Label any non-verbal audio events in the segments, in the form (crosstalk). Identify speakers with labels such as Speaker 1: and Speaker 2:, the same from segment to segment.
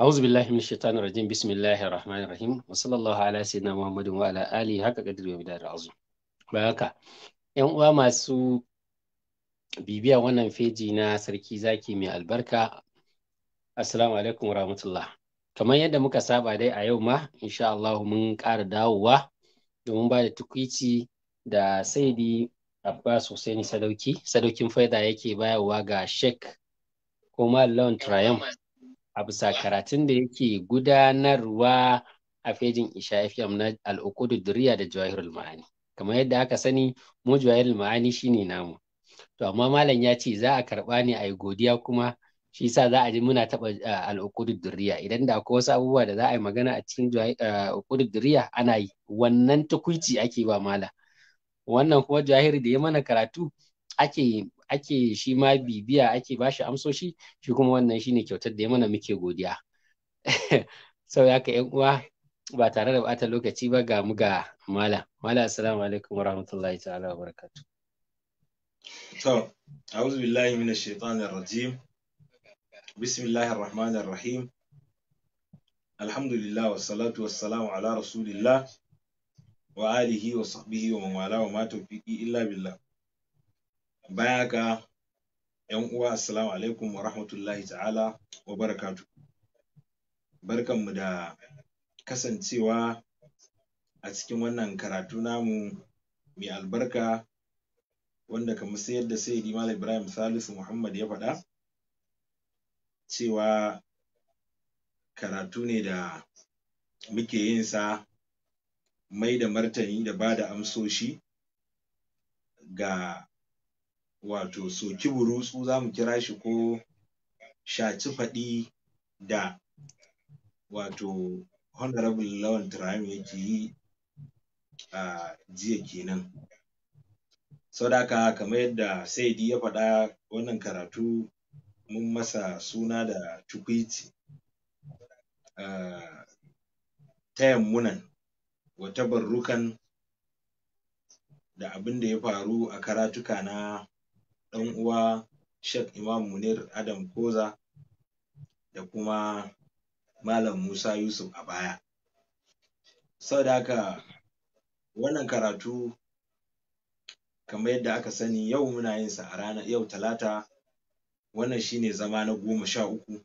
Speaker 1: أعوذ بالله من الشيطان الرجيم بسم الله الرحمن الرحيم وصلى الله على سيدنا محمد وعلى آله هكا قدر وبدار العظيم بهكا ‘yan uwa masu bibiya wannan feji na sarki zaki mai albarka assalamu alaikum rahmatullah kamar yadda muka saba dai a yau ma insha Allah mun ƙara dawowa domin ba da tukwici da saidi Abbas Hussaini Sadauki sadaukin faida yake bayarwa ga Sheikh Kumar Lawan Triumph a bisa karatun da yake gudanarwa a fejin Isha FM na al'ukudu duriya da jawahirul ma'ani kamar yadda aka sani mu jawahirul ma'ani shine namu to amma malam ya ce za a karba ne a yi godiya kuma shi sa za a ji muna taɓa al'ukudu duriya idan da akwai wasu abubuwa da za a yi magana a cikin al'ukudu duriya ana yi wannan tukuici ake ba mala wannan kuma jahiri da ya mana karatu ake ake shi ma bibiya ake bashi amsoshi shi kuma wannan shine kyautar da ya mana muke godiya sau ya ka yan uwa ba tare da bata lokaci ba ga mu ga mala mala assalamu alaikum warahmatullahi ta'ala wa barakatu to
Speaker 2: a'udhu billahi minash shaitanir rajim bismillahir rahmanir rahim alhamdulillah wa salamu ala rasulillah wa alihi wa sahbihi wa man wala wa ma tawfiqi illa billah baya ga yan uwa assalamu alaikum wa rahmatullahi ta'ala wa barakatu barkanmu da kasancewa a cikin wannan karatu namu mai albarka wanda kamar sai yadda sai yi malam ibrahim salisu muhammad ya faɗa cewa karatu ne da muke yin sa mai da martani da ba da amsoshi ga wato soki burutsu za mu kira shi ko shaci faɗi da wato honorable Lawan Turami yake yi a jiya kenan da haka kamar yadda Saidi ya faɗa wannan karatu mun masa suna da tukuici ta tayammunan wata barrukan, da abin da ya faru a karatuka na ɗan uwa Sheikh Imam Munir Adam Koza da kuma Malam Musa Yusuf a baya. Saboda haka wannan karatu kamar yadda aka sani yau muna yin sa a ranar yau Talata wannan shine zama na goma sha uku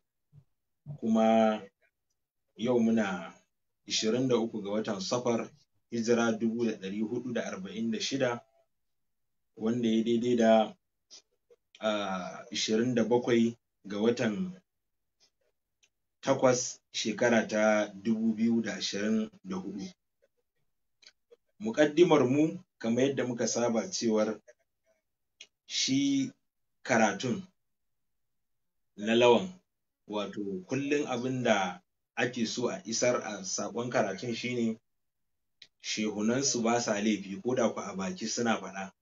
Speaker 2: kuma yau muna ishirin da uku ga watan Safar hijira dubu da ɗari huɗu da arba'in da shida wanda ya daidai da a ishirin ga watan takwas shekara ta dubu biyu da muƙaddimar mu kamar yadda muka saba cewar shi karatun na Lawan wato kullum da ake so a isar a saƙon karatun shi ne shehunansu ba sa laifi ko da ko a baki suna faɗa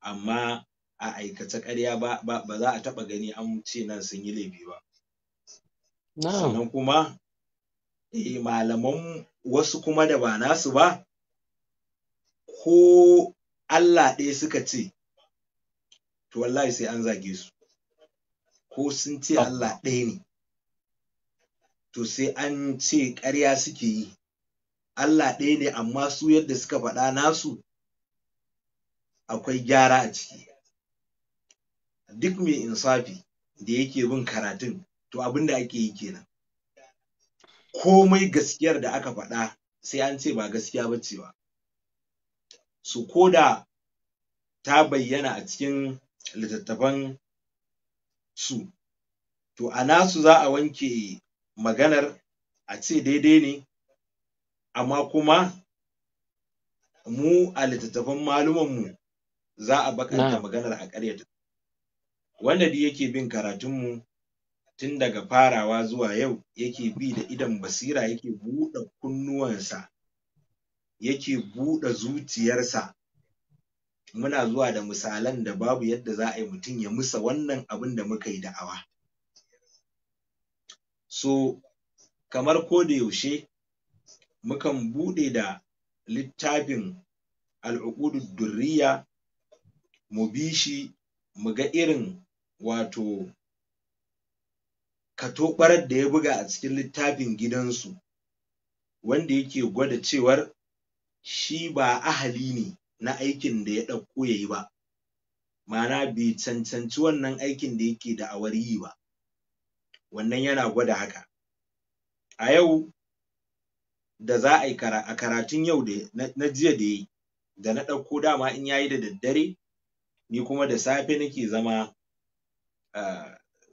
Speaker 2: amma a aikace karya ba ba za a taɓa gani an ce nan sun yi laifi ba sannan kuma eh malaman wasu kuma da ba nasu ba ko Allah ɗaya suka ce to wallahi sai an zage su ko sun ce Allah ɗaya ne to sai an ce ƙarya suke yi Allah ɗaya ne amma su yadda suka faɗa nasu akwai gyara a ciki duk mai insafi da yake bin karatun to abin da ake yi kenan komai gaskiyar da aka faɗa sai an ce ba gaskiya ba ce ba su koda ta bayyana a cikin littattafan su to a nasu za a wanke maganar a ce daidai ne amma kuma mu a littattafan malumanmu za a bakanta maganar a ƙaryata wanda duk yake bin karatunmu tun daga farawa zuwa yau yake bi da idon basira yake buɗe kunnuwansa yake buɗe zuciyarsa muna zuwa da misalan da babu yadda za a yi mutum ya musa wannan abin da muka yi da'awa so kamar ko da yaushe mukan buɗe da littafin al'uqudud durriya mu bi shi mu ga irin wato katoɓarar da ya buga a cikin littafin gidansu wanda yake gwada cewar shi ba ahali ne na aikin da ya ɗauko ya yi ba ma'ana bai cancanci wannan aikin da yake da'awar yi ba wannan yana gwada haka a yau da za a yi a karatun yau na jiya da ya yi da na ɗauko dama in yayi da daddare ni kuma da safe nake zama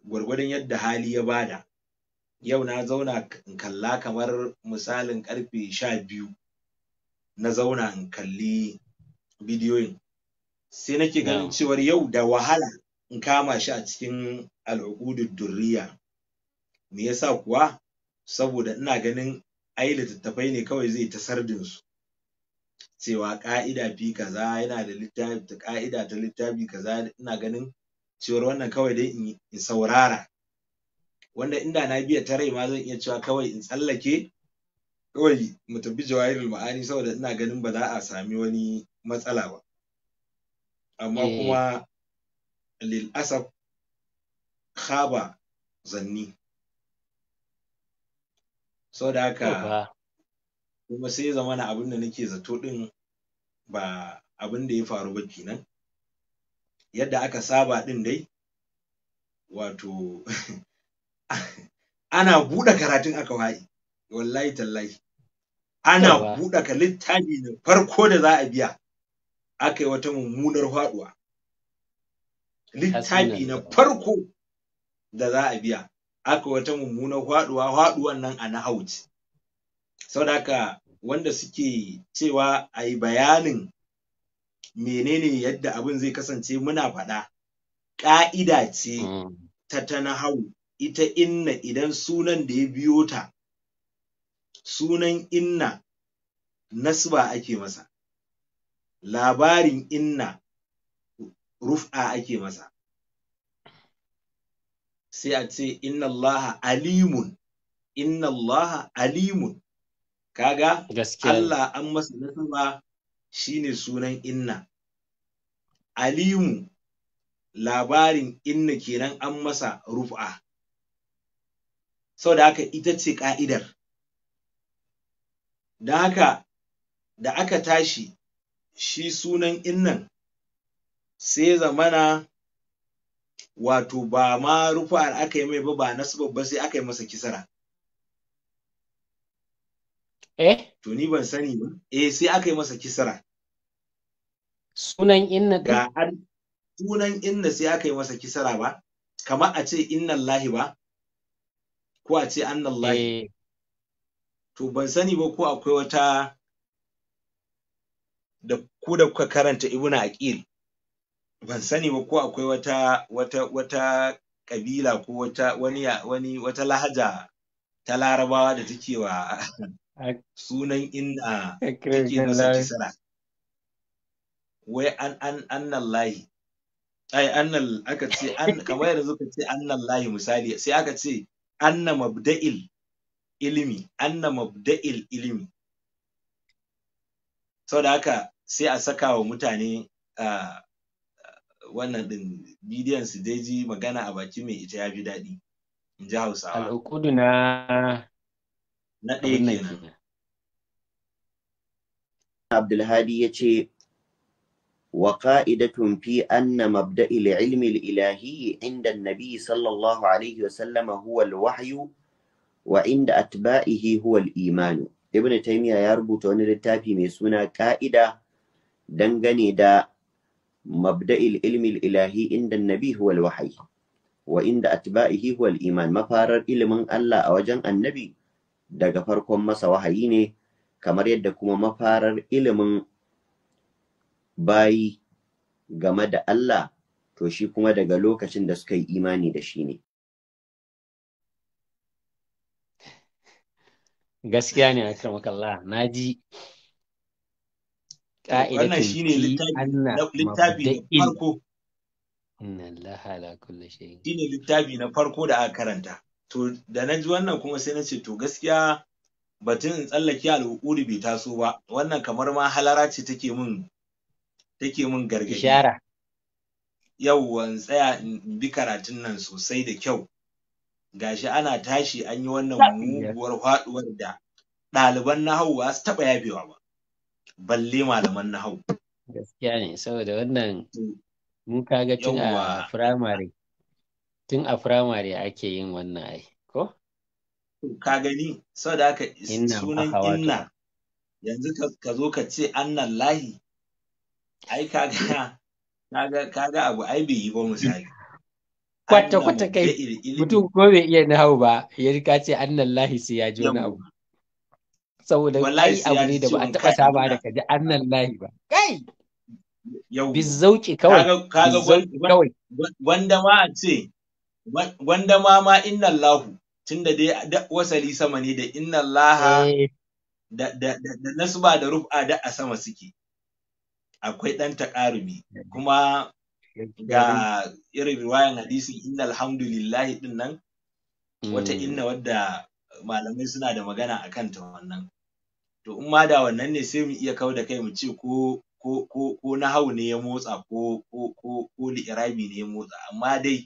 Speaker 2: gwargwadon yadda hali ya bada yau na zauna in kalla kamar misalin ƙarfe sha biyu na zauna in kalli bidiyoyin sai nake ganin cewar yau da wahala in kama shi a cikin al'uqudud durriya me yasa kuwa saboda ina ganin ai littattafai ne kawai zai ta sardin su cewa ƙa'ida fi kaza yana da littafi ƙa'ida ta littafi kaza ina ganin cewar wannan kawai dai in saurara wanda inda na biya ta rai ma zan iya cewa kawai in tsallake kawai mu tafi jawahirul ma'ani saboda ina ganin ba za a sami wani matsala ba amma eh. kuma lil asaf khaba zanni saboda haka kuma sai zama na abin da nake zato din ba abin da ya faru ba kenan yadda aka saba ɗin dai wato (laughs) ana buɗe karatun aka waye wallahi tallahi ana buɗe ka littafi da farko da za a biya aka yi wata mummunar faɗuwa littafi na farko da za a biya aka wata mummunar faɗuwa faɗuwan nan a nahauci saboda haka wanda suke cewa a yi bayanin menene yadda abin zai kasance muna faɗa ƙa'ida ce mm. ta ta hau ita inna idan sunan da ya biyo ta sunan inna nasba ake masa labarin inna rufa ake masa sai a ce inna Allah alimun inna Allah alimun kaga Allah an masa nasaba shine sunan inna alimu labarin inna kenan an masa rufa sau da haka ita ce ƙa'idar da haka da aka tashi shi sunan innan sai zamana wato ba ma rufa'ar aka yi mai ba ba nasu babba sai aka yi masa kisara eh to ni ban sani ba eh sai aka yi masa kisra
Speaker 1: sunan inna
Speaker 2: ga sunan inna sai aka yi masa kisra ba kamar a ce inna lahi ba ko a ce anna lahi eh. to ban sani ba ko akwai wata da ku da kuka karanta ibuna aqil ban sani ba ko akwai wata wata wata kabila ko wata wani wani wata lahaja ta larabawa da take wa sunan inda
Speaker 3: yake (laughs) masa kisra
Speaker 2: wai an an annan lahi ai annal aka ce an (laughs) kamar yanzu ka ce annan lahi misali sai aka ce anna mabda'il ilimi anna mabda'il ilimi saboda haka sai a saka wa mutane wannan din bidiyon su daji magana a baki mai ita ya fi daɗi in ji hausawa al'ukudu na
Speaker 4: na ɗaya Abdulhadi ya ce, Wa ƙa’idatun fi anna mabda’il ilmi ilahi inda nabi sallallahu Alaihi wasallama huwal wahyu wa inda atba’ihi huwal imanu. Ibn Taymiya ya rubuta wani littafi mai suna ƙa’ida dangane da mabda’il ilmi ilahi inda nabi huwal wahyu wa inda atba’ihi huwal iman mafarar ilimin Allah a wajen annabi. daga farkon masa wahayi ne kamar yadda kuma mafarar ilimin bayi game da Allah to shi kuma daga lokacin da suka yi imani da shi ne.
Speaker 1: Gaskiya ne a makalla na ji ƙa’idatun ji ne na farko. Allah ala kulli Shi ne
Speaker 2: littafi na farko da aka karanta. to da na ji wannan kuma sai na ce to gaskiya batun in tsallake al'ukuri bai taso ba wannan kamar ma halara ce take min take min gargaɗi ishara in tsaya in bi karatun nan sosai da kyau gashi ana tashi an yi wannan muguwar faɗuwar da ɗaliban na hau su taɓa yabewa ba balle malaman na hau
Speaker 1: gaskiya ne saboda wannan mun kaga tun a firamare tun a firamare ake yin wannan ai ko ka
Speaker 2: gani sau da aka sunan inna yanzu ka zo ka ce annan lahi ai Ka ga abu ai bai yi ba misali
Speaker 1: kwata kwata kai mutum ko bai iya hau ba ya rika ce annan lahi sai ya ji wani abu saboda ai abu ne da ba a taba saba da kaji annan lahi ba kai bizzauki kawai kaga kawai
Speaker 2: wanda ma a ce Wanda ma ma inna Allahu tunda dai wasali sama ne da inna Allaha eh. da nasuba da rufa da a sama suke. Akwai ɗan taƙarumi kuma ga irin riwayan hadisi, inna alhamdulillahi din nan wata hmm. inna wadda malamai suna da magana a kanta wannan. To in ma da wannan ne sai mu iya kau da kai mu ce ko ko ko ko na hau ne ya motsa ko ko ko ko li'irabi ne ya motsa amma dai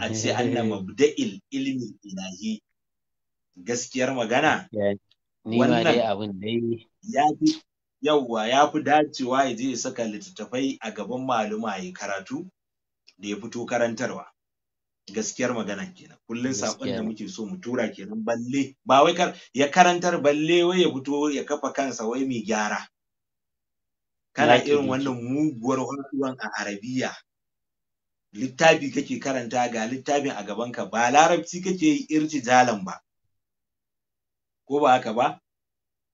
Speaker 2: a ce anna mabda'il ilmi ilahi gaskiyar magana
Speaker 3: wannan
Speaker 2: ya fi yawwa ya fi dacewa ya je ya saka littattafai a gaban maluma ya karatu da ya fito karantarwa gaskiyar magana kenan kullum sakon da muke so mu tura kenan balle ba wai kar ya karantar balle wai ya fito ya kafa kansa wai mai gyara kana irin wannan muguwar harsuwan a arabiya littafi kake karanta ga littafin a gabanka ba larabci kake yi jalan ba ko ba haka ba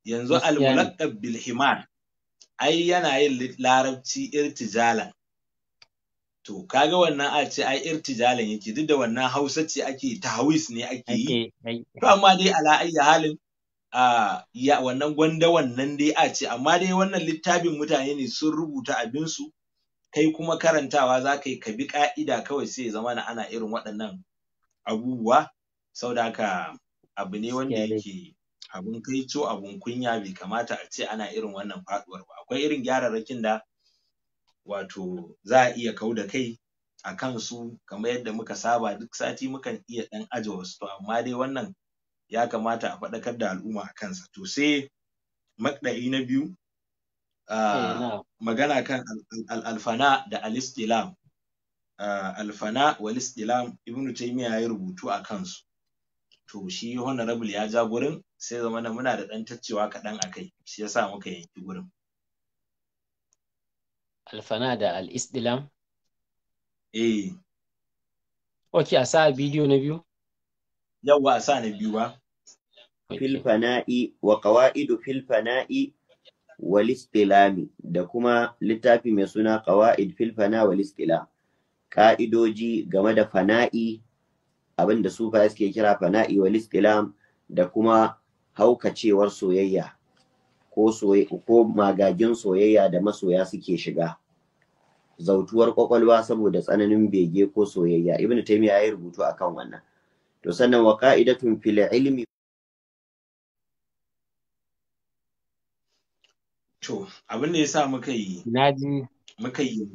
Speaker 2: yanzu al-mulaqab bil himar ai yana yin larabci jalan. to kaga wannan a ce ai jalan yake duk da wannan hausa ce ake tahawis ne ake yi to amma dai ala ayyi halin a ya wannan gwanda wannan dai a ce amma dai wannan littafin mutane ne sun rubuta abinsu kai kuma karantawa za ka yi ka bi ƙa'ida kawai sai ya zama na ana irin waɗannan abubuwa sau da haka abu ne wanda yake abun kai co abun kunya bai kamata a ce ana irin wannan faɗuwar ba akwai irin gyararrakin da wato za a iya kau da kai a kansu kamar yadda muka saba duk sati mukan iya ɗan aje wasu to amma dai wannan ya kamata a faɗakar da al'umma a kansa to sai maɗa'i na biyu Ah, eh, magana kan alfana da alistilam ah, alfana wal istilam ibnu taymiya ya rubutu a kansu to shi honorable ya ja gurin sai zama na muna da ɗan taccewa kaɗan a kai shi yasa muka yanki
Speaker 1: gurin alfana da al-istilam eh ok a sa bidiyo na biyu
Speaker 4: yawwa a sa na biyu ba fil fana'i wa qawa'idu fil fana'i walistilami da kuma littafi mai suna Kawa, fil fana walistila ƙa'idoji game da fana'i abin da sufa suke kira fana'i walistilam da kuma haukacewar soyayya ko magagin soyayya da masoya suke shiga zautuwar kwakwalwa saboda tsananin bege ko soyayya ibnu taymiya ya rubutu akan wannan to sannan wa qa'idatun fil ilmi
Speaker 2: To, abin da ya sa muka yi, muka yi,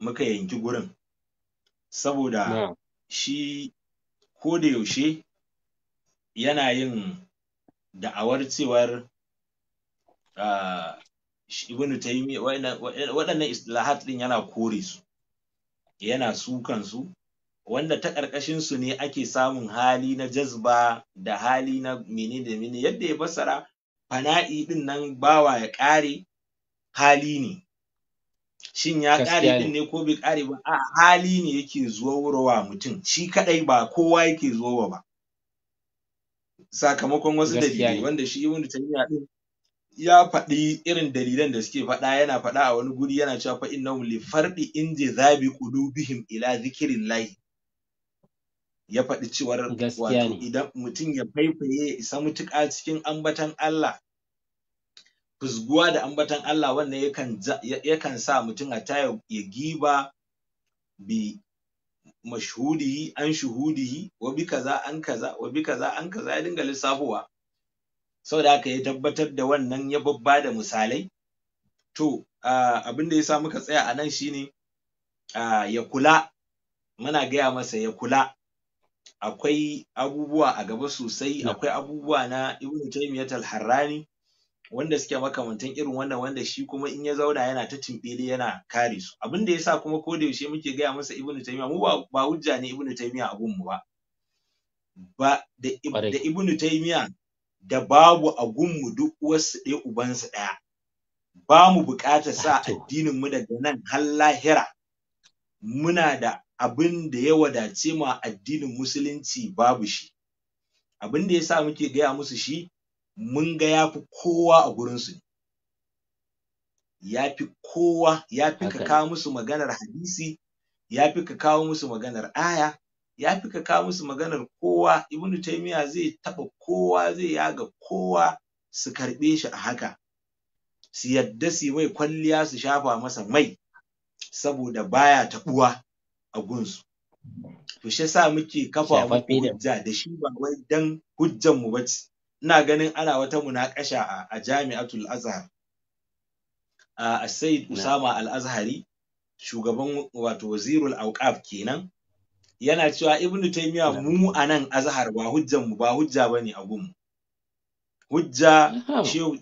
Speaker 2: muka yanki gurin, saboda shi ko da yaushe yana yin da'awar cewar ibnu taymi waɗannan islahat ɗin yana kore su yana sukan su wanda ta ƙarƙashin su ne ake samun hali na jazba da hali na mene da mini, yadda ya fassara fana'i ɗin nan bawa ya ƙare hali ne shin ya ƙare din ne ko bai ƙare ba a hali ne yake zuwa mutum shi kaɗai ba kowa yake zuwa ba sakamakon wasu dalilai wanda shi ibn taymiya din ya faɗi irin dalilan da suke faɗa yana faɗa a wani guri yana cewa fa innahum li fardi zabi qulubihim ila zikrillah ya faɗi cewar wato idan mutum ya faifaye ya isa mutuƙa cikin ambatan Allah fusguwa da ambatan Allah wannan yakan sa mutum a taya ya giba bi mashhudihi an shuhudihi wa bi kaza an kaza wa bi kaza an kaza ya dinga lissafowa saboda haka ya tabbatar da wannan ya babba da misalai to abin da ya sa muka tsaya a nan shine ya kula muna gaya masa ya kula akwai abubuwa a gaba sosai akwai abubuwa na ibnu taymiyyah al-harrani wanda suke makamantan irin wannan wanda shi kuma in ya zauna yana ta timbili yana kare su abin da yasa kuma ko da yaushe muke gaya masa ibnu taymiya mu ba, ba hujja ne ibnu taymiya abun mu ba ba da, da ibnu taymiya da babu a gunmu duk wasu ɗaya ubansu ɗaya ba mu buƙatar sa addinin mu daga nan har lahira muna da abin da ya wadace mu addinin musulunci babu shi abin da yasa muke gaya musu shi mun ga ya fi kowa a gurinsu ne ya fi kowa ya fi ka kawo musu maganar hadisi ya fi ka kawo musu maganar aya ya fi ka kawo musu maganar kowa ibnu taimiya zai taɓa kowa zai yaga kowa su karɓe shi a haka su yadda su mai kwalliya su shafa masa mai saboda baya tabuwa a gunsu to shi sa muke kafa hujja da shi ba wai dan hujjan mu bace ina ganin ana wata munakasha a jami'atul azhar a Sayyid usama al-azhari shugaban wato wazirul awqaf kenan yana cewa ibn taymiya mu anan azhar ba hujjan mu ba hujja bane a gun hujja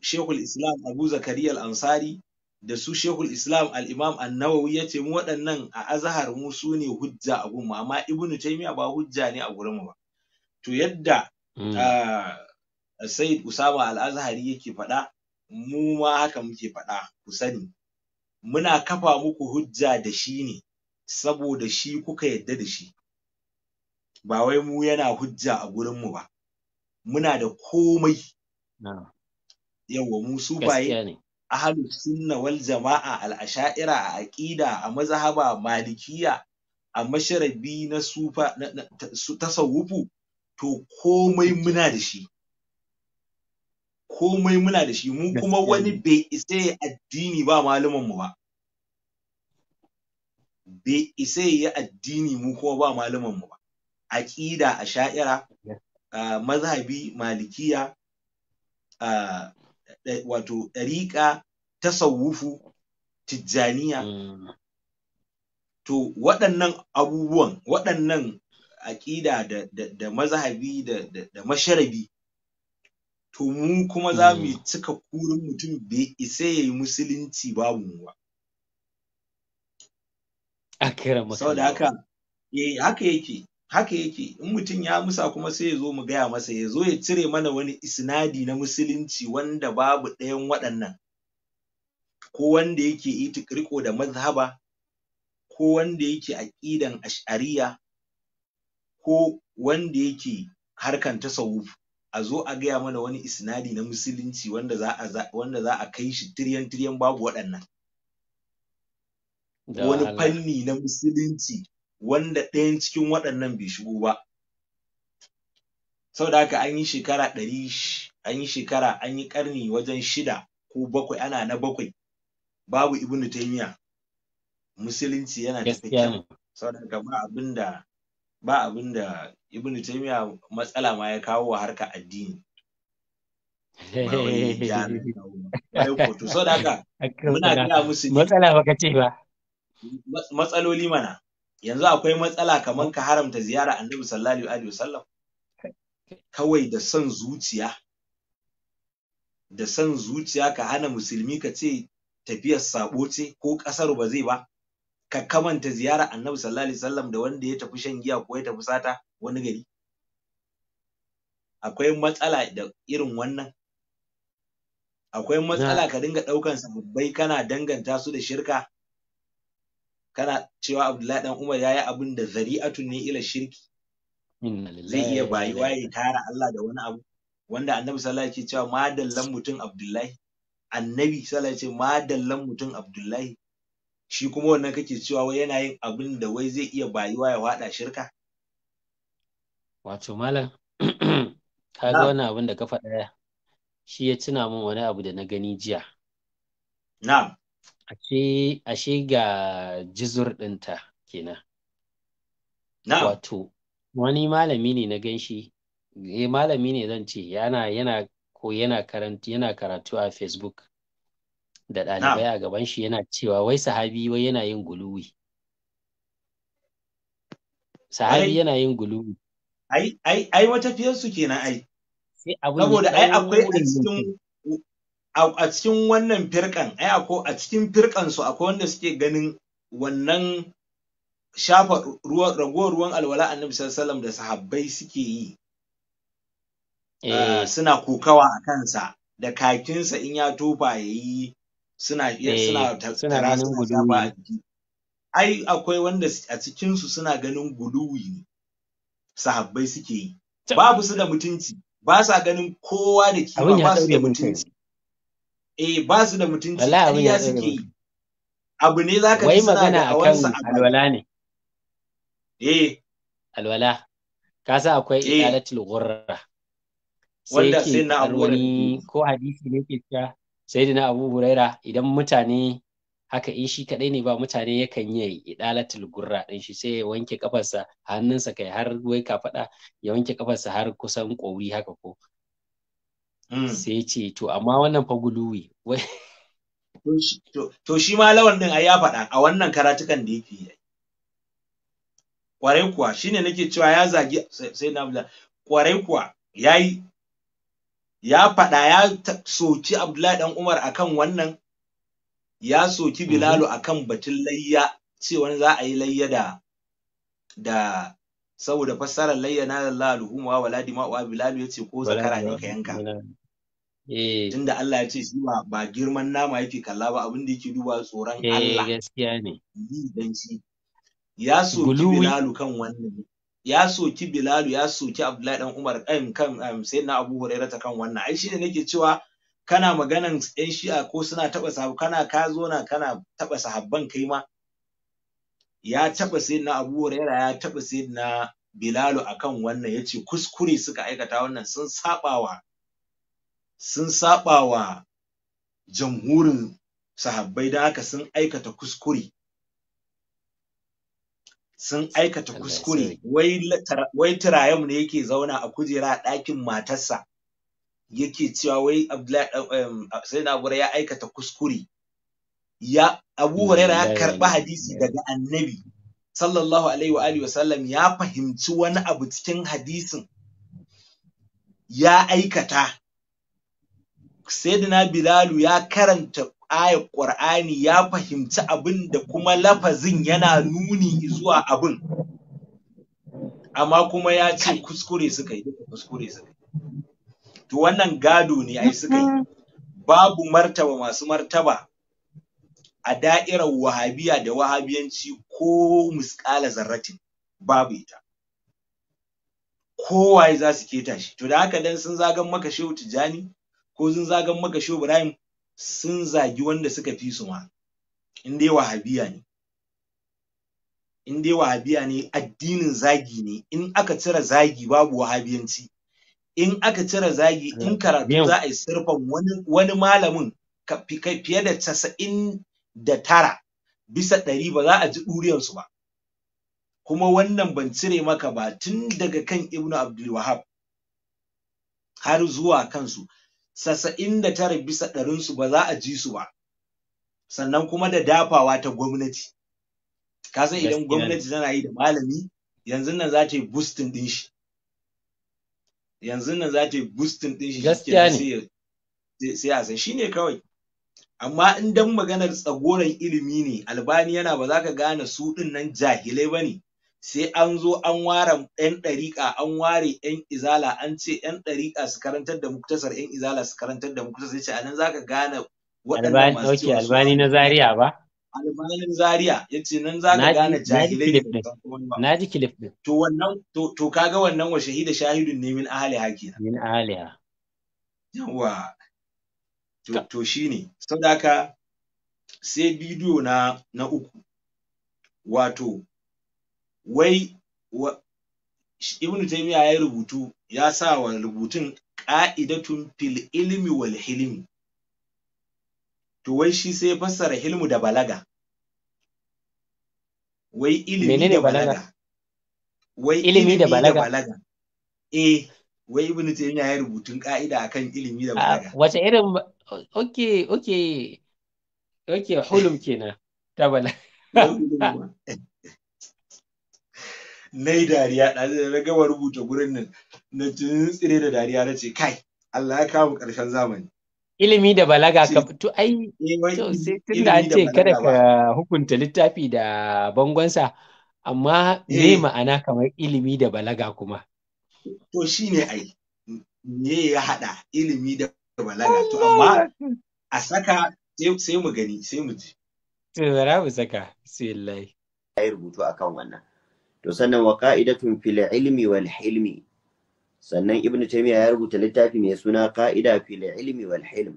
Speaker 2: shehul islam abu zakariya al-ansari da su shehul islam al-imam an-nawawi yace mu waɗannan a azhar mu su hujja a gun amma ibn taymiya ba hujja ne a gurin ba to yadda
Speaker 3: mm.
Speaker 2: Said Usama Al-Azhari yake faɗa mu ma haka muke faɗa ku sani muna kafa muku hujja da shi ne saboda shi kuka yadda da shi ba wai mu yana hujja a gurin mu ba muna da komai yawa mu su baye ahlu sunna wal jama'a al asha'ira a aqida a mazhaba malikiya a masharabi na sufa tasawufu to komai muna da shi komai muna da shi mu kuma wani bai isa ya addini ba malaman mu ba bai isa ya addini mu kuma ba malaman mu ba aqida asha'ira mazhabi malikiya wato ɗariƙa tasawufu tijjaniya mm. to waɗannan abubuwan waɗannan aƙida da mazhabi da masharabi to mu kuma za mu mm. cika kurin mutum bai isa ya yi musulunci babu mu ba. Saboda haka, eh haka yake, haka yake, in mutum ya musa kuma sai ya zo mu gaya masa ya zo ya cire mana wani isnadi na musulunci wanda babu ɗayan waɗannan. Ko wanda yake iti da mazhaba, ko wanda yake aƙidan ash'ariya, ko wanda yake harkan tasawuf. a zo a gaya mana wani isnadi na musulunci wanda za a wanda za a kai shi tiryan tiryan babu waɗannan wani fanni na musulunci wanda ɗayan cikin waɗannan bai shigo ba da haka an yi shekara ɗari an yi shekara an yi ƙarni wajen shida ko bakwai ana na bakwai babu ibnu taymiya musulunci yana tafiya saboda haka ba abin ba ibnu taymiya matsala ma ya kawo wa harka addini
Speaker 3: (laughs) matsala ce
Speaker 2: matsaloli mana yanzu akwai matsala kamar ka haramta ziyara annabi sallallahu alaihi wasallam kawai da son zuciya da son zuciya ka hana musulmi ka ce tafiyar sabo ce ko kasar ba zai ba ka kamanta ziyara annabi sallallahu alaihi wasallam da wanda ya tafi shan giya ko ya tafi sata wani gari akwai matsala da irin wannan akwai matsala ka dinga ɗaukan sababbai kana danganta su da shirka kana cewa abdullahi dan umar yayi abin da zari'atu ne ila shirki
Speaker 1: zai iya bayuwa
Speaker 2: ya tara Allah da wani abu wanda annabi sallallahu alaihi cewa madallan mutum abdullahi annabi sallallahu alaihi madallan mutum abdullahi shi kuma wannan kake cewa wai yana yin abin da wai zai iya bayuwa ya waɗa
Speaker 1: shirka? Wato malam, (clears throat) ka ga wani abin da ka faɗa shi ya tuna min wani abu da na gani jiya. Na'am. Ashe, ashe ga jizur ɗinta kenan. Na'am. Wato, wani malami ne na gan shi, eh, malami ne zan ce yana yana ko yana karatu a Facebook. da ɗalibai a gaban shi yana cewa wai sahabi wai yana yin guluwi sahabi yana yin guluwi ai ai ai matafiyarsu kenan ai saboda ai akwai a cikin
Speaker 2: a cikin wannan firkan ai ako a cikin firkan su akwai wanda suke ganin wannan shafa ruwan ragowar ruwan alwala annabi sallallahu alaihi wasallam da sahabbai suke yi eh. ah, suna kokawa a kansa da kakinsa in ya tofa ya yi suna iya eh, suna tattara suna a ai akwai wanda a cikin su suna ganin guluwi ne sahabbai suke yi babu su da mutunci ba sa ganin kowa da ke ba su da mutunci eh ba su da mutunci ya suke yi
Speaker 1: abu ne zaka ji suna da awansa alwala ne eh alwala ka sa akwai eh. idalatul ghurra wanda sai na abu ko hadisi ne ke cewa Sai da na abu huraira idan mutane haka in shi kadai ne ba mutane yakan yi idalatul gurra din shi sai ya wanke kafarsa hannunsa kai har wai kafada ya wanke kafarsa har kusan kowi haka ko hmm. sai ce to amma wannan fa guluwi to
Speaker 2: shi ma lawan din ai ya faɗa a wannan karatukan da yake yi kwarai kuwa shine nake cewa ya zagi sai na kwarai kuwa yayi ya faɗa ya soki Abdullahi dan Umar akan wannan ya soki mhm. Bilalu akan batun layya cewa za a yi layya da da saboda fassarar layya na Allah alhumwa ma wa Bilalu yace ko zakara ne ka yanka eh. tunda Allah ya ce shi ba ba girman nama yake kalla ba abin da yake duba tsoron eh, Allah
Speaker 3: gaskiya ne ya soki Bilalu kan wannan
Speaker 2: ya soki Bilalu ya soki Abdullahi dan Umar kan kan um, na Abu Hurairah ta kan wannan ai shine nake cewa kana maganan yan shi'a ko suna taba sahabu kana ka zo na kana taba sahabban kai ma ya taba na Abu Hurairah ya taba na Bilalu akan wannan yace kuskure suka aikata wannan sun sabawa sun sabawa jamhurin sahabbai da haka sun aikata kuskure sun aikata kuskure wai turayen ne yake zauna a kujera a ɗakin matarsa yake cewa wai um, sai na ya aikata kuskure ya abu ya karɓi hadisi daga annabi sallallahu alaihi wa alihi wasallam ya fahimci wani abu cikin hadisin ya aikata sayyidina bilalu ya karanta ayar ƙur'ani ya fahimci abin da kuma lafazin yana nuni zuwa abin amma kuma ya ce kuskure suka yi kuskure suka yi to wannan gado ne ai suka yi mm-hmm. babu martaba masu martaba a da'irar wahabiya da wahabiyanci ko musƙala zarratin babu ita kowaye za su keta shi to da haka dan sun zagan maka shehu tijani ko sun zagan maka shehu ibrahim sun zagi wanda suka fi su ma in dai wahabiya ne in dai wahabiya ne addinin zagi ne in aka cire zagi babu wahabiyanci in aka cire zagi in eh, karatu za a yi sirfan wani, wani malamin fiye da casa'in da tara bisa ɗari ba za a ji ɗuriyarsu ba kuma wannan ban cire maka ba tun daga kan ibnu Abdulwahab har zuwa kansu sasa'in da tara bisa ɗarinsu ba za a ji su ba sannan kuma da dafawa ta gwamnati ka san idan gwamnati tana yi da malami yanzu nan za ta yi bustin ɗin shi yanzu nan za ta yi shi gaskiya ne sai a san ne kawai amma in dan maganar tsagoran ilimi ne albani yana ba za ka gane su din nan jahilai ba ne. sai an zo an ware yan ɗariƙa an ware yan izala an ce yan ɗariƙa su karantar da muktasar yan izala su karantar da muktasar ce a anan zaka gane waɗannan masu cewa albani na zaria ba albanin zaria ya ce nan zaka gane jahilai
Speaker 1: na ji kilif din
Speaker 2: to wannan to kaga wannan wa shahida shahidun ne min ahliha kenan min ahliha yawa to to shine saboda haka sai bidiyo na na uku wato wai ibn taymiya ya rubutu ya sa wa rubutun ƙa'idatun fil ilmi wal hilmi to wai shi sai fassara hilmu da balaga wai ilimi da balaga wai ilimi da balaga eh wai ibn taymiya ya rubutun ka'ida akan
Speaker 1: ilimi da balaga wace irin okay okay okay hulum kenan ta balaga (laughs) na yi
Speaker 2: dariya ɗazu da na gama rubuta gurin nan na tsire da dariya na ce kai Allah ya kawo ƙarshen zamani
Speaker 1: ilimi da balaga ka fito ai eh, to sai tun an ce kada ka hukunta littafi da bangonsa amma me eh. ma'ana kamar ilimi da balaga kuma
Speaker 2: to ne ai me ya haɗa
Speaker 5: ilimi da balaga to amma a saka sai mu gani sai mu ji
Speaker 1: Sai zara mu saka
Speaker 5: sai lai ai rubutu akan wannan
Speaker 4: to sannan wa ka'idatun fil ilmi wal hilmi sannan ibn taymiya ya rubuta littafi mai suna ka'ida fil ilmi wal hilm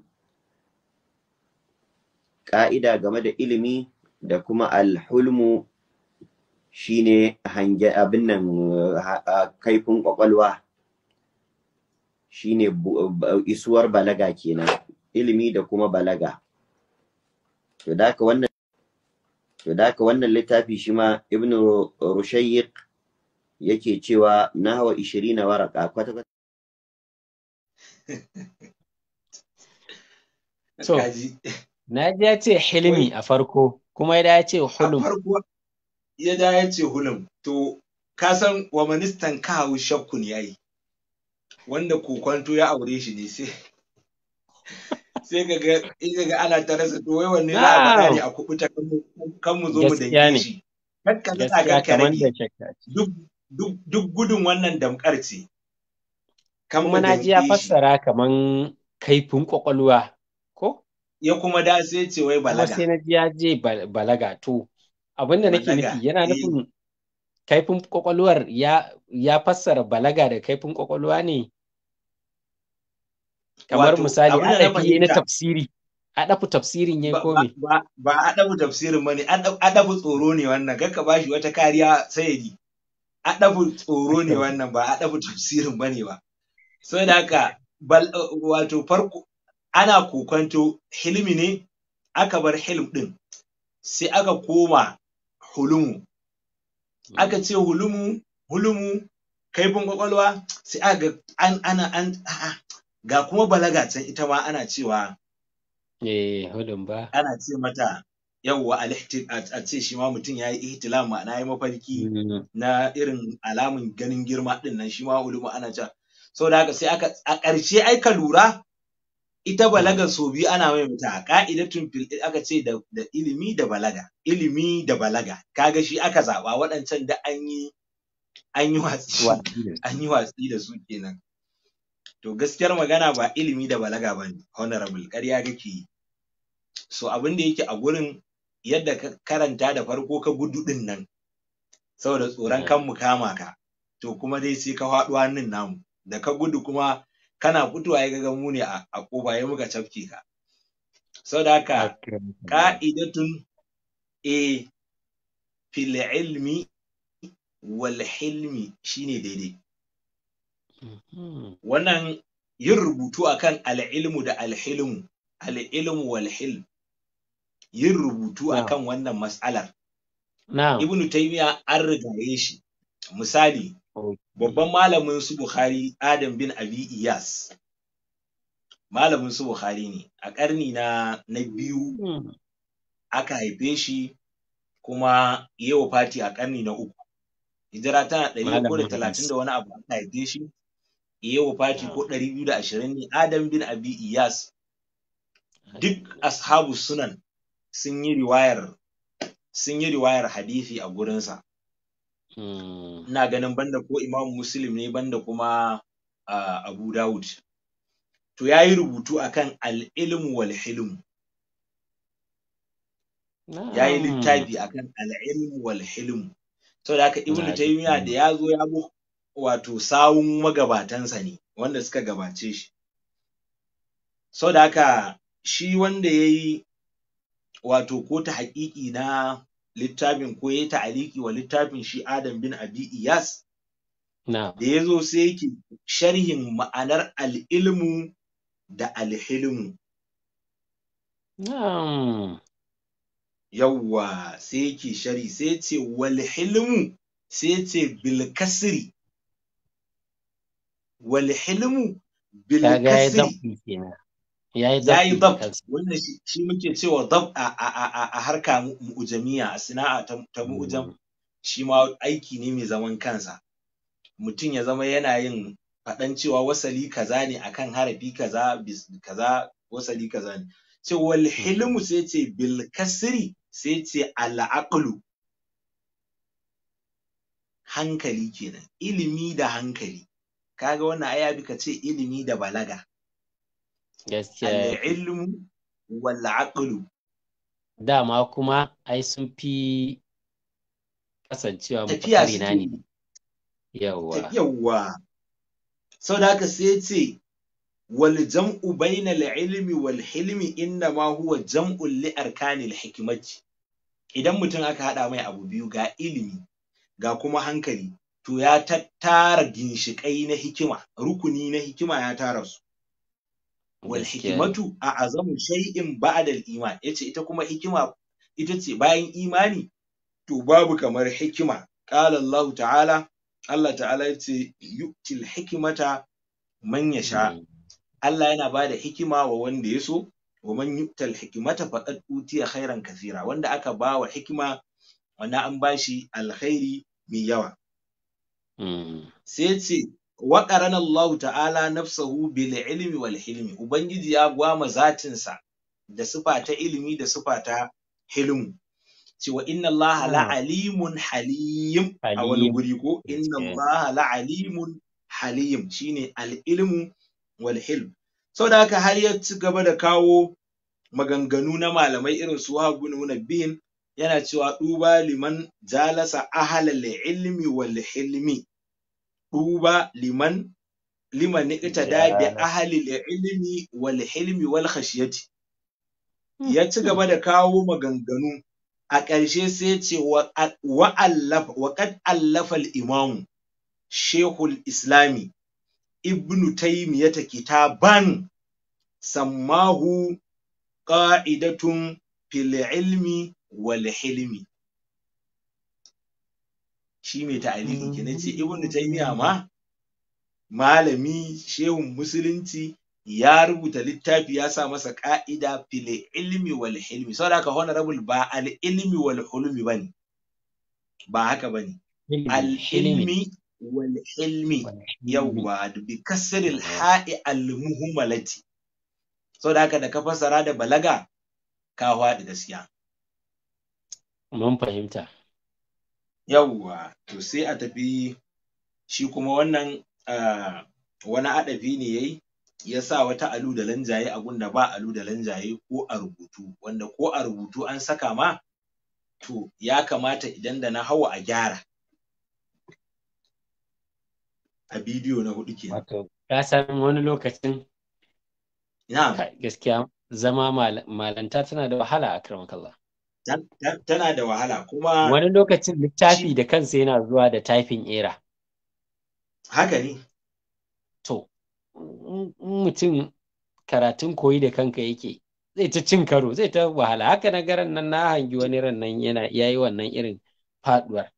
Speaker 4: Ka'ida game da ilimi da kuma alhulmu hulmu shine hange abin nan kaifin kwakwalwa shine isuwar balaga kenan ilimi da kuma balaga to da wannan to da haka wannan littafi shi ma ibn rushayyiq yake cewa na hawa ishirin na waraka kwata kwata (laughs)
Speaker 1: so na ji ya ce hilmi a farko kuma ya ce hulum
Speaker 2: ya da ya ce hulum to ka san wa ministan kawo shakkun yayi wanda kokonto ya aure shi ne sai
Speaker 3: (laughs) sai
Speaker 2: ka ga in ga ana ta rasa to wai wanne za a faɗa ne a kubuta kan mu zo mu da shi kakka za ga kare duk duk gudun wannan damkar ce kuma na ji ya fassara
Speaker 1: kaman kaifin kwakwalwa
Speaker 2: ko ya kuma da sai ce wai balaga kuma sai
Speaker 1: na ji ya je balaga to abinda nake nufi yana eh. nufin kaifin kwakwalwar ya fassara balaga da kaifin kwakwalwa ne kamar misali fiye na tafsiri ɗafu tafsirin ya ko me
Speaker 3: ba a
Speaker 2: ɗafu tafsirin ba ne, a ɗafu tsoro ne wannan ba bashi wata kariya sai ji ɗafu tsoro ne wannan ba a ɗafu tafsirin ba ne ba so da haka wato farko ana kokonto hilmi ne aka bar hilm din sai aka koma hulumu aka ce hulumu hulumu kaifin kwakwalwa sai aka an ana an ga kuma balaga can ita ma ana cewa
Speaker 1: eh hudun ba
Speaker 2: ana ce mata yawwa a ce shi ma mutum ya yi ihtilam ma'ana ya mafarki mm. na irin alamun ganin girma din nan shi ma ana cewa so da haka sai aka a ƙarshe ai ka lura ita balaga so biyu ana mai mata ka'idatun fil aka ce da, ilimi da balaga ilimi da balaga kaga shi aka zaba waɗancan da an yi an yi watsi da su kenan to gaskiyar magana ba ilimi da balaga ba ne honorable ƙarya kake yi so abin da yake a gurin yadda ka karanta da farko ka gudu ɗin nan saboda tsoron kan mu kama ka to kuma dai sai ka faɗo hannun namu da ka gudu kuma kana fitowa ya ga mu ne a ƙofa ya muka cafke ka saboda haka ka'idatun e fil ilmi wal hilmi shine daidai Wannan yin rubutu akan al'ilmu da al'ilmu al'ilmu wa al'ilmu, Yin rubutu akan wannan matsalar Ibn Taymiya an rigaye shi. Misali, babban malamin su Bukhari Adam bin Abi Iyas. Malamin su Bukhari ne a ƙarni na biyu hmm. aka haife shi kuma wa fati a ƙarni na uku. Hijira tana ɗari da talatin da wani abu aka haife shi ya Fati ko 220 ah. ne adam bin abi iyas duk ashabu sunan sun yi riwayar sun yi riwayar hadisi a gurinsa hmm. ina ganin banda ko imam muslim ne banda kuma ah, abu dawud to ya yi rubutu akan al'ilmu wal hilmu
Speaker 3: ya yi littafi
Speaker 2: akan al'ilmu wal hilmu saboda haka ibnu taymiya da ya zo ya wato sawun magabatansa ne wanda suka gabace shi so da haka shi wanda ya yi wato ko ta haƙiƙi na littafin ko ya ta'aliki wa littafin shi Adam bin Abi Iyas da ya zo sai yake sharhin ma'anar al'ilmu da alhilmu yawwa sai yake shari sai ce walhilmu sai ce bilkasiri wal hilmu bil kasri dab shi muke cewa dab a harka mu'ujamiya a sana'a ta hmm. mu'ujam aiki ne mai zaman kansa mutum ya zama yana yin faɗan cewa wasali kaza ne akan harafi kaza kaza wasali kaza ne ce hmm. sai ce bil sai ce al hankali kenan ilimi da hankali kaga wannan ai abi kace ilimi da balaga
Speaker 1: gaskiya ilmu wal aqlu dama kuma ai sun fi kasancewa na ne yawwa yawwa sau da sai ce wal
Speaker 2: jam'u baina al ilmi wal hilmi inna ma huwa jam'u li arkanil hikmati idan mutum aka hada mai abu biyu ga ilimi ga kuma hankali to ya tattara ginshiƙai na hikima rukuni na hikima ya tara su wal hikimatu a azamu shay'in ba'dal iman yace ita kuma hikima ita ce bayan imani to babu kamar hikima qala Allah ta'ala Allah ta'ala yace yu'til hikimata man yasha hmm. Allah yana ba da hikima wa wanda ya so wa man yu'tal hikimata faqad utiya khairan kathira wanda aka ba wa hikima wanda an bashi alkhairi mai yawa sai ce wa Allah ta'ala nafsahu bil ilmi wal hilmi ubangiji ya gwama zatinsa da sifa ta ilimi da sifa ta hilmu cewa inna Allah ah. la alimun halim a wani guri ko inna Allah la alimun halim shine al ilmu wal hilm saboda haka har ya ci gaba da kawo maganganu na malamai irin su Wahab bin yana cewa duba liman jalasa ahlal ilmi wal hilmi duba liman liman da bi ahli ilmi wal hilmi wal khashiyati
Speaker 4: hmm. ya ci gaba da
Speaker 2: kawo maganganu a ƙarshe sai ce wa qad allafa al imamu shehul islami ibnu taymiyata kitaban sammahu qa'idatun fil ilmi wal hilmi shi mai ta'alimi mm. ke na ce ibnu taymiya ma malami shehun musulunci ya rubuta littafi ya sa masa ka'ida fil ilmi wal hilmi saboda haka honorable ba al ilmi wal hulmi bane ba haka bane al ilmi wal hilmi yawwa bi al ha'i al muhmalati saboda haka da ka fassara da balaga
Speaker 1: ka faɗi gaskiya mun fahimta
Speaker 2: yawwa to sai a tafi shi kuma wannan wani adabi ne yayi ya sa wata alu da lanjaye a da ba alu da lanjaye ko a rubutu wanda ko a rubutu an saka ma to ya kamata idan da na hau a gyara a bidiyo na hudu kenan wato
Speaker 1: ka san wani lokacin na'am gaskiya zama malanta tana da wahala a karamakallah
Speaker 2: tana da wahala kuma wani
Speaker 1: lokacin littafi da kansa yana zuwa da typing error haka ne to in mutum karatun koyi da kanka yake zai ta cin karo zai ta wahala haka na garan nan na hangi wani ran nan yana yayi wannan irin faduwar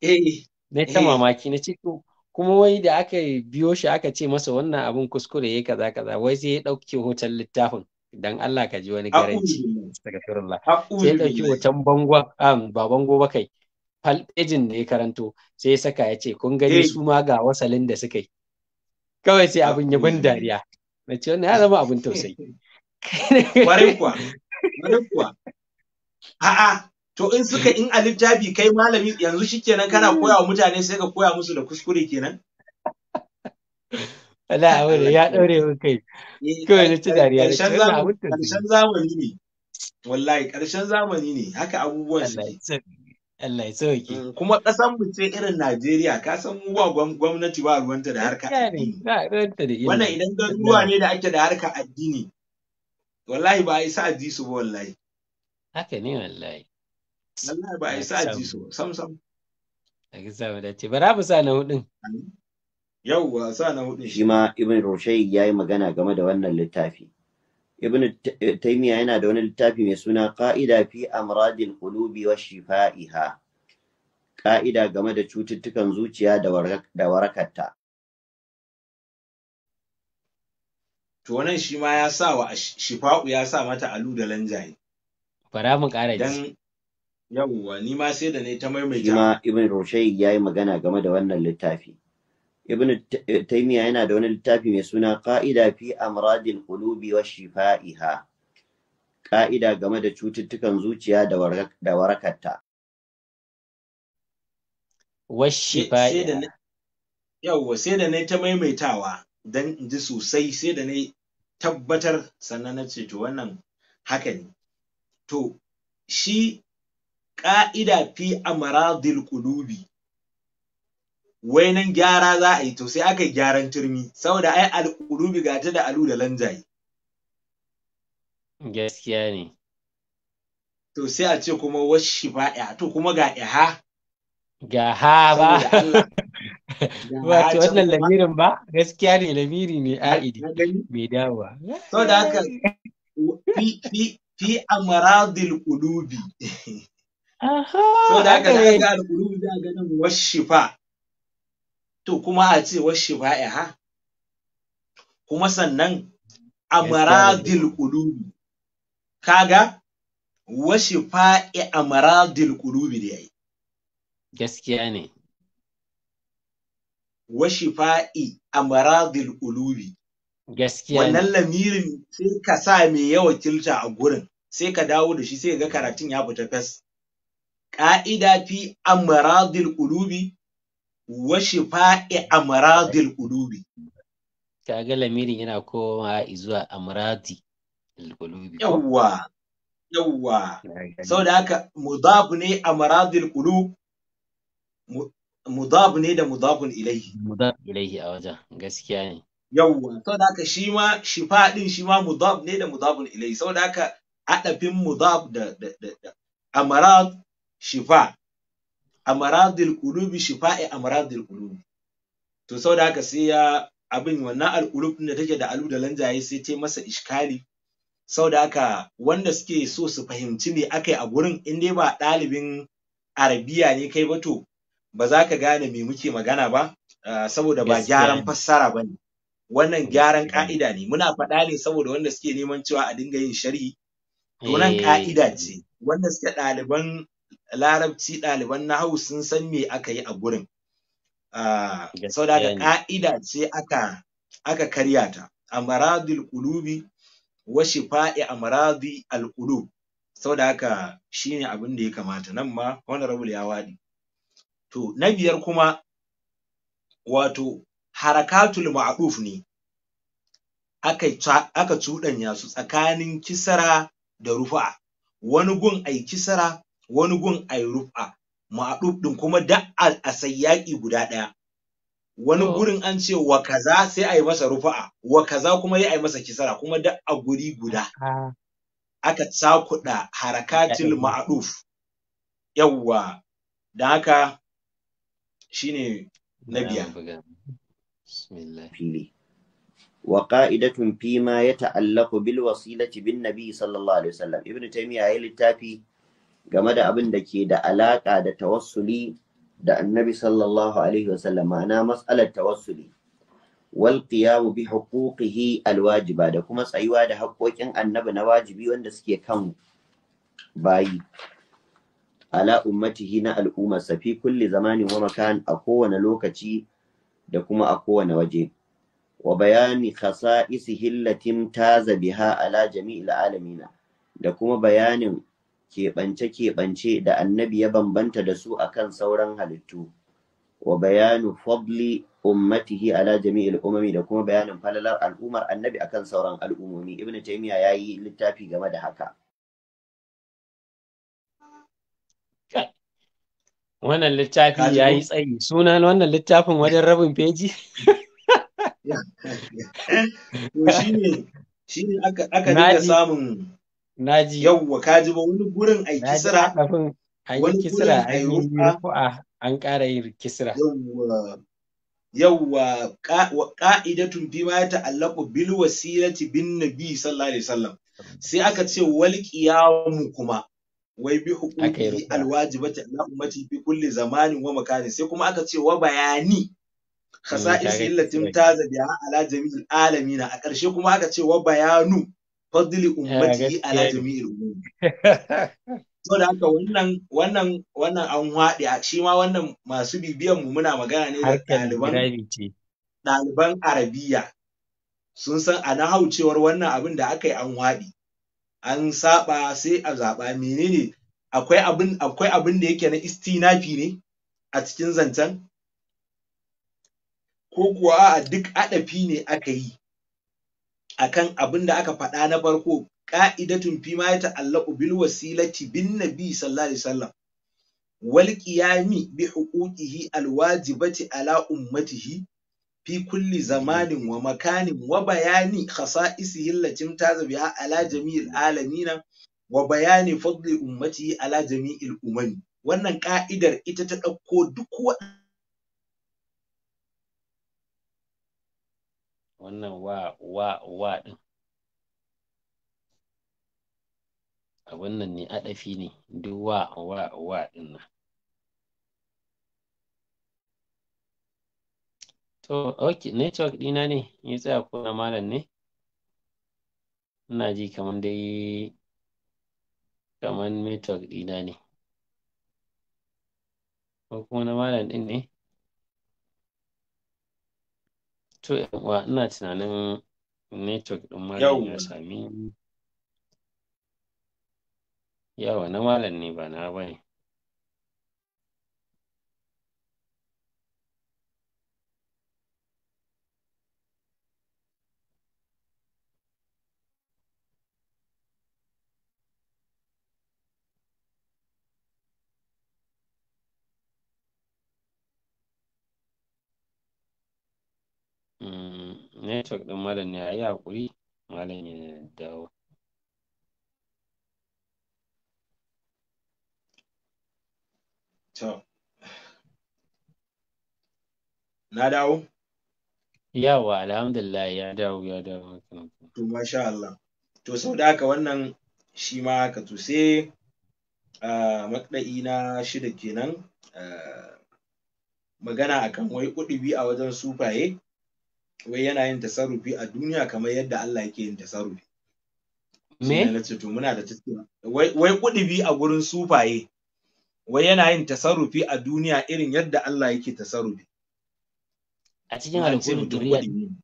Speaker 1: eh na ta eh. mamaki na ce to kuma wai da aka biyo shi aka ce masa wannan abin kuskure ya kaza kaza wai sai ya ɗauke hoton littafin dan Allah ka ji wani garanci astaghfirullah sai dauki hoton bangwa am ba bango ba kai fal da ya karanto sai ya saka ya ce kun gani eh. su ma ga wasalin da suka yi kawai sai abin ya ban dariya na ce wannan ya zama abin tausayi (laughs) warin kuwa warin kuwa
Speaker 2: a'a to in suka in a littafi kai malami yanzu shikenan kana koya wa mutane sai ka koya musu da kuskure kenan
Speaker 1: Allah aure ya daure mun kai eh, kawai na ci dariya karshen zamani
Speaker 2: karshen zamani ne wallahi karshen zamani ne haka abubuwan shi Allah ya sauke mm, kuma ƙasan mu ce irin Najeriya ka san mu ba gwamnati
Speaker 1: ba ruwanta da harka
Speaker 2: addini
Speaker 3: wannan idan garuruwa ne
Speaker 2: da ake da harka addini wallahi ba a isa a ji su ba wallahi
Speaker 1: haka ne wallahi wallahi ba a isa a ji su sam sam a gisa wadace bara mu sa na hudun yawwa sa na hudu
Speaker 2: shi ma
Speaker 4: ibn rushai ya yi magana game da wannan littafi ibn eh, taymiya yana da wani littafi mai suna Ka'ida fi amradil qulubi wa shifa'iha ƙa'ida game da cututtukan zuciya da warakarta
Speaker 3: to nan shi
Speaker 2: ma ya sa wa shifa'u ya sa mata alu da lanjaye
Speaker 4: bara mu ƙara ji yawwa ni ma sai da ne ta
Speaker 2: maimaita shi ma
Speaker 4: ibn rushai ya yi magana game da wannan littafi ibn eh, taymiya yana da wani littafi mai suna qa'ida fi amradil qulubi wa shifa'iha ƙa'ida game da cututtukan zuciya da warakarta.
Speaker 2: Yawwa sai da na ta maimaitawa don in ji sosai sai da na tabbatar sannan na ce to wannan haka ne. To, shi ƙa'ida fi amaradil qulubi wai nan gyara za a yi to sai aka yi gyaran turmi saboda ai al'ulubi ga ta da alu da lanjayi
Speaker 1: gaskiya ne
Speaker 2: to sai a ce kuma washi ba to kuma ga iha
Speaker 1: ga ha ba wato (laughs) wannan lamirin ba gaskiya ne lamiri ne a'idi mai dawa
Speaker 2: saboda haka fi fi amradil
Speaker 3: aha saboda haka ga
Speaker 2: al'ulubi za a ga nan fa. to kuma a ce washi ha? kuma sannan amaradil qulubi kaga washi fa'i amaradil qulubi da yayi
Speaker 1: gaskiya ne
Speaker 2: washi fa'i amaradil qulubi
Speaker 1: gaskiya wannan
Speaker 2: lamirin sai ka sa me yawa kilta a gurin sai ka dawo da shi sai ga karatun ya fita fes ka'ida fi amaradil qulubi wa shifa'i amradil
Speaker 1: qulubi kaga lamirin yana koma izuwa amradi qulubi yawwa yawa saboda
Speaker 2: haka mudaf ne amradil qulub mudaf ne da mudafun ilaihi mudaf ilaihi a wajen gaskiya ne yawa saboda haka shi ma shifa din shi ma mudaf ne da mudafun ilaihi saboda haka adafin mudaf da da da amarad shifa amaradil qulubi shifa'i amaradil qulubi to sau da haka sai ya abin wannan al'ulub da take da alu da lanjaye sai ta masa iskali sau da haka wanda suke so su fahimci me akai a gurin in dai ba ɗalibin arabiya ne kai ba to ba za ka gane me muke magana ba ah, saboda ba gyaran fassara ba ne wannan gyaran ka'ida ne muna faɗa ne saboda wanda suke neman cewa a dinga yin sharhi to nan ka'ida eh. ce wanda suke ɗaliban larabci ɗaliban na hau sun san me aka yi a gurin sau da ƙa'ida ce aka karya ta amaradul qulubi wa shifa'i amradi al da saboda shi shine abin da ya kamata nan ma Wani rabu ya wadi to na biyar kuma wato harakatul ma'aɗuf ne aka cuɗanya su tsakanin kisara da rufa wani gun ai kisara wani gun a yi rufa ma'adub ɗin kuma da a yaƙi guda ɗaya wani gurin an ce wa kaza sai a yi masa rufa'a wa kaza kuma ya ayi yi masa kisara kuma da a guri guda aka cakuɗa harakatil ma'aduf yawwa don haka shine na biya
Speaker 4: wa qa'idatun fi ma ta'allaku bil wasilati bin nabi sallallahu alaihi wasallam ibnu taymiya ya littafi game da abin da ke da alaƙa da tawassuli da annabi sallallahu alaihi wasallam ma'ana mas'alar tawassuli wal qiyamu bi huquqihi alwajiba da kuma tsayuwa da haƙƙoƙin annabi na wajibi wanda suke kan bayi ala ummatihi na al'umma safi kulli zamanin wa makan a kowane lokaci da kuma a kowane waje wa bayani khasa'isihi hillatin taza biha ala jami'il alamina da kuma bayanin keɓance-keɓance da annabi ya bambanta da su akan sauran halittu wa bayanu fadli ummatihi ala jami'il umami da kuma bayanin falalar al'ummar annabi akan sauran al'ummomi ibnu taymiya yi littafi game da haka
Speaker 1: wannan littafi ya yi tsayi sunan wannan littafin wajen rabin feji (laughs) shi
Speaker 2: ne aka dinga samun naji yawwa ji ba wani gurin ai kisira? wani kisra an yi a
Speaker 1: an ƙara yin kisira?
Speaker 2: yawwa yawwa ƙa'idatun fi ma ta'allaqu bil wasilati bin nabi sallallahu alaihi wasallam sai aka ce wal qiyamu kuma wai bi huquqi alwajibati ala ummati fi kulli zamanin wa makani sai kuma aka ce wa bayani hmm, khasa'is illatin biha ala jami'il alamin a ƙarshe kuma aka ce wa bayanu fadli ummati ala jami'il ummi (laughs) to da haka wannan wannan wannan an waɗe a shi ma wannan masu bibiyan mu muna magana ne da ɗaliban ɗaliban arabiya sun san a na haucewar wannan abin da aka yi an waɗi an saba sai a zaɓa menene akwai abin akwai abin da yake na istinafi ne a cikin zancen ko kuwa a duk adafi ne aka yi akan abin da aka faɗa na farko ka'idatun fi ma ya ta'allaqu bil wasilati bin nabi sallallahu alaihi wasallam wal qiyami bi huquqihi al wajibati ala ummatihi fi kulli zamanin wa makanin wa bayani khasa'isihi allati biha ala jami'il alamin wa bayani fadli ummatihi ala jami'il umami wannan ka'idar ita ta ɗauko duk waɗannan
Speaker 1: wannan wa wa wa ɗin abin nan ne adafi ne duk wa wa wa ɗin nan to ok network ɗina ne ya tsaya ko na malam ne ina ji kamar dai kamar network ɗina ne ko kuma na malam ɗin ne to yawa ina tunanin network ɗin malam ya sami yawa na malam ne ba na bane network ɗin malam ne ayi yi haƙuri malam ya dawo to na dawo yawa alhamdulillah ya dawo ya dawo to masha
Speaker 2: Allah to sau da haka wannan shi ma haka to sai makɗa'i na shida kenan magana akan wai bi a wajen sufaye wai yana yin tasarrufi a duniya kamar yadda Allah yake yin tasarrufi me na ce to muna da tattauna wai kudubi a gurin sufaye wai yana yin tasarrufi a duniya irin yadda Allah yake tasarrufi a cikin alƙur'ani duniya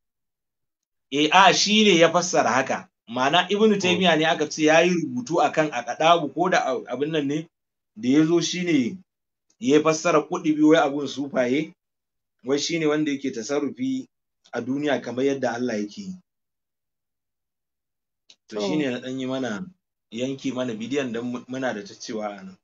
Speaker 2: eh a shi ne ya fassara haka ma'ana Ibn Taymiyyah ne aka ce yayi rubutu akan a Kadabu ko da abin nan ne da yazo shine ya fassara kudubi wai abun sufaye wai shine wanda yake tasarrufi a duniya kamar yadda Allah yake yi to ne na ɗan yi mana yanki mana bidiyon don muna da ta cewa a nan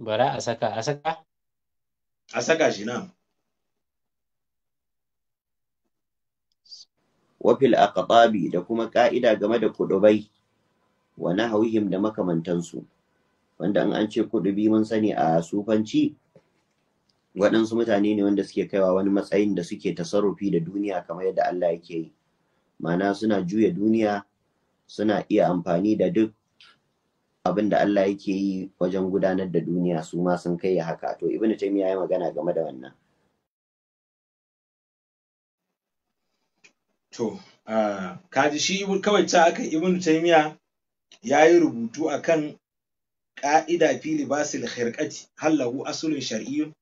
Speaker 1: bara a saka a saka
Speaker 4: a saka shi nan wafil aqtabi da kuma ƙa'ida game da kudubai wa nahawihim da makamantansu wanda an an ce kudubi mun sani a sufanci waɗansu mutane ne wanda suke kaiwa wani matsayin da suke tasarrufi da duniya kamar yadda Allah yake yi ma'ana suna juya duniya suna iya amfani da duk abin da Allah yake yi wajen gudanar da duniya su ma sun kai haka to Ibn taymiya ya magana game da wannan
Speaker 2: to kaji shi kawai ta aka Ibn taymiya ya yi rubutu akan ƙa'ida fi libasil khirqati hallahu asulin shar'iyyun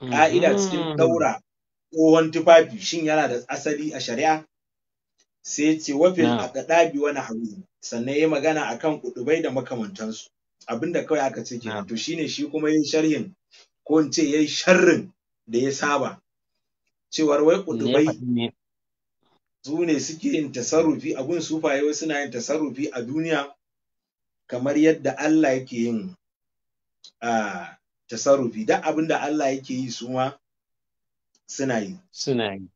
Speaker 3: mhm. ƙa'ida cikin ɗaura
Speaker 2: wani tufafi shin yana da asali a shari'a sai ce wafin a ɗaɗabi wani hawi sannan ya magana akan kuɗubai da makamantansu abinda kawai aka ce ke to shine shi kuma yin sharhin ko in ce yayi sharrin da ya saba cewar wai kudubai su ne suke yin tasarrufi abun sufaye wasu suna yin tasarrufi a duniya kamar yadda Allah yake yin a tasarrufi da abin da Allah yake yi su ma suna yi suna yi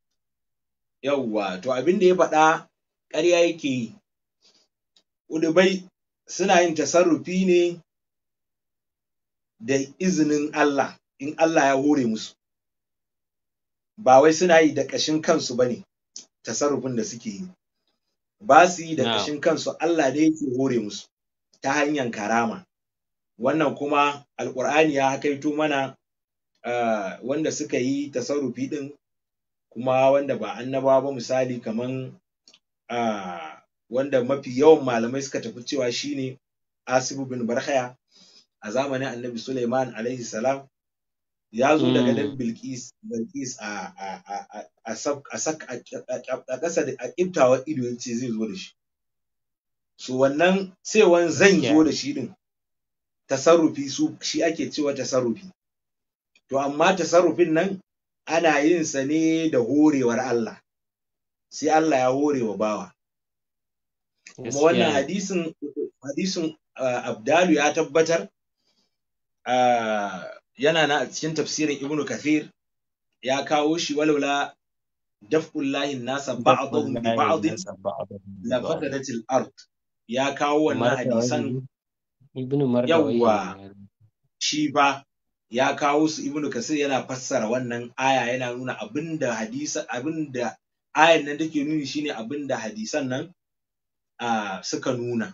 Speaker 2: yawwa to abin da ya faɗa ƙarya yake yi udubai suna yin tasarrufi ne da izinin Allah in Allah ya hore musu ba wai suna yi da ƙashin kansu ba ne tasarrufin da suke yi ba su yi da kashin kansu Allah dai yake hore musu ta hanyar karama wannan kuma Alƙur'ani ya haƙaito mana uh, wanda suka yi tasarrufi ɗin. kuma wanda ba annaba ba misali kaman wanda mafi yawan malamai suka tafi cewa shine asibu bin barhaya a zamanin annabi suleiman alaihi salam ya zo daga hmm. nan bilkis bilkis a kasa da a ƙiftawa ido ya ce zai zo da shi so wannan wan zan zo da shi din tasarrufi su shi ake cewa tasarrufi to amma tasarrufin nan ana yin sa ne da horewar Allah sai Allah ya hore wa bawa kuma wannan hadisin hadisin ah, Abdalu ya tabbatar ah, yana na a cikin tafsirin ibnu kathir ya kawo shi walaula daf'ul lahin nasa ba'dhum bi ba'd
Speaker 3: la al
Speaker 2: ard ya kawo wannan hadisan ibnu mardawi shi ba ya kawo su ibnu Kathir yana fassara wannan aya yana nuna abinda hadisa abinda ayan nan take nuni shine abinda hadisan nan ah, suka nuna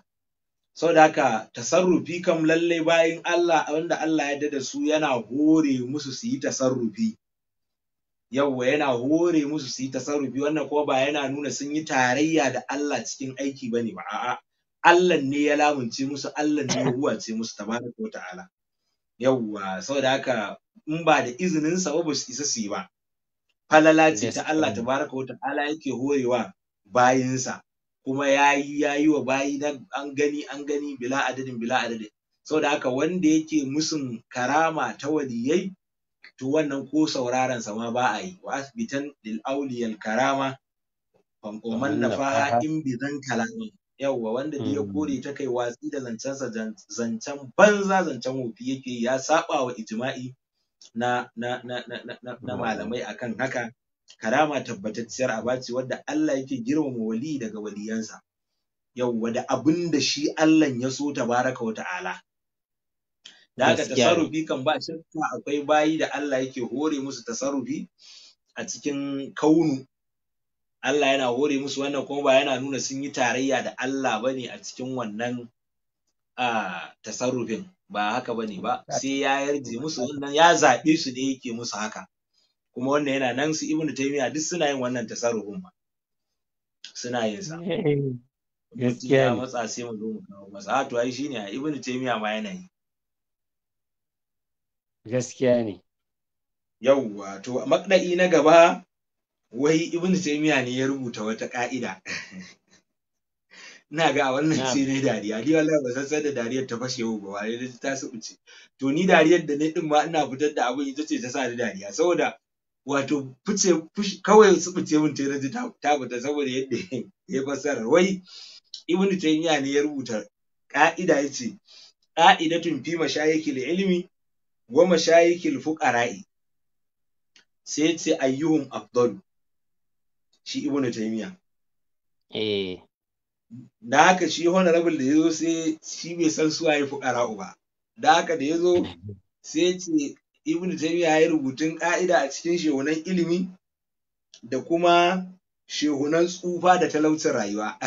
Speaker 2: da haka tasarrufi kam lallai bayan Allah wanda Allah ya da su yana hore musu su yi tasarrufi yawwa yana hore musu su yi tasarrufi wannan kuma ba yana nuna sun yi tarayya da Allah cikin aiki bane ba a'a Allah ne ya lamunce musu Allah ne ya huwace musu tabaraka wa ta'ala yawwa saboda haka in ba da izinin sa ba su isa su yi ba falala ce ta Allah tabaraka wa ta'ala yake horewa bayinsa kuma yayi yi wa bayi an gani an gani bila adadin bila adadin saboda haka wanda yake musun karama ta waliyai to wannan ko sauraron sa ma ba a yi wa asbitan lil awliyal karama fankoman nafaha in bi zan kalamin yawwa wanda ya mm. kore ta kai watsi da zancen banza zancen wofi yake ya saba wa ijma'i na na na na malamai akan haka karama tabbatacciyar aba ce wadda Allah yake girmama wali daga waliyansa yawwa da abin da shi Allah ya so tabaraka wa ta'ala da haka tasarrufi kan ba shakka akwai bayi da Allah yake hore musu tasarrufi a cikin kaunu Allah yana hore musu wannan kuma ba yana nuna sun yi tarayya da Allah bane a cikin wannan a tasarrufin ba haka bane ba sai ya yarje musu wannan ya zaɓe su ne yake musu haka kuma wannan yana nan su ibnu taymiya duk suna yin wannan tasarrufin ma suna yin sa gaskiya ne matsa sai mu zo mu kawo masa a ah, to ai shine ibnu taymiya ma yana yi
Speaker 1: gaskiya ne
Speaker 2: yawwa to makdai na gaba wai ibnu taymiya ne ya rubuta wata ka'ida (laughs) ina ga a wannan ce ne dariya ni wallahi ba san da dariyar ta fashe ba wai ta su ce to ni dariyar da ne din ma ina fitar da abin ita ce ta sa ni dariya saboda wato fice kawai su fice mun tare da ta fita saboda yadda ya fassara wai ibn taymiya ne ya rubuta ka'ida yace ka'idatun fi mashayikil ilmi wa mashayikil fuqara'i sai yace ayyuhum afdal shi ibn taymiya eh da haka shi honorable da yazo sai shi bai san suwaye fuqara'u ba da haka da yazo sai ce ibn taymiya ya yi rubutun ƙa'ida a cikin shehunan ilimi da kuma shehunan tsufa da talaucin rayuwa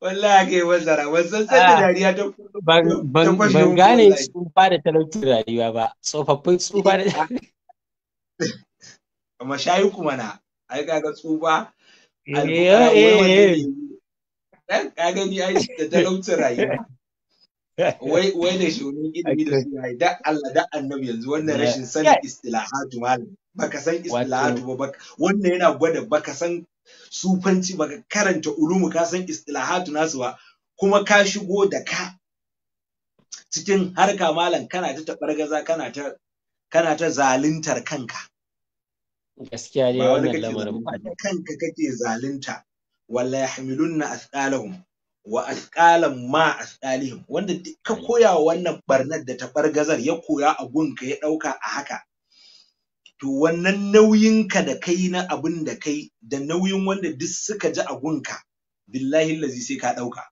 Speaker 2: wallahi kai wazara wasan sai ah, dariya ta
Speaker 3: ban
Speaker 2: gane
Speaker 1: tsufa da talaucin rayuwa ba tsofaffin tsufa da rayuwa.
Speaker 2: mashayi kuma na ai kaga tsufa wani eh ka gani ai da talaucin rayuwa wai da shunin ilimi da su yayi da Allah da annabi yanzu wannan rashin sanin istilahatu malam baka san istilahatu ba wannan yana gwada baka san sufanci baka karanta ulumu ka san istilahatu nasu ba kuma ka shigo da ka cikin harka malam kana ta tabargaza kana ta kana ta zaluntar kanka gaskiya ne wannan lamarin kanka kake zalunta wala yahmilunna asqalahum wa asqalan ma asqalihim wanda ka koya wannan ɓarnar da ta gazar ya koya a gunka ya ɗauka a haka to wannan nauyin ka da kai na abin da kai da nauyin wanda duk suka ji a gunka billahi lazi sai ka ɗauka.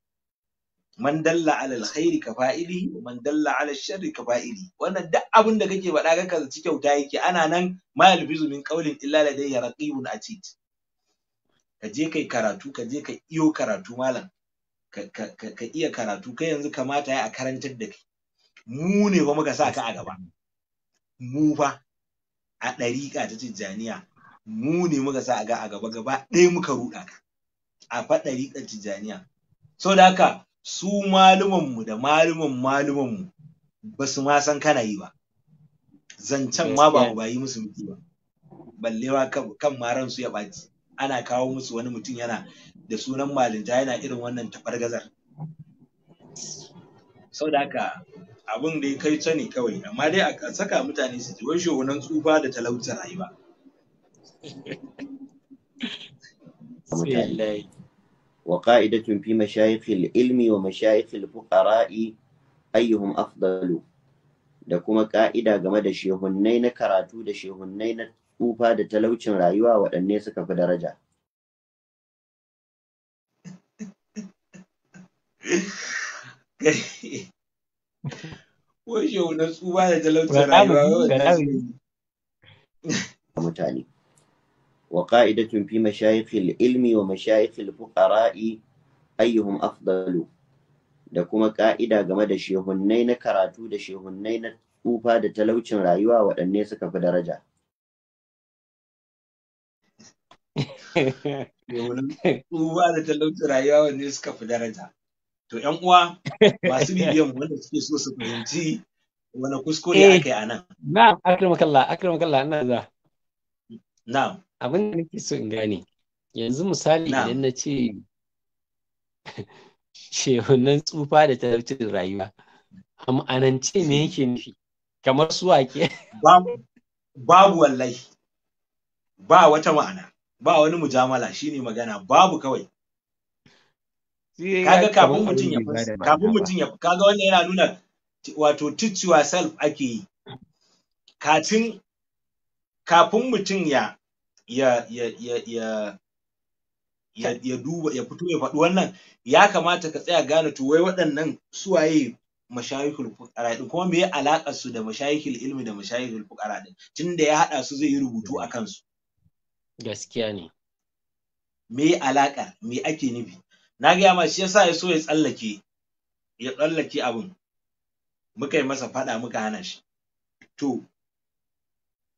Speaker 2: man dalla ala alkhairi ka fa'ili man dalla ala sharri ka fa'ili wannan duk abin da kake faɗa ka zaci kyauta yake ana nan ma yalfizu min qawlin illa ladayhi raqibun atid ka je kai karatu ka je ka iyo karatu malam ka iya karatu kai yanzu kamata ya a karantar da kai mu ne fa muka sa ka a gaba mu fa a ɗariƙa ta tijjaniya mu ne muka sa ga a gaba gaba ɗaya muka ruɗa ka a fa ɗariƙar tijjaniya so da haka su malumanmu da maluman malumanmu ba su ma san kana yi ba zancen ma ba mu bayi musu miki ba balle ma kan ran su ya ɓaci ana kawo musu wani mutum yana da sunan malinta yana irin wannan tafargazar sau da haka abin da ya kai ta ne kawai amma dai a saka mutane su ji wai shogunan tsufa da talauta rayuwa
Speaker 4: fi mashayikil ilmi wa mashayikil الفقراء ayyuhun afdalu da kuma ƙa'ida game da shehunnai na karatu da shehunnai na kufa da talaucin rayuwa waɗanne suka fi daraja
Speaker 3: Wai
Speaker 2: tsufa da talaucin rayuwa
Speaker 4: mutane وقاعدة في مشايخ العلم ومشايخ الفقراء أيهم أفضل da kuma ƙa'ida game da shehunnai na karatu da shehunnai na tsufa da talaucin rayuwa waɗanne suka daraja.
Speaker 3: Uwa (laughs) da talauci
Speaker 2: rayuwa wanne suka fi daraja. To ‘yan uwa masu (laughs) bibiyan wanda suke so su fahimci wani kuskure eh, aka yi a nan.
Speaker 1: Na'am, akramakallah, akramakallah, ina za. Na'am. Abin da nake so in gane, yanzu misali idan na ce (laughs) shehunan tsufa da talaucin rayuwa, ma'anance ne yake nufi, kamar su wake. Babu wallahi,
Speaker 2: ba wata ma'ana. ba wani mujamala shine magana babu kawai kaga kafin mutum ya kafin mutum ya kaga wannan yana nuna wato teach yourself ake yi kafin kafin mutum ya ya ya ya ya ya duba ya fito ya faɗi wannan ya kamata ka tsaya gane to wai waɗannan suwaye mashayikul fuqara din kuma me ya alaƙar su da mashayikul ilmi da mashayikul fuqara din tunda ya haɗa su zai yi rubutu a kansu Gaskiya ne. Me alaƙa, me ake nufi? Na gaya ma shi yasa ya so ya tsallake, ya tsallake abin. Muka yi masa faɗa muka hana shi. To,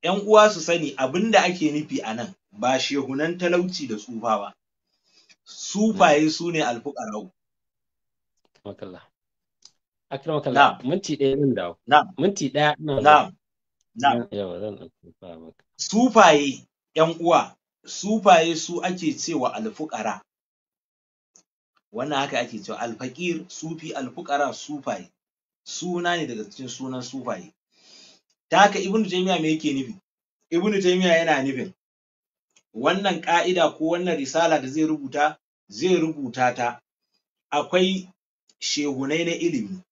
Speaker 2: ‘yan uwa su sani abin da ake nufi a nan ba shehunan talauci da tsufa ba. Sufaye mm. su
Speaker 1: ne alfuƙarau. Makalla. Akram kalla minti ɗaya zan dawo. Minti ɗaya. Na'am. Na'am. Sufaye
Speaker 2: ‘yan uwa sufaye su ake cewa alfukara wannan haka ake cewa alfaƙir sufi alfuƙara sufaye suna ne daga cikin sunan sufaye ta haka ibnu jami'a me yake nufi ibnu jami'a yana nufin wannan ƙa'ida ko wannan risala da zai rubuta zai rubuta ta akwai shehunai na ilimi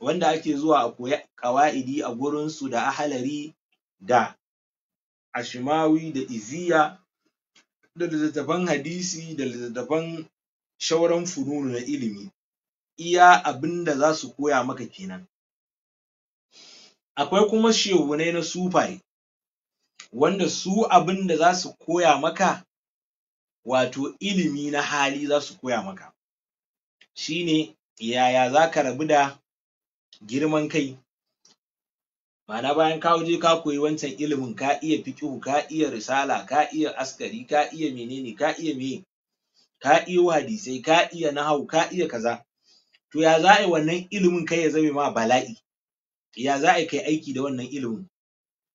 Speaker 2: wanda ake zuwa a koya ƙawa'idi a gurinsu da ahalari da ashimawi da iziya da littattafan hadisi da littattafan shauran fununu na ilimi iya abinda za su koya maka kenan akwai kuma shehunai na sufaye wanda su abinda za su koya maka wato ilimi na hali za su koya maka shine yaya za ka rabu da girman kai ma'ana bayan ka je ka koyi wancan ilimin ka iya fiqhu ka iya risala ka iya askari ka iya menene ka iya me ka iya hadisai ka iya nahau ka iya kaza to ya za a yi wannan ilimin kai ya zame ma bala'i ya za a kai aiki da wannan ilimin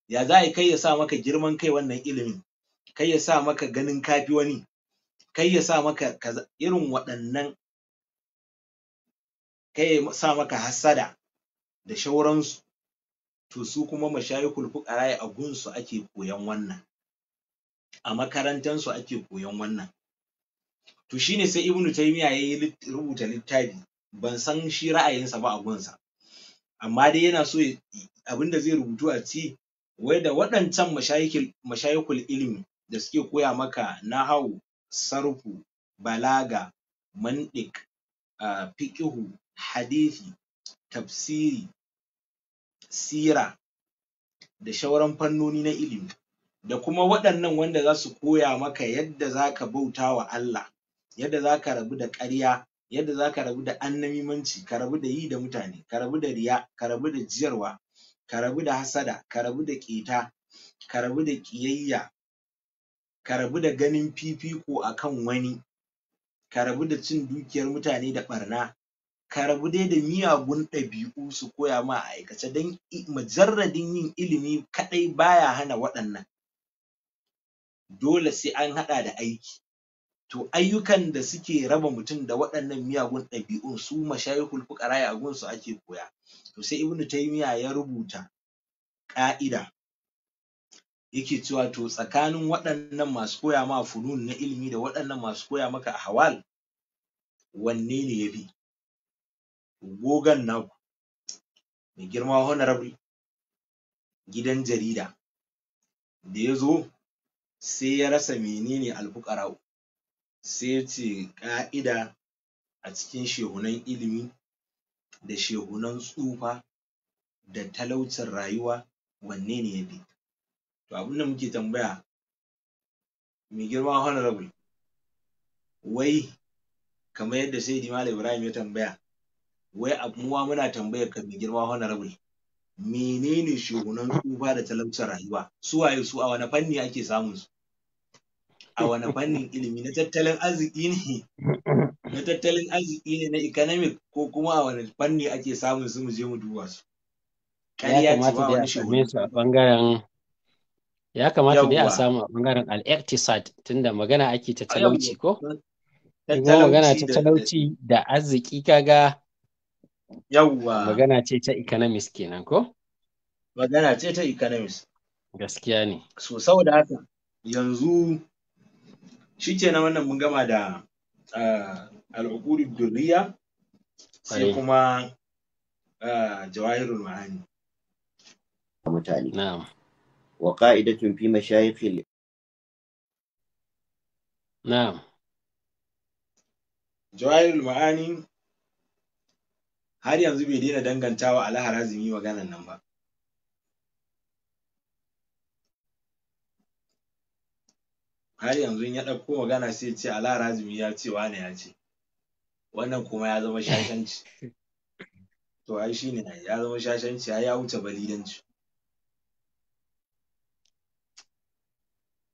Speaker 2: ya za a kai ya sa maka girman kai wannan ilimin kai ya sa maka ganin kafi wani kai ya sa maka kaza irin waɗannan kai ya sa maka hassada da shauransu to su kuma mashayikul fuqara'i a gunsu ake koyan wannan a makarantansu ake koyan wannan to shine sai ibnu taymiya yayi rubuta littafi ban san shi ra'ayinsa ba a gunsa amma dai yana so abinda zai rubutu a ci wai da waɗancan mashayikul mashayikul ilimi da suke koya maka nahawu sarfu balaga mantiq fiqhu hadisi tafsiri sira da shauran fannoni na ilimi da kuma waɗannan wanda za su koya maka yadda za ka bauta wa Allah yadda za ka rabu da ƙarya yadda za ka rabu da annamimanci ka rabu da yi da mutane ka rabu da riya ka rabu da jiyarwa ka rabu da hasada, ka rabu da ƙeta ka rabu da ƙiyayya ka rabu da ganin fifiko a kan wani ka rabu da cin dukiyar mutane da ɓarna ka rabu dai da miyagun ɗabi'u su koya ma a aikace don majarradin yin ilimi kaɗai baya hana waɗannan dole sai an haɗa da aiki to ayyukan da suke raba mutum da waɗannan miyagun ɗabi'un su mashayihul fuƙara a gunsu ake koya to sai Ibn Taymiyyah ya rubuta ƙa'ida yake cewa to tsakanin waɗannan masu koya ma funun na ilimi da waɗannan masu koya maka a ahwal wanne ne bi? gogan naku mai girma honorable gidan jarida da ya zo sai ya rasa menene alfukarau, sai ya ce ƙa'ida a cikin shehunan ilimi da shehunan tsufa da talaucin rayuwa wanne ne ya fi to abin da muke tambaya mai girma honorable wai kamar yadda Saidi Malam Ibrahim ya tambaya wai abuwa muna tambayar ka mai girma honorable menene shugunan tsufa da talauci rayuwa su waye su a wani fanni ake samun su a wani fannin ilimi na tattalin arziki ne na tattalin arziki ne na economic ko kuma a wani fanni ake samun su mu je mu duba su
Speaker 1: ya kamata dai a su a bangaren ya kamata a samu a bangaren al-iqtisad tunda magana ake ta talauci ko magana ta talauci da arziki kaga Yawwa. Magana ce ta economist kenan ko? Magana ce ta economist. Gaskiya ne. So saboda haka
Speaker 2: yanzu shi na wannan mun gama da ah, al'ukurin duniya sai kuma uh, jawahirul ma'ani.
Speaker 4: Mutane. Na'am. Wa ka'idatun fi mashayikhil
Speaker 3: Na'am.
Speaker 2: Jawahirul ma'ani har yanzu bai daina dangantawa azumi maganan nan ba har yanzu ya ɗauko magana sai ce azumi ya ce wane ya ce wannan kuma ya zama shashanci to ai shi ne ya zama shashanci ya wuce balidanci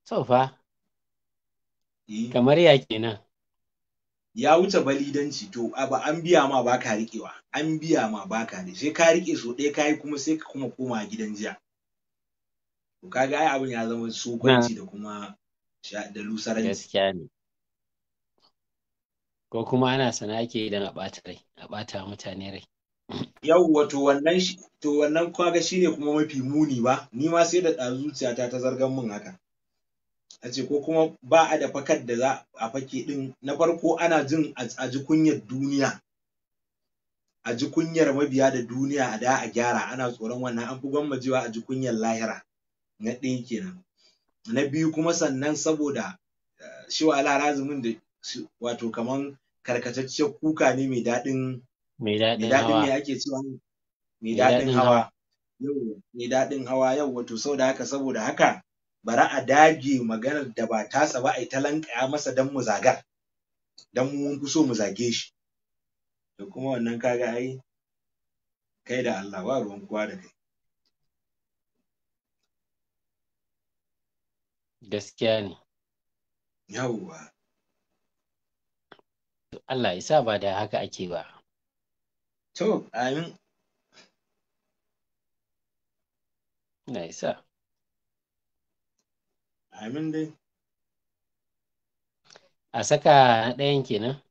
Speaker 1: to fa eh. kamar ya kenan
Speaker 2: ya wuce balidanci to "Ba an biya ma ba ka riƙewa an biya ma ba ka ne sai ka riƙe so ɗaya ka yi kuma sai ka kuma koma gidan jiya to kaga ai abin ya zama sokwanci da
Speaker 1: kuma da lusaranci gaskiya ne ko kuma ana sana ake idan a ɓata rai a ɓata mutane rai
Speaker 2: yawwa to wannan to wannan kaga shine kuma mafi muni ba ni ma sai da zuciyata ta zargan min haka a ce ko kuma ba a da fakar da za a fake din na farko ana jin a ji kunyar duniya a ji kunyar mabiya da duniya a da a gyara ana tsoron wannan an fi gwamma jiwa a ji kunyar lahira na ɗin kenan na biyu kuma sannan saboda eh, shi wa da wato kamar karkataccen kuka ne mai daɗin
Speaker 4: mai daɗin hawa ake
Speaker 2: cewa mai daɗin hawa yau mai daɗin hawa yau wato sau da haka saboda haka bari a dage maganar da ba tasa ba a yi ta lanƙaya masa don mu zagar don mu mun fi so mu zage shi da kuma wannan kaga ai kai da Allah ba ruwan kowa
Speaker 3: da kai
Speaker 1: gaskiya ne yawwa Allah ya sa ba da haka ake ba to amin Allah ya sa Amin dai. A saka na ɗayan kenan?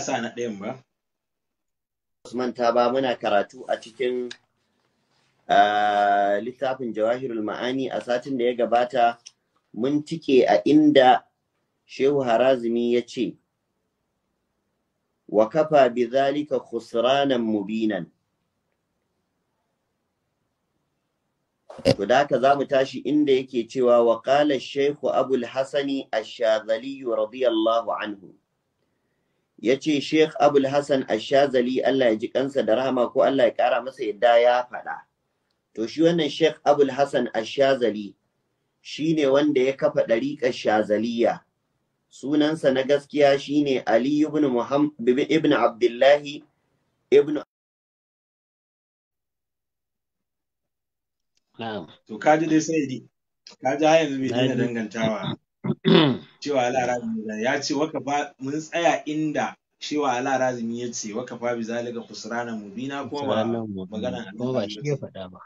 Speaker 4: sa na ɗayan ba. Usman ta ba muna karatu a cikin littafin Jawahirul Ma'ani a satin da ya gabata mun cike a inda Shehu Harazimi ya ce, Wa kafa bi zalika khusranan mubinan. To da haka za mu tashi inda yake cewa wa qala shaykhu Abul Hasani Ash-Shazali radiyallahu anhu. Yace Sheikh Abul Hasan Ash-Shazali Allah ya ji kansa da rahama ko Allah ya kara masa yadda ya faɗa. To shi wannan Sheikh Abul Hasan Ash-Shazali ne wanda ya kafa ɗariƙar Shazaliya. Sunansa na gaskiya shine Ali ibn Muhammad ibn Abdullahi ibn
Speaker 2: to kaji dai sai di kaji har yanzu bai daina dangantawa (clears throat) cewa ala ya ce waka ba mun tsaya inda cewa ala razumi ya ce waka fa bi zalika kusurana mubina ko ba magana ba shi ya faɗa ba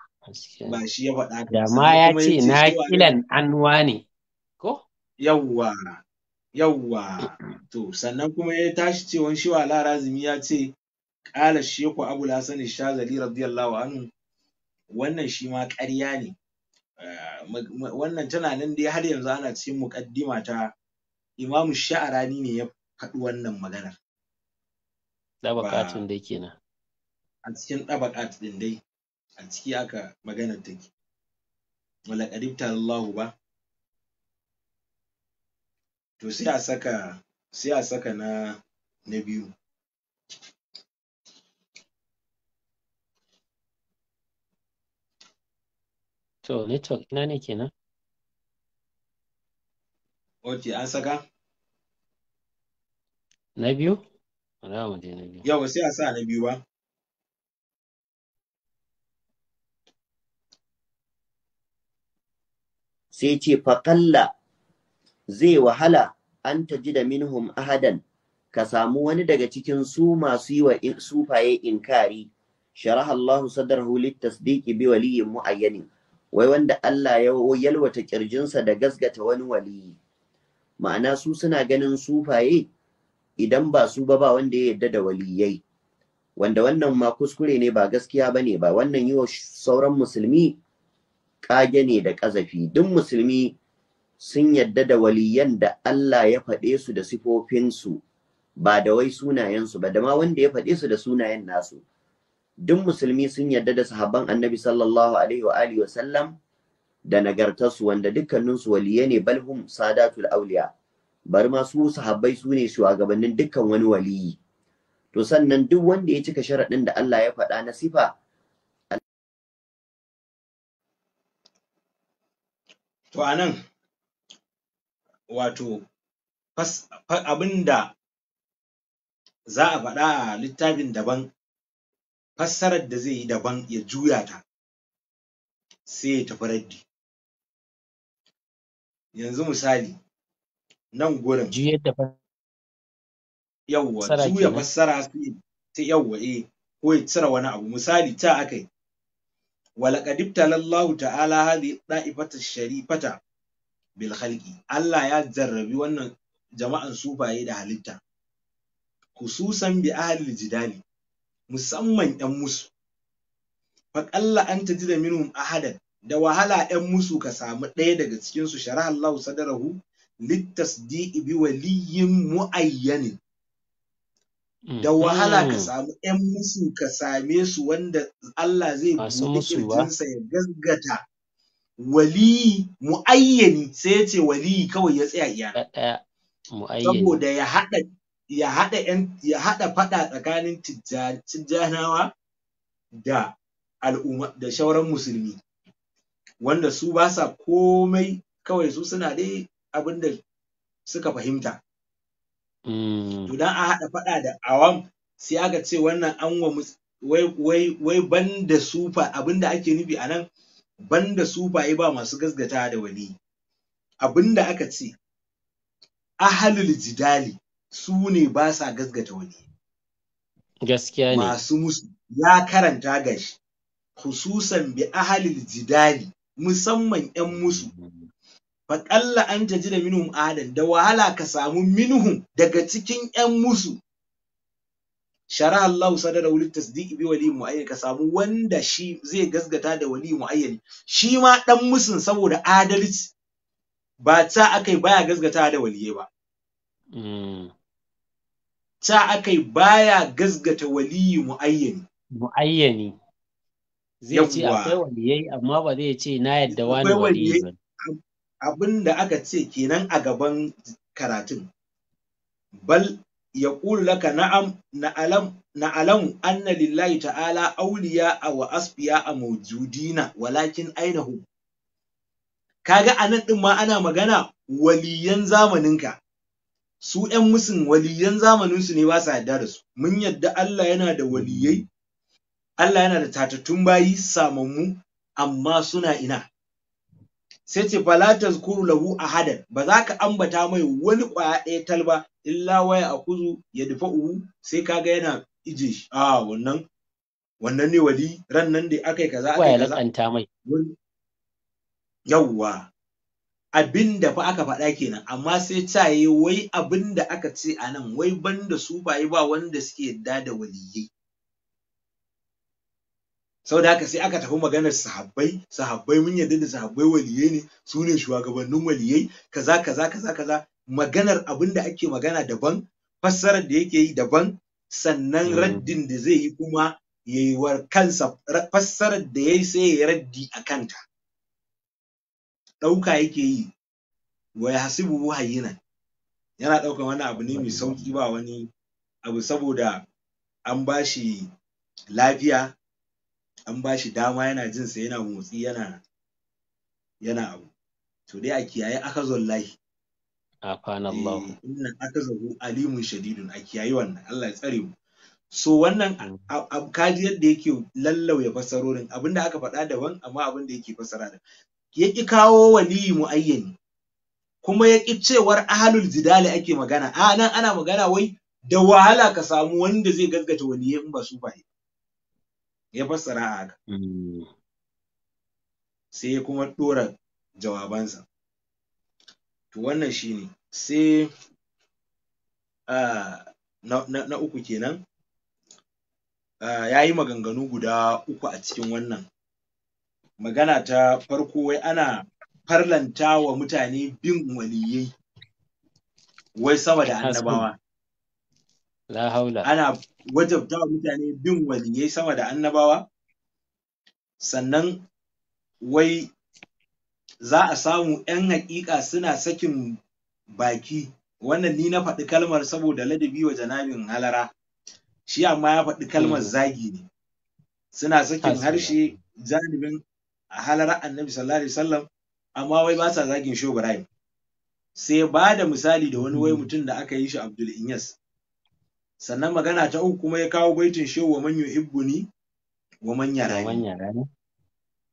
Speaker 2: ba shi ya faɗa da ma ya ce na kilan
Speaker 1: anwa ne
Speaker 2: ko yawwa yawwa to sannan kuma ya tashi cewa shi wa ala razumi ya ce qala sheku abul hasan shazali radiyallahu anhu wannan shi ma ƙarya ne eh, wannan tana nan dai har yanzu ana cikin muƙaddima ta imamu sha'arani ne ya faɗi wannan maganar
Speaker 1: ɗabaƙatun dai kenan
Speaker 2: a cikin ɗabaƙat ɗin dai a ciki aka maganar take wala ƙaribta Allahu ba to sai a saka sai a saka na na
Speaker 1: biyu To, network ina ne kenan?
Speaker 3: Ok, an saka?
Speaker 1: Na biyu?
Speaker 4: Ana mu je na biyu. Yau, sai a sa na biyu ba. Sai ce faƙalla zai wahala an ta ji da minhum ahadan ka samu wani daga cikin su masu yi wa sufaye inkari sharaha Allahu sadarhu lit ke bi waliyin mu'ayyanin wai wanda Allah ya yalwata kirjinsa da gasgata wani wali ma'ana su suna ganin sufaye idan ba su ba ba wanda ya yadda da waliyai wanda wannan ma kuskure ne ba gaskiya ba ne ba wannan yiwa sauran musulmi kage ne da ƙazafi duk musulmi sun yadda da waliyan da Allah ya faɗe su da sifofinsu ba da wai sunayensu ba da ma wanda ya faɗe su da sunayen nasu duk musulmi sun yarda da sahabban annabi sallallahu alaihi wa alihi wasallam da nagartarsu wanda dukkaninsu waliye ne balhum sadatul auliya bari ma su sahabbai su ne shugabannin dukkan wani waliyi to sannan duk wanda ya cika sharaɗin da Allah ya faɗa na sifa
Speaker 3: to anan wato abin da
Speaker 2: za a faɗa a littafin daban fassarar da zai yi daban ya juya
Speaker 3: ta sai ya tafi raddi yanzu misali nan gurin juyar da yawwa juya
Speaker 2: fassara sai yawwa eh ko ya cire wani abu misali ta akai ولقد ابتلى ta'ala تعالى هذه sharifata bil khalqi Allah ya jarrabi wannan jama'an sufaye da halitta khususan bi ahli jidali musamman ƴan musu faƙalla an tajida minhum ahadan da wahala ƴan musu ka samu ɗaya daga cikin su shara'allahu sadarahu littasdiqi bi waliyyin mu'ayyanin
Speaker 3: mm. da wahala ka mm.
Speaker 2: samu ƴan musu ka same su wanda Allah zai buɗe kirjinsa ya gaggata mu'ayyani sai ya ce kawai ya tsaya iya saboda ya haɗa ya haɗa yan ya haɗa faɗa tsakanin tijjanawa da al'umma da shauran musulmi wanda su ba sa komai kawai su suna dai abin da suka fahimta
Speaker 3: mm. to
Speaker 2: dan a haɗa faɗa da awam sai aka ce wannan an wa wai wai wai banda sufa abinda ake nufi a nan banda sufa ba masu gasgata da wali abinda aka ce ahalul jidali su ne ba sa gasgata wani
Speaker 1: gaskiya ne masu
Speaker 2: musu ya karanta gashi hususan bi ahalil jidali musamman yan musu faƙalla an jaji da minhum adan da wahala ka samu minhum daga cikin yan musu shara Allah sadar da wulit tasdiqi bi wali mu'ayyan ka samu wanda shi zai gasgata da wali mu'ayyan shi ma dan musun saboda adalci ba ta akai baya gasgata da waliye ba
Speaker 3: mm.
Speaker 2: ta akai baya gazgata waliyi muayyani
Speaker 1: muayyani
Speaker 2: zai ce akwai
Speaker 1: waliyai amma ba zai ce na yadda wani waliyi ba
Speaker 2: abin da aka ce kenan a gaban karatun bal ya laka na'am na alam anna lillahi ta'ala auliya a wa asfiya a mawjudina walakin ainahu kaga anan din ma ana magana waliyan zamaninka su ‘yan musun waliyan zamanin su ne ba sa yarda da su mun yarda Allah yana da waliyai Allah yana da tatattun bayi samammu amma suna ina sai ce falatas kuru lahu ahadan ba za ka ambata mai wani kwaya ɗaya talba illa waya a akuzu ya dafa uhu sai kaga yana ije shi a wannan wannan ne wali ran nan da aka kaza aka yi kaza mai yawwa abin da fa aka faɗa kenan amma sai ta yi wai abin da aka ce a nan wai banda su yi ba wanda suke yadda da waliyyai. sau da haka sai aka tafi maganar sahabbai sahabbai mun yadda da sahabbai waliyyai ne su ne shugabannin waliyai kaza kaza kaza kaza maganar abin da ake magana daban fassarar da yake yi daban sannan mm. raddin da zai yi kuma ya kansa fassarar da ya yi sai ya raddi a kanta ɗauka yake yi wa yahsibuhu hayyinan yana ɗaukan wani abu ne mai sauki ba wani abu saboda an ba shi lafiya an ba shi dama yana jin sa yana motsi yana yana abu to dai a kiyaye akazallahi
Speaker 1: afanallahu
Speaker 2: eh, inna akazahu alimun shadidun a kiyaye wannan Allah ya tsare mu so wannan mm. kaji yadda yake lallauya fasarorin abinda aka faɗa daban amma abinda yake fasara daban ya ƙi kawo waliyi muayyani kuma ya ƙi cewar ahalul zidali ake magana a nan ana magana wai da wahala ka samu wanda zai gaggata waliyai in ba su ba ya fassara a haka hmm. sai ya kuma ɗora jawabansa to wannan shi ne, sai na, uku kenan ya yi maganganu guda uku a cikin wannan magana ta farko wai ana farlanta wa mutane bin waliyai wai sama da annabawa la haula ana wajabta wa mutane bin waliyai sama da annabawa sannan wai za a samu 'yan haƙiƙa suna sakin baki wannan ni na faɗi kalmar saboda ladabi wa janabin halara shi amma ya faɗi kalmar hmm. zagi ne suna sakin harshe janibin a halar annabi sallallahu alaihi wasallam amma wai ba sa zagin shehu ibrahim sai ba da misali da wani wai hmm. mutum da aka yi shi abdul inyas sannan magana ta uku kuma ya kawo baitin shehu wa man yuhibbuni wa man yarani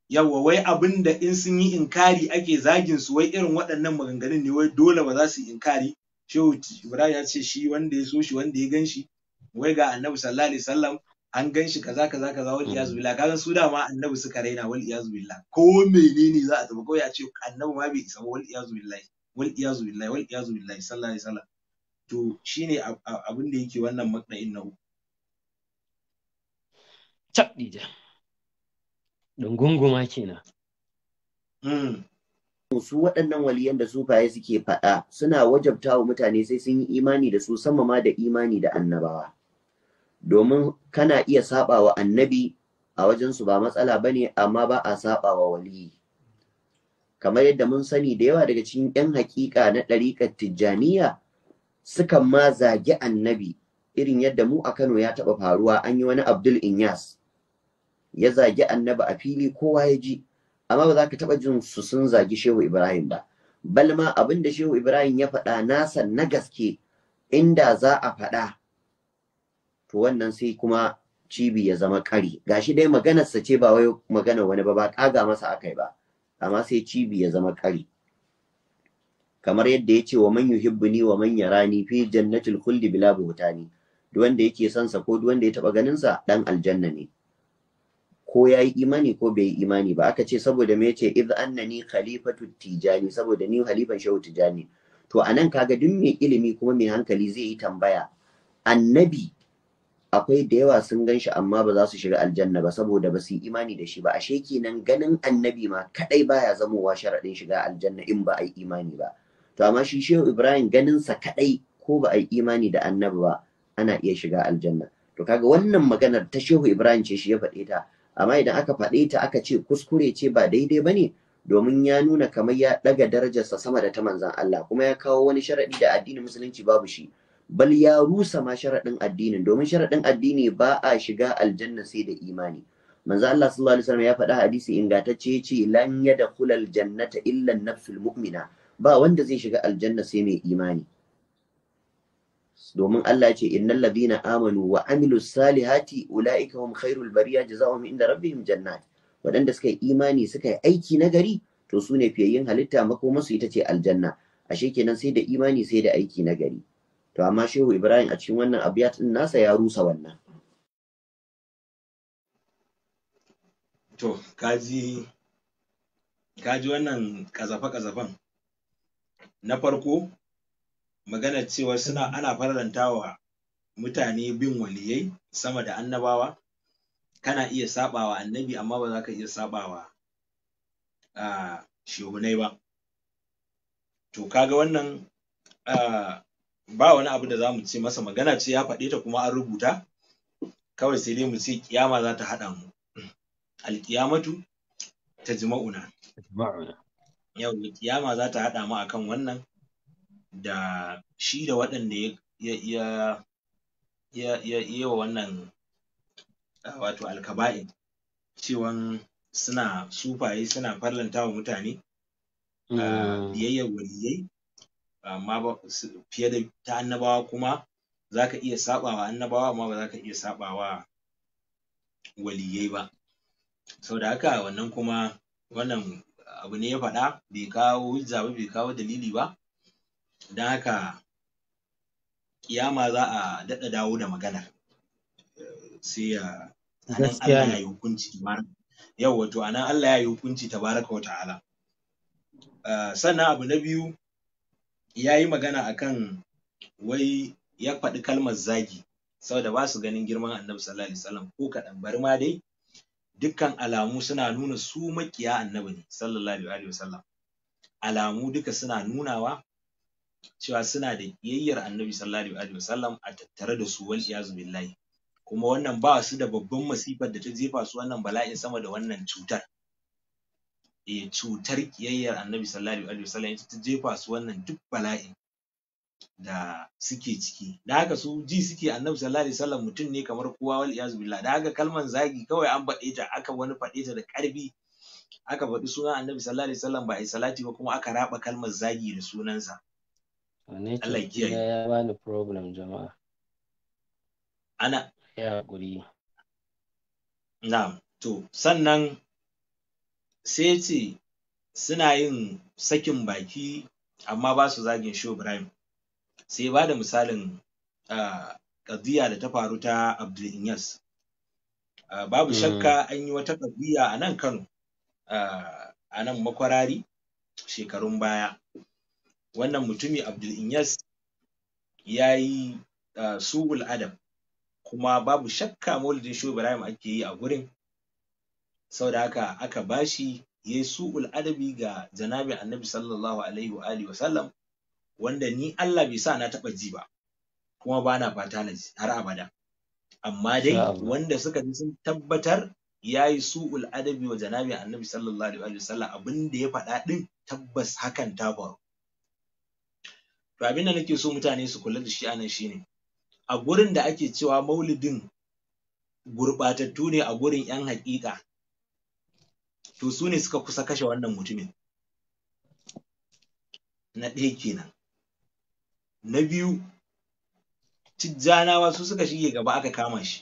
Speaker 2: yawa wai abin da in sun yi inkari ake zagin su wai irin waɗannan maganganun ne wai dole ba za su yi inkari shehu ibrahim ya ce shi wanda ya so shi wanda ya gan shi wai ga annabi sallallahu alaihi wasallam an gan shi kaza kaza kaza wal iyazu mm. billah kaga su da ma annabi suka raina wal iyazu billah ko menene za a tafi ko ya ce annabi ma bai isa wal iyazu billah wal iyazu billah wal iyazu billah sallallahu alaihi wasallam to shine abin da yake wannan
Speaker 4: makna'in na uku tabdija gunguma kenan hmm. su waɗannan waliyan da sufaye suke faɗa suna wajabta wa mutane sai sun yi imani da su sama ma da imani da annabawa domin kana iya saba wa annabi a wajensu ba matsala ba ne amma ba a saba wa waliyi kamar yadda mun sani da yawa daga cikin 'yan hakika na ɗariƙar tijjaniya sukan ma zagi annabi irin yadda mu a Kano ya taɓa faruwa an yi wani Abdul Inyas ya zagi annabi a fili kowa ya ji amma ba za ka taɓa jin su sun zagi Shehu Ibrahim ba balma abin da Shehu Ibrahim ya faɗa nasa na gaske inda za a faɗa to wannan sai kuma cibi ya zama kari gashi dai maganarsa ce ba wai magana wani ba ba kaga masa akai ba amma sai cibi ya zama kari kamar yadda ya ce wa man yuhibbuni wa man yarani fi jannatil khuldi bila buhtani duk wanda yake son sa ko duk wanda ya taba ganin sa dan aljanna ne ko yayi imani ko bai yi imani ba aka ce saboda me yace idh annani khalifatu tijani saboda ni khalifan shau tijani to anan kaga duk mai ilimi kuma mai hankali zai yi tambaya annabi akwai da yawa sun gan shi amma ba za su shiga aljanna ba saboda ba su yi imani da shi ba ashe kenan ganin annabi ma kadai baya zamowa sharaɗin shiga aljanna in ba a yi imani ba to amma shi shehu ibrahim ganin sa kadai ko ba a yi imani da annabi ba ana iya shiga aljanna to kaga wannan maganar ta shehu ibrahim ce shi ya faɗe ta amma idan aka faɗe ta aka ce kuskure ce ba daidai ba ne? domin ya nuna kamar ya ɗaga darajarsa sama da ta manzan Allah kuma ya kawo wani sharaɗi da addinin musulunci babu shi bal ya rusa ma sharaɗin addinin domin sharaɗin addini ba a shiga aljanna sai da imani manzo Allah sallallahu alaihi wasallam ya faɗa hadisi ingantacce yace lan yadkhul aljannata illa an-nafsul mu'mina ba wanda zai shiga aljanna sai mai imani domin Allah ce innal ladina amanu wa amilus salihati ulaika hum khairul bariya jazaohum inda rabbihim jannat Wadanda suka yi imani suka yi aiki nagari to sune ne fiyayyin halitta su ita ce aljanna ashe kenan sai da imani sai da aiki nagari gari to amma shehu ibrahim a cikin wannan abiyat din nasa ya rusa wannan to
Speaker 2: kaji kaji wannan kazafa-kazafan na farko magana cewa suna ana farantawa mutane bin waliyai sama da annabawa kana iya saɓawa annabi amma ba za ka iya saɓawa ah, shehunai ba to kaga wannan ah, ba wani abu da za mu ce masa magana ce ya faɗe ta kuma an rubuta kawai sai dai mu ce kiyama za ta haɗa mu alkiyamatu ta jima'una yau kiyama za ta haɗa mu a kan wannan da shi da waɗanda ya ya wa wannan wato alkaba'in cewan suna sufaye suna farlanta wa mutane
Speaker 1: mm.
Speaker 2: biyayyar waliyai amma ba fiye da ta annabawa kuma zaka iya wa annabawa amma ba ka iya wa waliyai ba Sau da haka wannan kuma wannan abu ne ya faɗa bai kawo hujja ba bai kawo dalili ba don haka ƙiyama za a daɗa dawo da magana. sai ya
Speaker 3: anan Allah ya hukunci
Speaker 2: tabaraka yawwa a nan Allah ya yi hukunci tabaraka wa ta'ala eh, sannan abu na biyu ya yi magana akan wai ya faɗi kalmar zagi saboda ba su ganin girman annabi sallallahu alaihi wasallam ko kaɗan bari ma dai dukkan alamu suna nuna su maƙiya annabi ne sallallahu alaihi wasallam alamu duka suna nunawa cewa suna da kiyayyar annabi sallallahu alaihi wasallam a tattare da su wal iyazu billahi kuma wannan ba su da babban masifar da ta jefa su wannan bala'in sama da wannan cutar e, cutar ƙiyayyar annabi sallallahu alaihi wasallam ita ta jefa su wannan duk bala'in da suke ciki da haka su ji suke annabi sallallahu alaihi wasallam mutum ne kamar kowa wal iyazu billah da haka kalman zagi kawai an faɗe ta aka wani faɗe ta da ƙarfi aka faɗi sunan annabi sallallahu alaihi wasallam ba a yi salati ba kuma aka raba kalmar zagi da
Speaker 3: sunansa
Speaker 1: Allah kiyaye ya bani problem jama'a ana ya guri na'am to sannan
Speaker 2: sai ya ce suna yin sakin baki amma ba su zagin shi Ibrahim sai ba da misalin ƙaddiya da ta faru ta Abdul Inyas babu hmm. shakka an yi wata ƙaddiya a nan Kano a nan makwarari shekarun baya wannan mutumi Abdul Inyas ya yi sugul adam kuma babu shakka maulidin shi Ibrahim ake yi a gurin Sau da haka aka bashi yayi su'ul adabi ga janabi annabi sallallahu alaihi wa alihi wasallam wanda ni Allah bai sa na taɓa ji ba kuma ba na fata na ji har abada amma dai wanda suka ji sun tabbatar ya yi su'ul adabi wa janabi annabi sallallahu alaihi wa sallam abin da ya faɗa ɗin tabbas hakan ta faru to abin da nake so mutane su kula da shi anan shine a gurin da ake cewa maulidin gurɓatattu ne a gurin yan haƙiƙa to su ne suka kusa kashe wannan mutumin na ɗaya kenan na biyu tijjanawa su suka shige gaba aka kama shi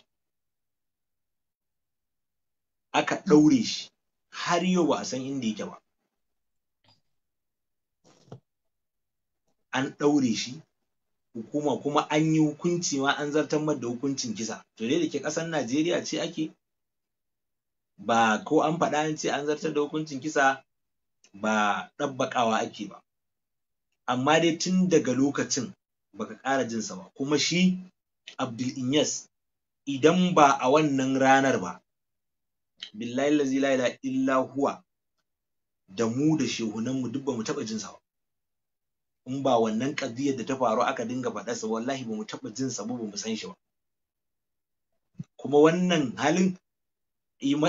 Speaker 2: aka ɗaure shi har yau ba a san inda yake ba an ɗaure shi hukuma kuma an yi hukunci ma an zartar da hukuncin kisa to dai da ke ƙasar najeriya ce ake ba ko an faɗa an ce an zartar da hukuncin kisa ba ɗabbaƙawa ake ba amma dai tun daga lokacin baka ƙara jinsa ba kuma shi abdul inyas idan ba a wannan ranar ba billahi lazi la ila illa huwa da mu da shehunan mu duk ba mu taɓa jinsa ba in ba wannan ƙaziyar da ta faru aka dinga faɗa sa wallahi ba mu taɓa jinsa ba ba mu san shi ba kuma wannan halin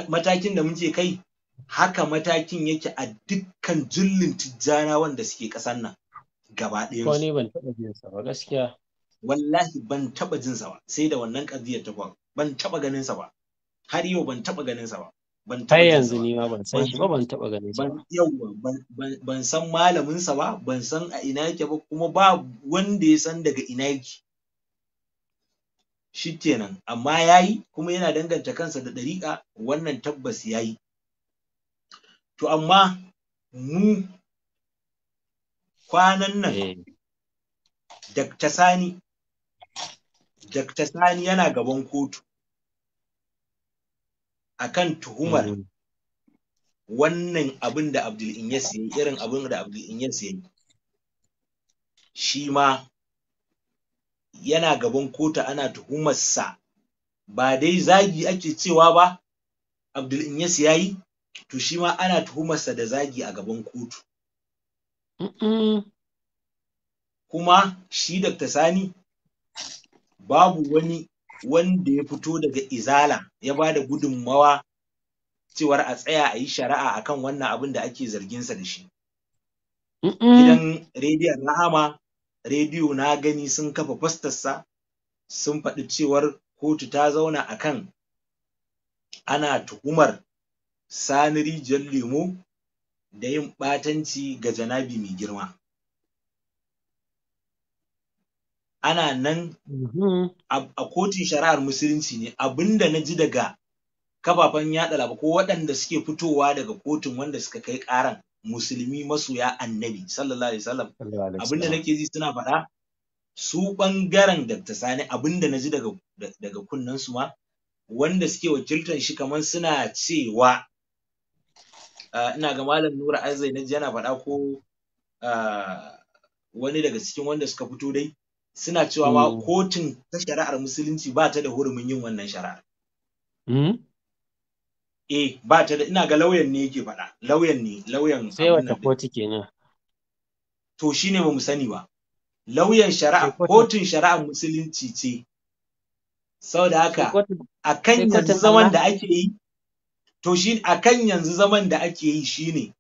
Speaker 2: matakin da muke kai haka matakin yake a dukkan jullin tijjana wanda suke kasan nan gaba ɗaya ko ne ban taɓa jin sa ba gaskiya wallahi ban taɓa jin sa ba sai da wannan ƙadiyar ta faru ban taɓa ganin sa ba har yau ban taɓa ganin sa ba ban taɓa yanzu ni
Speaker 1: ma ban san shi ba ban taɓa ganin sa
Speaker 2: ba ban san malamin sa ba ban san a ina yake ba kuma ba wanda ya san daga ina yake shi kenan amma yayi kuma yana danganta kansa da ɗariƙa wannan tabbas yayi to amma mu kwanan nan eh. Dr. Sani yana gaban kotu akan tuhumar mm. wannan abin da Abdul Inyas yayi irin abin da Abdul Inyas yayi shi ma yana gaban kotu ana tuhumarsa ba dai zagi ake cewa ba abdul inyas ya yi to shi ma ana tuhumarsa da zagi a gaban kotu kuma shi dr sani babu wani wanda ya fito daga izala ya ba da gudunmawa cewar a tsaya a yi shari'a akan wannan abin da ake zarginsa da shi
Speaker 3: gidan
Speaker 2: rediyon rahama rediyo na gani sun kafa fastarsa sun faɗi cewar kotu ta zauna a kan ana tuhumar sani rijiyar lemo da yin ɓatanci ga janabi mai girma ana nan a kotun shari'ar musulunci ne abinda na ji daga kafafen yaɗa labarai ko waɗanda suke fitowa daga kotun wanda suka kai ƙaran musulmi masoya annabi sallallahu alaihi wasallam abinda nake ji suna faɗa su ɓangaren Dr. Sani abinda na ji daga daga kunnen su ma wanda suke wakiltar shi kamar suna cewa ah, ina ga malam Nura Azai na yana faɗa ko ah, wani daga cikin wanda suka fito dai suna cewa ma mm. kotun ta shari'ar musulunci ba ta da hurumin yin wannan shari'ar. Mm? eh ba ta da ina ga lauyan ne yake faɗa lauyan ne lauyan sai wata
Speaker 1: kotu kenan
Speaker 2: to shine ba mu sani ba lauyan shari'a kotun shari'a musulunci ce saboda haka akan yanzu zaman da ake yi to shi akan yanzu zaman da ake yi shine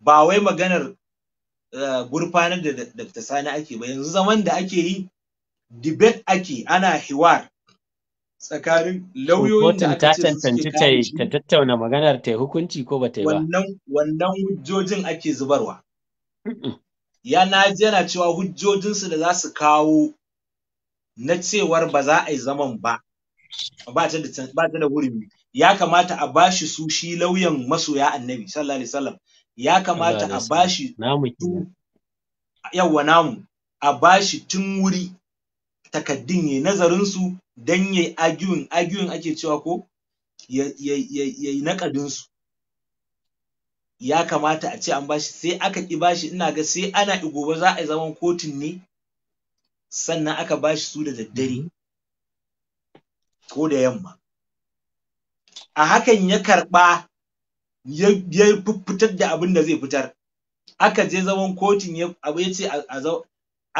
Speaker 2: ba wai maganar eh, gurfanar da Dr. Sani ake ba yanzu zaman da ake yi debate ake ana hiwar tsakanin lauyoyin da aka ce suke kare shi. ta
Speaker 1: tattauna maganar ta hukunci ko ba
Speaker 3: ta yi ba.
Speaker 2: Wannan hujjojin ake zubarwa. Ya na ji yana cewa hujjojinsu da za su kawo na cewar ba za a yi zaman ba. Ba ta da hurumi. Ya kamata a bashi su shi lauyan masoya annabi sallallahu alaihi wasallam. Ya kamata a bashi yawwa namu a bashi tun wuri takaddun ya nazarin su dan ya arguing arguing ake cewa ko ya yi su ya kamata a ce an bashi sai aka ki bashi ina ga sai ana gobe za a yi zaman kotun ne sannan aka bashi su da daddare ko da yamma a hakan ya karɓa ya fitar da abin da zai fitar aka je zaman kotun ya ce a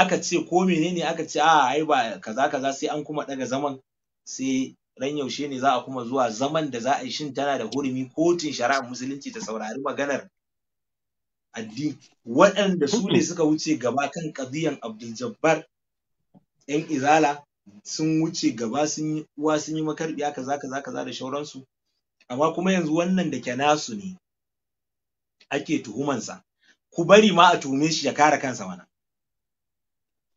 Speaker 2: aka ce ko mene ne aka ce a ah, ai ba kaza kaza sai an kuma daga zaman sai ran yaushe ne za a kuma zuwa zaman da za a yi shin tana da hurumi kotun shari'a musulunci ta saurari maganar addini waɗanda su ne suka wuce gaba kan ƙadiyan abdul jabbar yan izala sun wuce gaba sun yi uwa sun yi makarbiya kaza kaza kaza da shauransu amma kuma yanzu wannan da ke nasu ne ake tuhumansa ku bari ma a tuhume shi ya kare kansa mana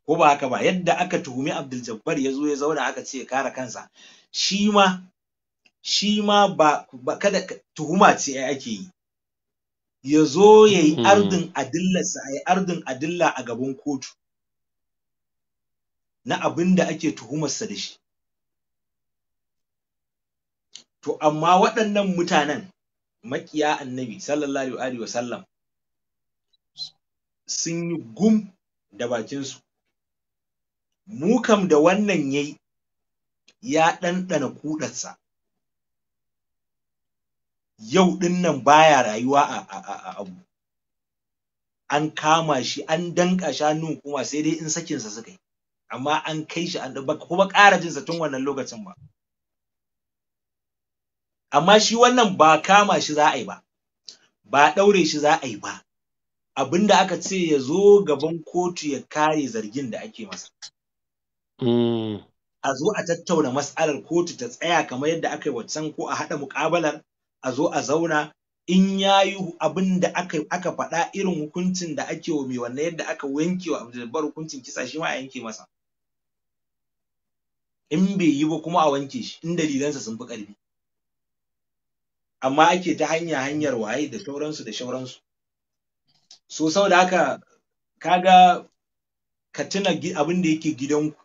Speaker 2: ko ba haka ba yadda aka tuhumi Abdul Jabbar ya zo ya zauna aka ce ya kare kansa shi ma shi ma ba, kada tuhuma ce ai ake yi ya zo ya yi hmm. ardin a yi ardin adilla a gaban kotu na abinda da ake tuhumarsa da shi to amma waɗannan mutanen maƙiya annabi sallallahu alaihi wasallam sun yi gum da bakinsu Mukam da wannan yayi ya ɗanɗana kuɗarsa yau ɗin nan baya rayuwa a abu an kama shi an danka shi hannun sai dai in sakinsa suka yi amma an kai shi an ba kuma ƙara jinsa tun wannan lokacin ba amma shi wannan ba kama shi za a yi ba ba ɗaure shi za a yi ba abinda aka ce ya zo gaban kotu ya kare zargin da ake masa
Speaker 3: Mm.
Speaker 2: a zo a tattauna mas'alar kotu ta tsaya kamar yadda aka yi waccan ko a haɗa muƙabalar a zo a zauna in ya yi abin da aka faɗa irin hukuncin da ake wa mai wannan yadda aka wanke wa Abdulbar hukuncin kisa shi ma a yanke masa in bai yi ba kuma a wanke shi in dalilansa sun fi ƙarfi amma ake ta hanya hanyar waye da shauransu da shauransu so saboda haka kaga ka tuna abin da yake gidanku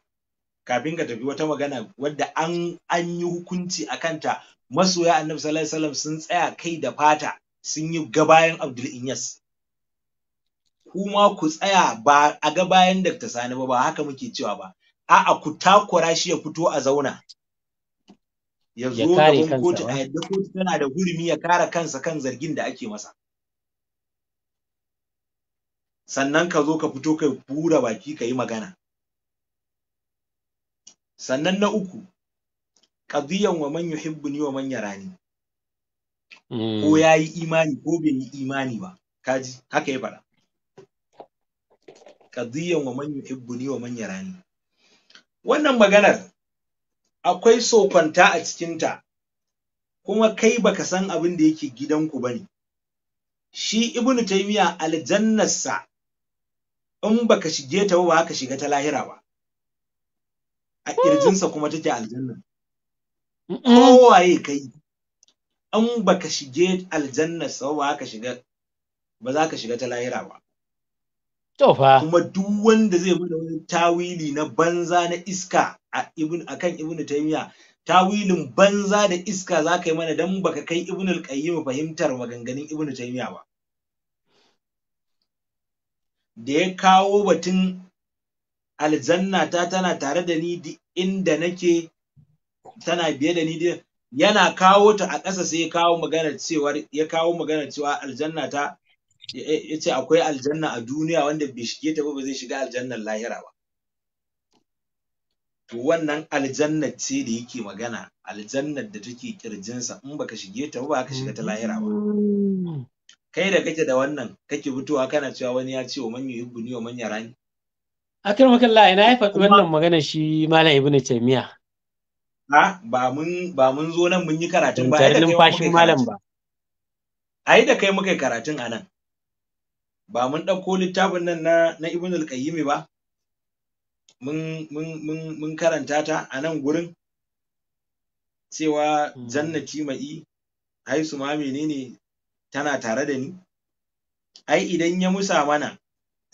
Speaker 2: kafin ka tafi wata magana wadda an an yi hukunci a kanta masoya annabi sallallahu alaihi sun tsaya kai da fata sun yi gabayan abdul inyas kuma ku tsaya ba a gabayan dr sani ba ba haka muke cewa ba a'a ku takura shi ya fito a zauna ya zo gaban kotu a yadda kotu tana da hurumi ya kare kansa kan zargin da ake masa sannan ka zo ka fito kai bura baki ka yi magana sannan na uku qadiyan wa man ne wa man yarani mm. ko ya yi imani ko bai yi imani ba kaji haka ya faɗa qadiyan wa man ne wa man yarani wannan maganar akwai sokwanta a cikinta kuma kai baka san abin da yake gidanku bane shi ibnu taymiya aljannarsa in baka shige ta ba ka shiga ta lahira ba a ƙirjinsa kuma take aljanna kowaye kai an baka shige aljanna sau ba ka shiga ba za ka shiga ta lahira ba to kuma duk wanda zai da wani tawili na banza na iska a ibn akan ibn taymiya tawilin banza da iska za ka yi mana dan baka kai ibn al-qayyim fahimtar maganganun ibn taymiya ba da ya kawo batun aljannata tana tare da ni inda nake tana biye da ni yana kawo ta a ƙasa sai ya kawo magana cewa ya kawo magana cewa aljanna ta ya akwai aljanna a duniya wanda bai shige ta ba ba zai shiga aljannar lahira ba to wannan aljannar ce da yake magana aljannar da take kirjinsa in baka shige ta ba ka shiga ta lahira ba
Speaker 3: mm-hmm.
Speaker 2: kai da kake da wannan kake fitowa kana cewa wani ya ce wa manyan yuhibbu wa manyan rani?
Speaker 1: akar makalla ina ya faɗi wannan magana shi mala ibnu na
Speaker 2: ha ba mun ba mun zo nan mun yi karatun ba da kai malam ba ai da kai muka yi karatun anan ba mun ɗauko littafin nan na na ibnu al-qayyim ba mun mun mun mun karanta ta a nan gurin cewa jannati hmm. mai haisu ma menene tana tare da ni ai idan ya musa mana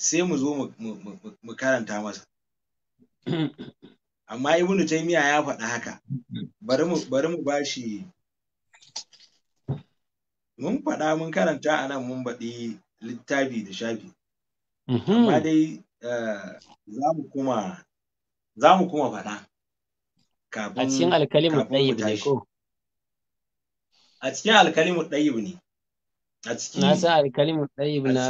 Speaker 2: sai mu zo mu karanta masa amma ibnu taymiya ya faɗa haka bari mu bari mu bashi mun faɗa mun karanta a nan mun baɗi littafi da shafi mhm. amma dai eh, za mu kuma za mu kuma faɗa kafin a cikin
Speaker 1: alkalimu ɗayyib ne ko
Speaker 2: a cikin alkalimu ɗayyib ne a
Speaker 1: cikin na sa alkalimu ɗayyib na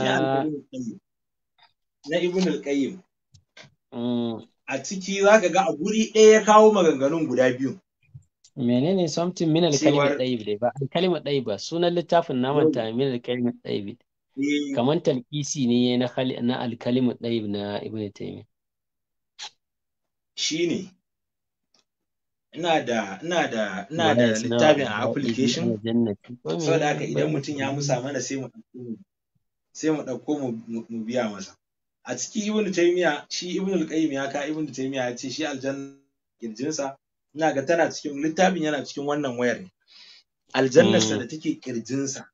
Speaker 2: na Ibn al-Qayyim. Mm. A ciki za ka ga a guri ɗaya ya kawo maganganun guda biyu.
Speaker 1: Menene something min al-kalimar ɗayyib dai ba, al-kalimar ɗayyib ba, sunan littafin naman ta min al-kalimar ɗayyib. Eh. Kamar talkisi ne na na al-kalimar ɗayyib na Ibn Taymiyyah.
Speaker 2: Shine ina da ina da ina da littafin a application
Speaker 3: saboda haka idan mutum
Speaker 2: ya musa mana sai mu sai mu ɗauko mu biya masa. a ciki ibn taymiya shi ibn al-qayyim ya ka ibn taymiya ya ce shi aljanna kirjinsa ina ga tana cikin littafin yana cikin wannan wayar ne aljannarsa hmm. da take kirjinsa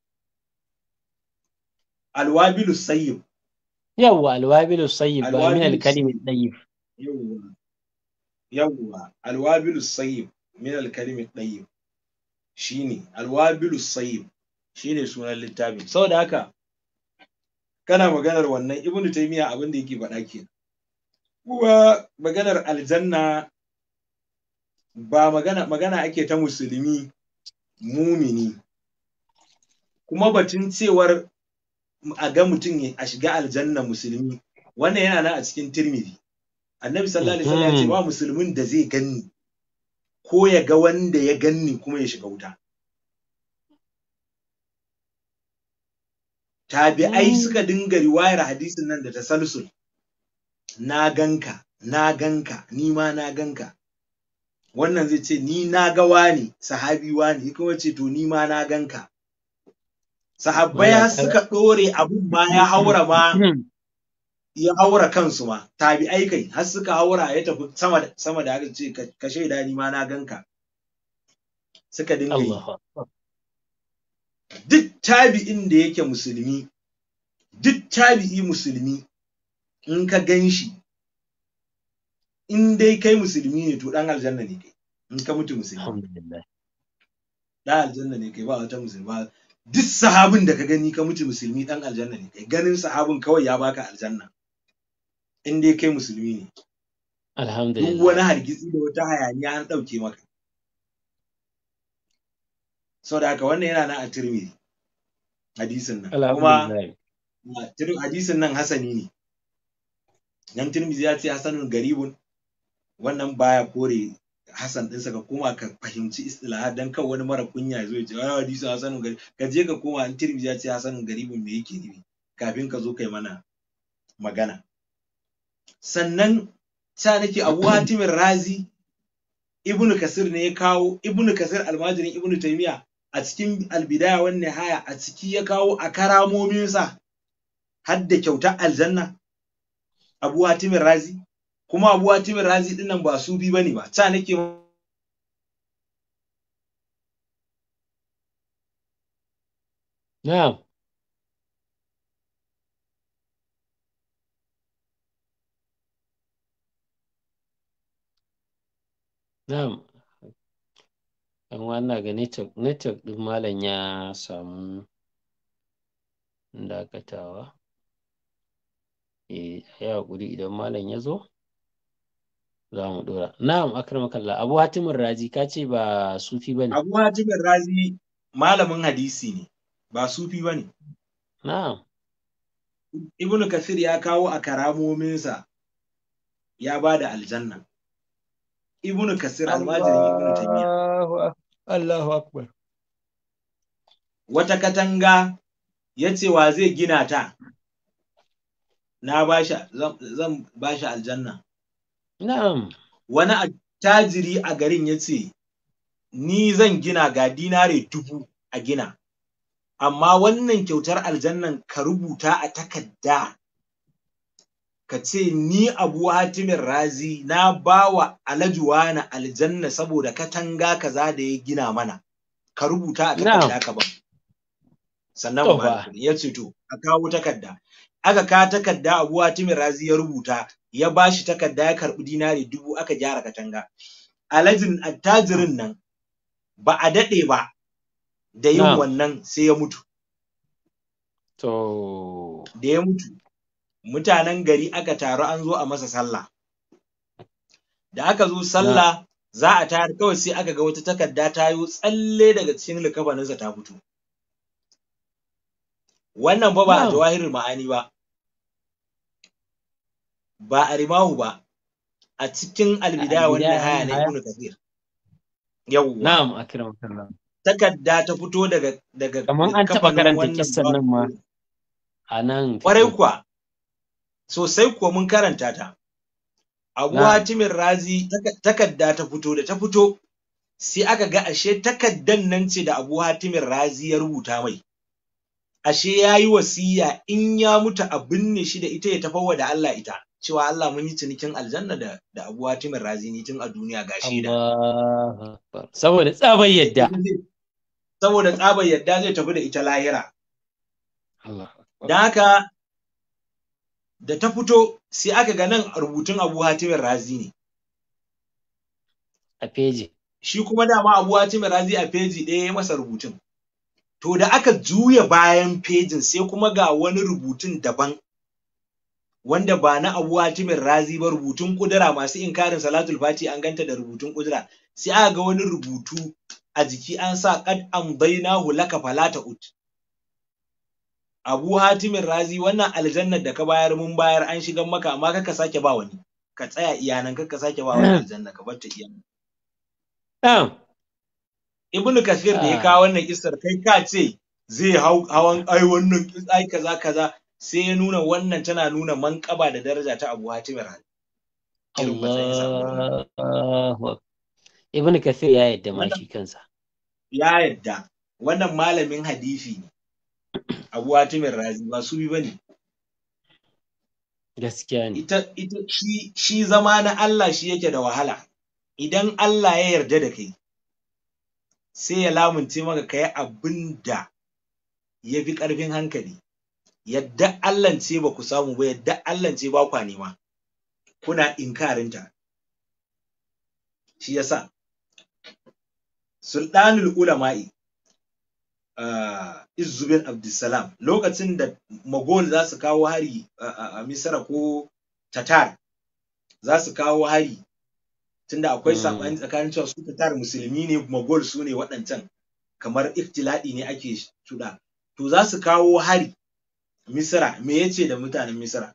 Speaker 2: alwabilu sayyib
Speaker 1: yawwa alwabilu sayyib ba min al-kalimi tayyib
Speaker 2: yawwa yawwa alwabilu sayyib min al-kalimi tayyib shine alwabilu sayyib shine sunan littafin saboda haka kana maganar wannan ibnu taymiya abin da yake faɗa kenan Kuma maganar aljanna ba magana magana ake ta musulmi mumini kuma batun cewar a ga mutum a shiga aljanna musulmi wannan yana nan a cikin tirmidhi annabi sallallahu alaihi wasallam ya ce mhm. ba musulmin da zai ganni ko ya ga wanda ya ganni kuma ya shiga wuta tabi'ai mm. suka dinga riwayar hadisin nan da ta tasalsul na ganka na ganka ni ma na ganka wannan zai ce ni na ga wani sahabi wani kuma ce to ni ma na ganka sahabbai suka dore abun ma ya haura ma hmm. ya haura kansu ma tabi'ai kai har suka haura ya tafi sama da sama da haka ce ka shaida ni ma na ganka suka dinga duk tabi'in da yake musulmi duk tabi'i musulmi in ka gan shi in dai kai musulmi ne to dan aljanna ne kai in ka mutu musulmi dan aljanna ne kai ba wata musulma duk sahabin da ka gani ka mutu musulmi dan aljanna ne kai ganin sahabin kawai ya baka aljanna in dai kai musulmi ne
Speaker 1: alhamdulillah duk wani
Speaker 2: hargitsi da wata hayaniya an dauke maka Sau da haka wannan yana nan a turmi hadisin nan kuma hadisin nan hasani ne nan turmi ya ce hasanun garibun wannan baya kore hasan ɗinsa ka koma ka fahimci istilaha dan kawo wani mara kunya ya zo ya ce wani ah, hadisin hasanun garibun ka je ka koma an tirmidhi ya ce hasanun garibun me yake nufi kafin ka zo kai mana magana sannan sa nake abu hatimin razi ibnu kasir ne ya kawo ibnu kasir almajirin ibnu taimiya a cikin albidaya wan nihaya a ciki ya kawo a karamominsa har da kyauta aljanna abu Watimin razi kuma abu Watimin razi dinnan ba su bi bane ba ta nake
Speaker 3: na'am na'am
Speaker 1: don wannan ga network network ɗin malam ya samu dakatawa eh ya hakuri idan malam ya zo za mu dora na'am akramakallah abu hatimin razi ka ce ba sufi bane abu hatimin razi malamin hadisi ne ba sufi bane
Speaker 2: na'am Ibn Kathir ya kawo a karamominsa ya ba da aljanna ibnu kasir almajirin ibnu
Speaker 6: taymiya Allahu akbar.
Speaker 2: Wata katanga ya ce wa zai gina ta, na zan ba shi aljanna. Na'am. Wani attajiri a garin ya ce, Ni zan gina ga dinare dubu a gina, amma wannan kyautar aljannan ka rubuta a takadda ka ce ni abu hatimin razi na bawa alajuwa na aljanna saboda katanga kaza da ya gina mana ka rubuta a takarda ka ba sannan ba ya ce a kawo takarda aka ka takarda abu hatimin razi ya rubuta ya ba shi takarda ya karbi dinari dubu aka gyara katanga alajin attajirin nan ba a daɗe ba da yin wannan sai ya mutu da ya mutu mutanen gari aka taru an zo a masa sallah da aka zo sallah za a tayar kawai sai aka ga wata takarda ta yi tsalle daga cikin likafaninsa ta fito wannan ba ba a jawahirin ma'ani ba ba a rimahu ba a cikin albidaya wannan haya na ibnu kathir yawwa na'am
Speaker 3: akram kallam
Speaker 2: takarda ta fito daga daga wannan an taba karanta kissan nan ma a nan kwarai kuwa sosai kuwa mun karanta ta abu hatimin razi takadda ta fito da ta fito sai aka ga ashe takaddan nan ce da abu hatimin razi ya rubuta mai ashe ya yi wasiya in ya mutu a binne shi da ita ya tafawa da Allah ita cewa Allah mun yi cinikin aljanna da da Abu Hatimin ni tun a duniya gashi
Speaker 3: da
Speaker 1: saboda
Speaker 2: tsabar yadda saboda tsabar yadda zai tafi da ita lahira Allah dan haka da ta fito sai aka ga nan rubutun abu hatimin razi ne a feji shi kuma dama abu hatimin razi a feji ɗaya ya masa rubutun to da aka juya bayan fejin sai kuma ga wani rubutun daban wanda ba na abu hatimin razi ba rubutun kudura masu inkarin salatul fati an ganta da rubutun kudura sai aka ga wani rubutu a jiki an sa kad hula hulaka falata ut abu hatimin razi wannan aljannar da ka bayar mun bayar an shiga maka amma kaka sake ba wani ka tsaya iyanan kaka sake ba wani aljanna ka bar ta iyanan Ibn Kathir da ya ah. kawo wannan isar kai ka ce zai hau hawan ai wannan ai kaza kaza sai ya nuna wannan tana nuna manƙaba da daraja ta abu hatimin
Speaker 1: razi Allahu Ibn Kathir ya yadda ma shi kansa. Ya yadda, wannan malamin hadisi ne,
Speaker 2: abu hatimin razi ba su bi bane gaskiya ne ita ita shi shi zama na Allah shi yake da wahala idan Allah ya yarda da kai sai ya lamunce maka kai abin da ya fi ƙarfin hankali yadda Allah ce ba ku samu ba yadda Allah ce ba kwa nema kuna inkarinta shi yasa sultanul ulama'i Uh, Izubin Abdulsalam lokacin da Mogol za su kawo hari a uh, uh, Misra ko Tatar za su kawo hari tunda akwai hmm. saɓani tsakanin cewa su Tatar musulmi ne Mogol su ne waɗancan kamar iftiladi ne ake tuda to za su kawo hari Misra me yace da mutanen Misra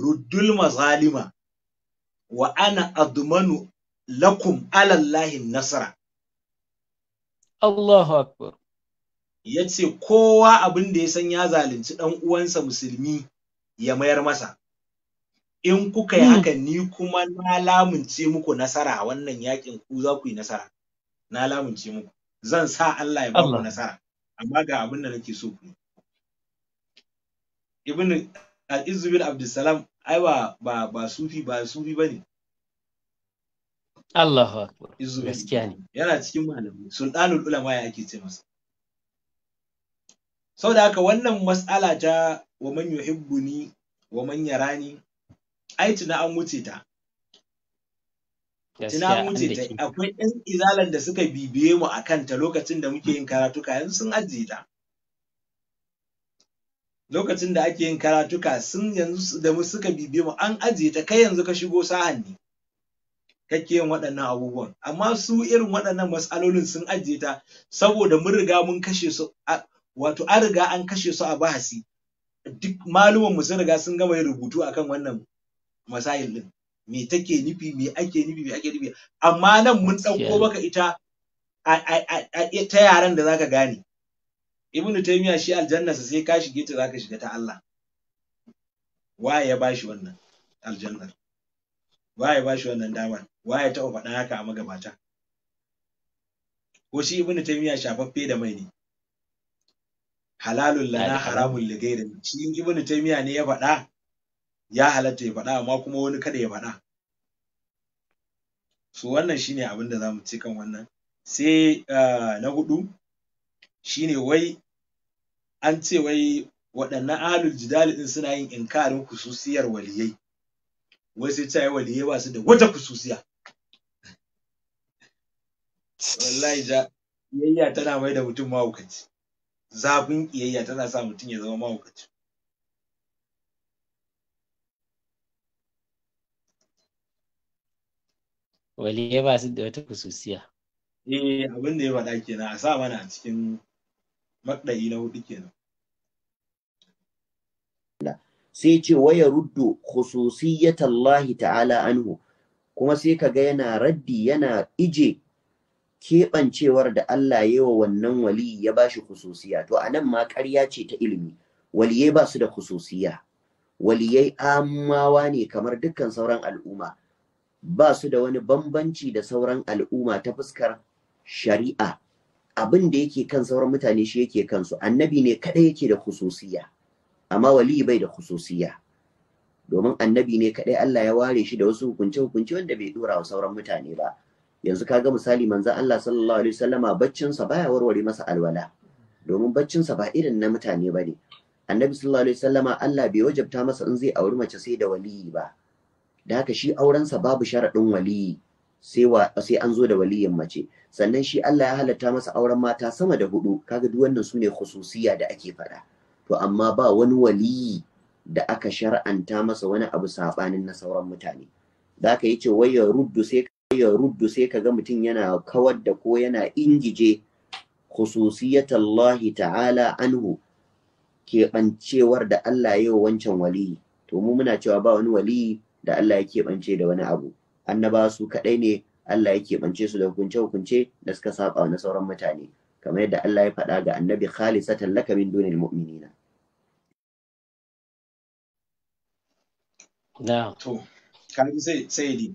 Speaker 2: ruddul mazalima wa ana admanu lakum alallahi nasara Allahu akbar ya ce kowa abin da ya san ya zalunci ɗan uwansa musulmi ya mayar masa in kuka yi hmm. haka ni kuma na lamunce muku nasara a wannan yakin ku za ku yi nasara na lamunce muku zan sa Allah ya ba ku nasara amma ga abin da nake so ku ibn Izbil Abdulsalam ai ba ba ba sufi ba sufi bane
Speaker 1: Allahu akbar gaskiya ne
Speaker 2: yana cikin malamai sultanul ulama ya ake ce masa saboda haka wannan matsala ta wa man yuhibbuni wa man yarani ai tuna an wuce ta
Speaker 3: tuna an wuce ta
Speaker 2: akwai ɗan izalan da suka bibiye mu a kanta lokacin da muke yin karatuka yanzu sun ajiye ta lokacin da ake yin karatuka sun yanzu da mu suka bibiye mu an ajiye ta kai yanzu ka shigo sahan ne kake yin waɗannan abubuwan amma su irin waɗannan matsalolin sun ajiye ta saboda mun riga mun kashe su wato an riga an kashe su a bahasi duk malumin mu sun riga sun gama yin rubutu akan wannan masail din me take nufi me ake nufi me ake nufi amma nan mun dauko maka ita ta yaran da zaka gane ibnu taymiya shi aljanna sai ka shige ta zaka shiga ta Allah waye ya bashi wannan aljanna? waye ya bashi wannan damar waye ta faɗa haka a magabata ko shi ibnu taymiya shafaffe da mai ne halalun lana haramun li shi shi ibn taymiya ne ya faɗa ya halatta ya faɗa amma kuma wani kada ya faɗa su wannan shine abin da zamu ci kan wannan sai ah, na hudu shine wai an ce wai waɗannan alul jidal din suna yin inkarin khususiyar waliyai wai sai tsaye waliyai ba su da wata khususiya wallahi ja yayya tana mai da mutum mahaukaci zafin ƙiyayya tana sa mutum ya zama mahaukaci
Speaker 1: ya ba su da wata kususiya
Speaker 2: eh abin da ya faɗa kenan a sa mana a cikin maɗayi na hudu kenan
Speaker 4: sai ce waya ruddu khususiyatallahi ta'ala anhu kuma sai ka ga yana raddi yana ije keɓancewar da Allah ya wa wannan wali ya ba shi kusosiya, to a nan ma ƙarya ce ta ilimi waliyai ba su da khususiya waliyai amawa ne kamar dukkan sauran al'umma ba su da wani bambanci da sauran al'umma ta fuskar shari'a abin da yake kan sauran mutane shi yake kansu annabi ne kaɗai yake da khususiya amma wali bai da kusosiya. domin annabi ne kaɗai Allah ya ware shi da wasu hukunce-hukunce wanda bai dora wa sauran mutane ba yanzu kaga misali manzo Allah sallallahu alaihi wasallama baccinsa baya warware masa alwala domin baccinsa ba irin na mutane bane annabi sallallahu alaihi wasallama Allah bai wajabta masa in zai auri mace sai da waliyi ba da haka shi aurensa babu sharadin waliyi sai wa sai an zo da waliyin mace sannan shi Allah ya halatta masa auren mata sama da hudu kaga duk wannan sune khususiya da ake faɗa to amma ba wani waliyi da aka shar'anta masa wani abu sabanin na sauran mutane da haka yace wayar ruddu sai ya ruddu sai ka ga mutum yana kawar da ko yana ingije khususiyatallahi ta'ala anhu keɓancewar da Allah ya wancan waliyi to mu muna cewa ba wani waliyi da Allah ya keɓance da wani abu annaba su kaɗai ne Allah ya keɓance su da hukunce-hukunce da suka saba na sauran mutane kamar yadda Allah ya faɗa ga annabi khalisatan laka min dunil mu'minina
Speaker 3: na to
Speaker 2: sai sai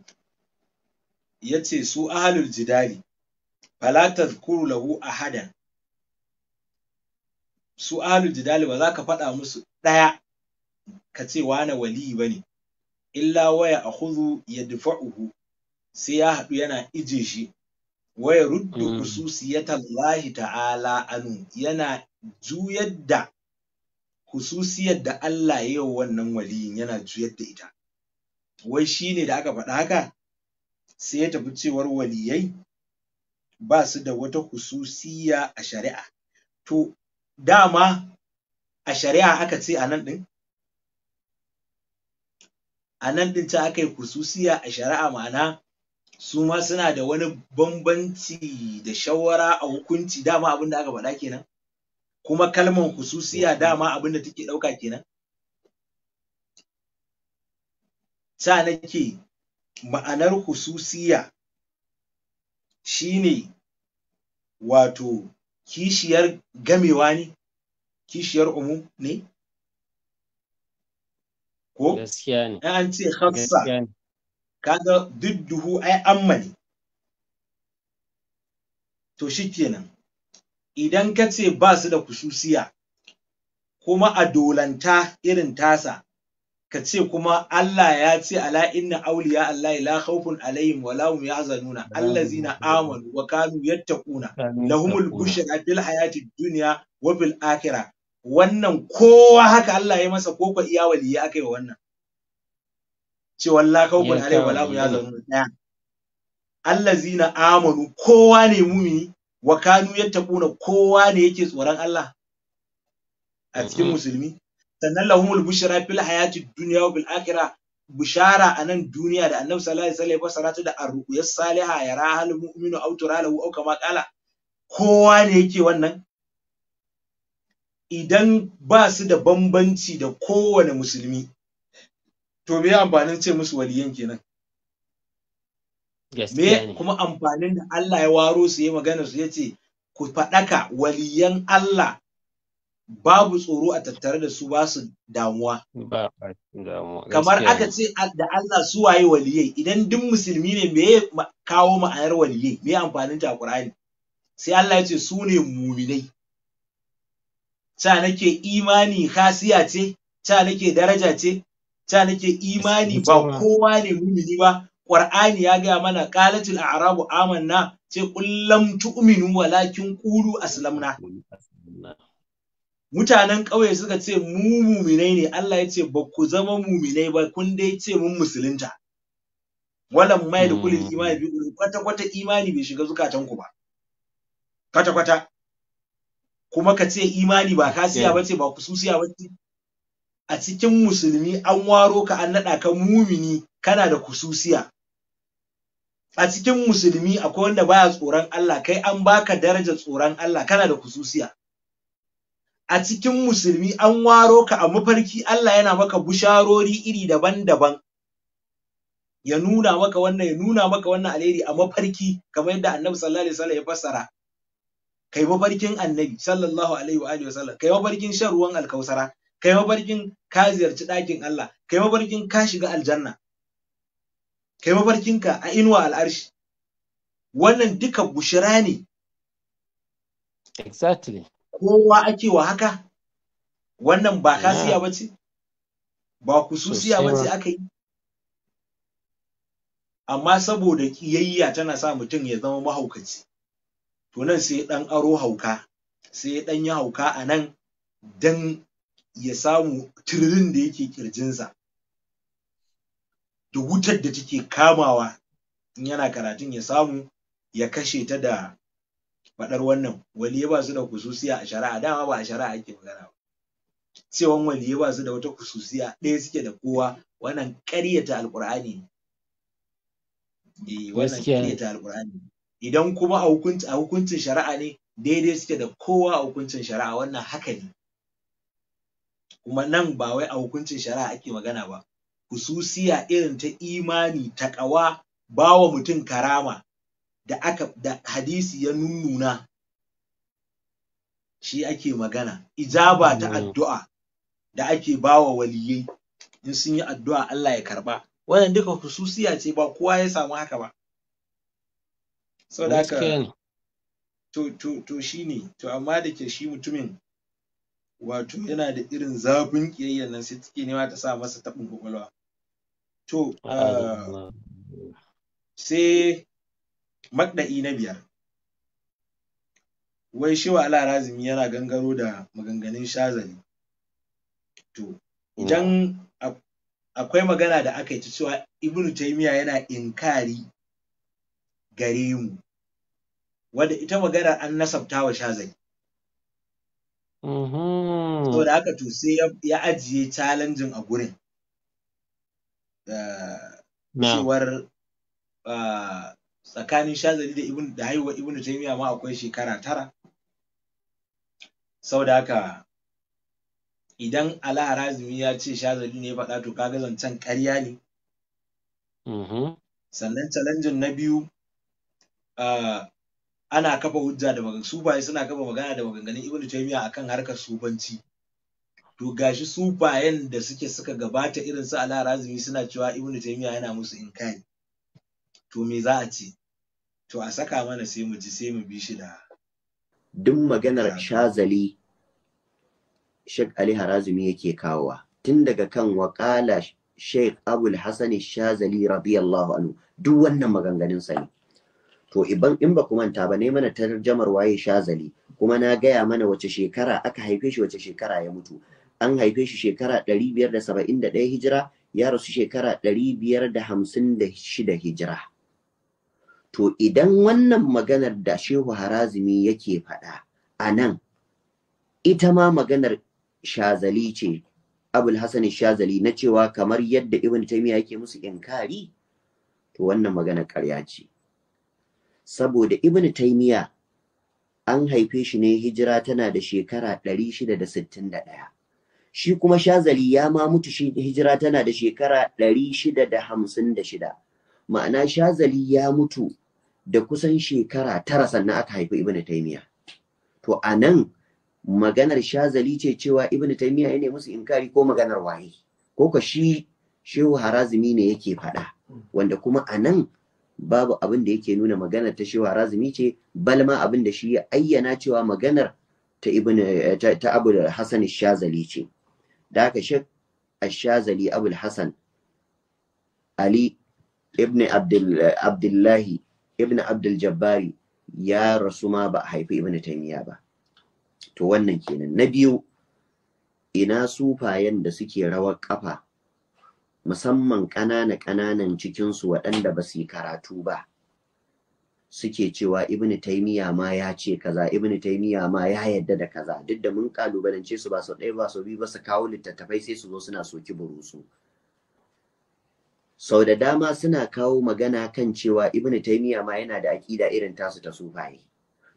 Speaker 2: ya ce su ahalul jidali fala tazkuru lahu ahadan su ahalul jidali ba za ka faɗa musu ɗaya ka ce wane waliyi ba ne illa waya a huzu ya dufa'uhu sai ya haɗu yana ije shi waya ruddu mm. hususiyatan lahi ta'ala anu yana juyar da hususiyar da Allah ya yi wannan waliyin yana juyar da ita wai shi ne da aka faɗa haka sai ya tafi cewar waliyai ba su da wata hususiya a shari'a to dama a shari'a aka ce a nan ɗin a nan ɗin ta aka yi hususiya a shari'a ma'ana su ma suna da wani bambanci da shawara a hukunci dama abin da aka faɗa kenan kuma kalmar hususiya dama abin da take ɗauka kenan ta nake ma'anar hususiya shine wato kishiyar gamewa ne kishiyar umu ne ko
Speaker 1: gaskiya ne
Speaker 2: an ce hafsa kaga dudduhu ai amma ne to shikenan idan ka ce ba su da hususiya kuma a dolanta irin tasa ka ce kuma Allah ya ce ala inna awliya Allah la khawfun alaihim wa lahum yahzanuna allazina amanu wa kanu yattaquna lahumul bushra fil hayati dunya wa fil akhirah wannan kowa haka Allah ya masa koko iya waliyi akai wa wannan ce walla khawfun alaihim wa lahum yahzanuna allazina amanu kowa ne mumini wa kanu yattaquna kowa ne yake tsoron Allah a cikin mm-hmm. musulmi sannan lahumul bushara fil hayati dunya wa bil akhirah bushara a nan duniya da annabi sallallahu alaihi wasallam fassara ta da arruqiyas saliha ya rahal mu'minu aw turalahu aw kama qala kowa ne yake wannan idan ba su da bambanci da kowane musulmi to me amfanin ce musu waliyan kenan me kuma amfanin da Allah ya waro su yi magana su yace ku faɗaka waliyan Allah babu tsoro a tattare da su ba su damuwa. Kamar aka ce da Allah su waye waliyai idan duk musulmi ne me kawo ma'anar waliyai me amfanin ta Qur'ani sai Allah ya ce su ne muminai. Ta nake imani khasiya ce, ca nake daraja ce, ta nake imani ba kowa ne mumini ba. Qur'ani ya gaya mana qalatul a'rabu amanna ce kullam tu'minu walakin qulu aslamna. mutanen ƙauye suka ce mu muminai ne Allah ya ce ba ku zama muminai ba kun dai ce mun musulunta Wannan mai da kulil hmm. imani bi kwata kwata imani bai shiga zukatan ku ba kwata kwata kuma ka ce imani ba kasiya bace ba kususiya bace a cikin musulmi an waro ka an naɗa ka mumini kana da kususiya a cikin musulmi akwai wanda baya tsoron Allah kai an baka daraja tsoron Allah kana da kususiya a cikin musulmi an waro ka a mafarki Allah yana maka busharori iri daban-daban ya nuna maka wannan ya nuna maka wannan alheri a mafarki kamar yadda annabi sallallahu alaihi wasallam ya fassara kai mafarkin annabi sallallahu alaihi wa alihi wasallam kai mafarkin shan ruwan alkausara kai mafarkin ka ziyarci ɗakin Allah kai mafarkin ka shiga aljanna kai mafarkin ka a inuwa al'arshi wannan duka bushira ne exactly kowa ake wa haka wannan ba kasiya ba ce ba kususiya ba ce aka yi amma saboda ƙiyayya tana sa mutum ya zama mahaukaci to nan sai ɗan aro hauka sai ya ɗan yi hauka a nan don ya samu tirin da yake ƙirjinsa da wutar da take kamawa in yana karatun ya samu ya kashe ta da faɗar wannan waliye ba su da kususiya a shari'a dama ba a shari'a ake magana ba cewan waliye ba su da wata kususiya ɗaya suke da kowa wannan ƙaryata alƙur'ani ne
Speaker 3: eh, wannan ƙaryata
Speaker 2: alƙur'ani idan kuma a hukuncin shari'a ne daidai suke da kowa a hukuncin shari'a wannan haka ne kuma nan ba wai a hukuncin shari'a ake magana ba kususiya irin ta imani ta ƙawa ba wa mutum karama da aka da hadisi ya nunnuna shi ake magana ijaba ta mm. addu'a da ake bawa waliyyai in sun yi addu'a Allah ya karba wannan duka hususiya ce ba kowa ya samu haka ba da haka to to to shine to amma da ke shi mutumin wato yana da irin zafin ƙiyayyar nan sai take nema ta sa masa tabin kwakwalwa to ah, sai Maɗa'i na biyar wai Shehu Ali razumi yana gangaro da maganganun Shazali to idan akwai magana da aka yi ta cewa Ibn Taymiyyah yana inkari gare mu wadda ita magana an nasabta wa Shazali
Speaker 3: mm-hmm. da haka to
Speaker 2: sai ya ajiye challenging a gurin eh, cewar ah, tsakanin shazali da ibn da haihuwar ibn taymiya ma akwai shekara tara saboda haka idan alharazmi ya ce shazali ne faɗa to kaga zancen ƙarya ne mm-hmm. sannan challenge na biyu ana kafa hujja da magana sufaye suna kafa magana da maganganun ibn taymiya akan harkar sufanci to gashi sufayen da suke suka gabata irin su alharazmi suna cewa ibn taymiya yana musu inkari to me za a ce to a saka mana sai mu ji sai mu bi shi da
Speaker 4: duk maganar shazali Sheikh Ali Harazumi yake kawowa tun daga kan waƙala Sheikh Abul Hassan Shazali radiyallahu anhu duk wannan maganganun sa ne to iban in ba manta ba ne mana tarjamar waye Shazali kuma na gaya mana wace shekara aka haife shi wace shekara ya mutu an haife shi shekara 571 hijira ya rasu shekara 556 hijira to idan wannan maganar da shehu harazimi yake faɗa a nan ita ma maganar shazali ce abul hasan shazali na cewa kamar yadda ibn taymiya yake musu inkari to wannan magana ƙarya ce saboda ibn taymiya an haife shi ne hijira tana da shekara 661 shi kuma shazali ya ma mutu shi hijira tana da shekara 656 ma'ana shazali ya mutu da kusan shekara tara sannan aka haifi ibn taymiya to a nan maganar shazali ce cewa ibn taymiya ya su musu inkari ko maganar waye ko ka shi shehu harazimi ne yake faɗa wanda kuma a nan babu abin da yake nuna maganar ta shehu harazimi ce balma abin da shi ya ayyana cewa maganar ta ibn eh, ta, ta abu hasan shazali ce da haka shek shazali abul hasan ali ibn eh, abdullahi ibn abdul jabbari ya rasu ma ba a haifi ibn taimiya ba to wannan kenan na biyu ina sufayen da suke rawar kafa musamman ƙanana ƙananan su waɗanda ba su yi karatu ba suke cewa ibn taimiya ma ya ce kaza ibn taimiya ma ya yadda da kaza duk da mun kalubalance su ba su ɗaya ba sau biyu ba su kawo littattafai sai su zo suna soki burusu sau da dama suna kawo magana kan cewa ibn taymiya ma yana da aƙida irin tasu ta sufaye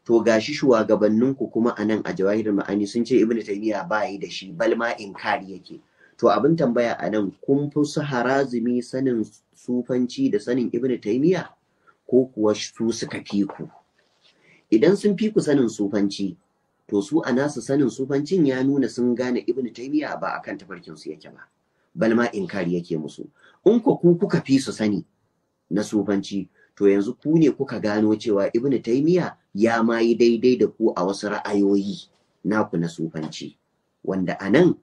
Speaker 4: to gashi shugabannin ku kuma anan a jawahirul ma'ani sun ce ibn taymiya ba yi da shi bal ma inkari yake to abin tambaya anan kun fi su harazumi sanin sufanci da sanin ibn taymiya ko kuwa su suka fi ku idan sun fi ku sanin sufanci to su a nasu sanin sufancin ya nuna sun gane ibn taymiya ba akan tafarkin su yake ba bal ma inkari yake musu in ku ku kuka fi su sani na sufanci to yanzu ku ne kuka gano cewa ibnu taymiya ya ma yi daidai da ku a wasu ra'ayoyi naku na sufanci wanda anan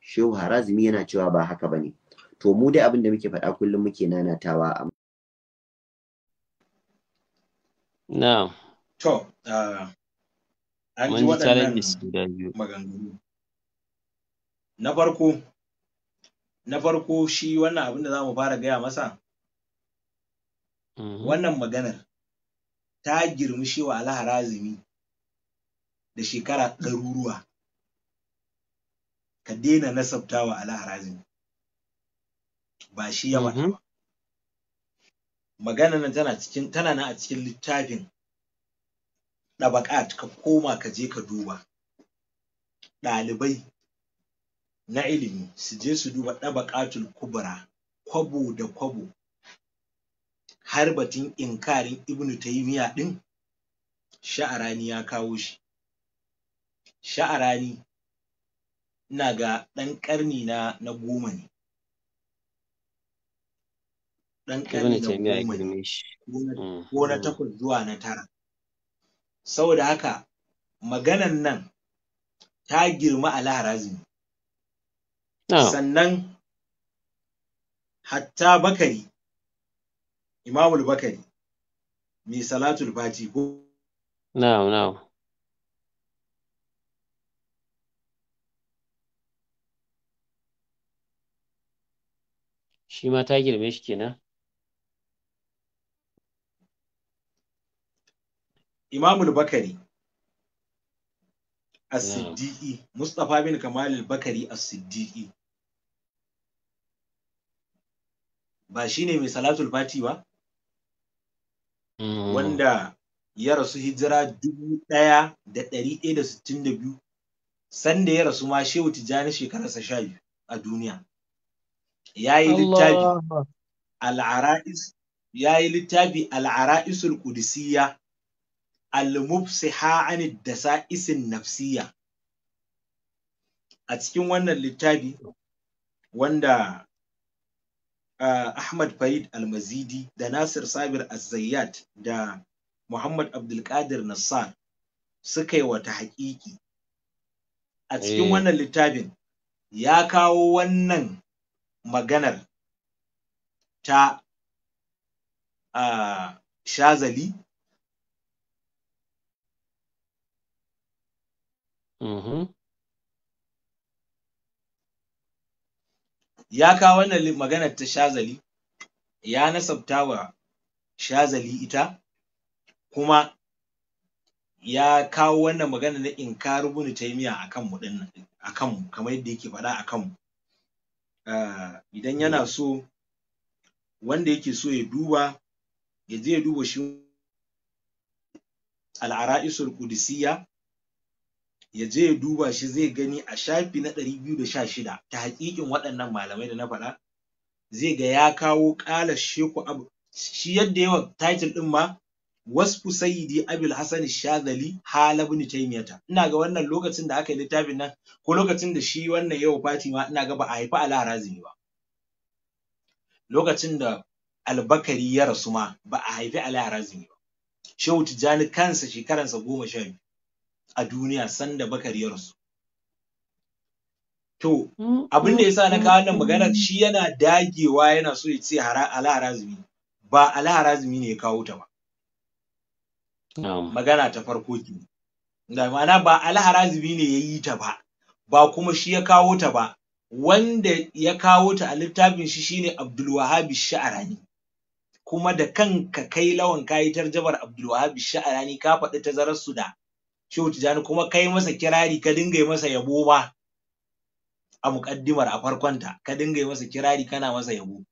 Speaker 4: shehu harazimi yana cewa ba haka bane to mu dai abin da muke faɗa kullum muke nanatawa a Na to
Speaker 3: ah, an ji waɗannan maganganu
Speaker 2: na farko na farko shi wannan abin da za mu fara gaya masa mhm. wannan maganar ta girmi shi wa alharazimi da shekara ɗaruruwa ka daina nasabta wa alharazimi ba shi ya mata mhm. ba nan tana cikin tana nan a cikin littafin ɗabaƙat ka koma ka je ka duba ɗalibai na ilimi su je su duba ɗabaqatul kubra kwabo da kwabo har batun inkarin ibnu taymiya ɗin sha'arani ya kawo shi sha'arani ina ga ɗan ƙarni na na goma ne ɗan ƙarni na goma ne mm. ko na takwas zuwa na tara saboda haka maganan nan ta girma a laharazini sannan hatta bakari imamul bakari mai salatul baji ko
Speaker 1: na'am na'am shi ma ta girme shi kenan imamul bakari
Speaker 2: as-siddiqi mustapha bin kamal al-bakari as-siddiqi ba shine mai salatul fati ba mm. wanda ya rasu hijira dubu ɗaya da ɗari ɗaya da sittin da biyu sanda ya rasu ma shehu tijjani shekararsa sha biyu a duniya ya yi littafi al'ara'is ya yi littafi al'ara'isul qudusiyya al ha'ani da sa'isin nafsiyya a cikin wannan littafi wanda Uh, Ahmad Farid Almazidi da Nasir Sabir Azzayyat da Muhammad Abdulkadir Nassar suka yi wata haƙiƙi. A cikin eh. wannan littafin ya kawo wannan maganar ta uh, shazali mm -hmm. ya kawo wannan maganar ta shazali ya nasabta wa shazali ita kuma ya kawo wannan magana na inkaru bunu taimiya akan mu din akan mu kamar yadda yake faɗa akan mu ah, idan yana so wanda yake so ya duba ya je ya duba shi al-ara'isul qudusiyya ya je ya duba shi zai gani a shafi na ɗari biyu da sha shida ta haƙiƙin waɗannan malamai da na faɗa zai ga ya kawo ƙala sheku abu shi yadda yawa title ɗin ma Wasu sayyidi abul hasan shazali hala ibn taimiyata. ina ga wannan lokacin da aka yi littafin nan ko lokacin da shi wannan yau fati ma ina ga ba a haifi ala razini ba lokacin da albakari ya rasu ma ba a haifi ala razini ba shehu tijjani kansa shekaransa goma sha biyu a duniya sanda bakar ya to
Speaker 3: hmm, hmm. abin da yasa na kawo wannan magana
Speaker 2: shi yana dagewa yana so ya ce ala ba ala ne ya kawo ta ba magana ta farko ki da ma'ana ba ala ne ya yi ta ba ba kuma shi ya kawo ta ba wanda ya kawo ta a littafin shi shine Abdulwahabi Sha'arani kuma da kanka kai lawan kayi tarjabar Abdulwahabi Sha'arani ka faɗi tazarar su da shehu jani kuma kai masa kirari ka dinga masa yabo ba a muƙaddimar a farkonta ka dinga masa kirari kana masa yabo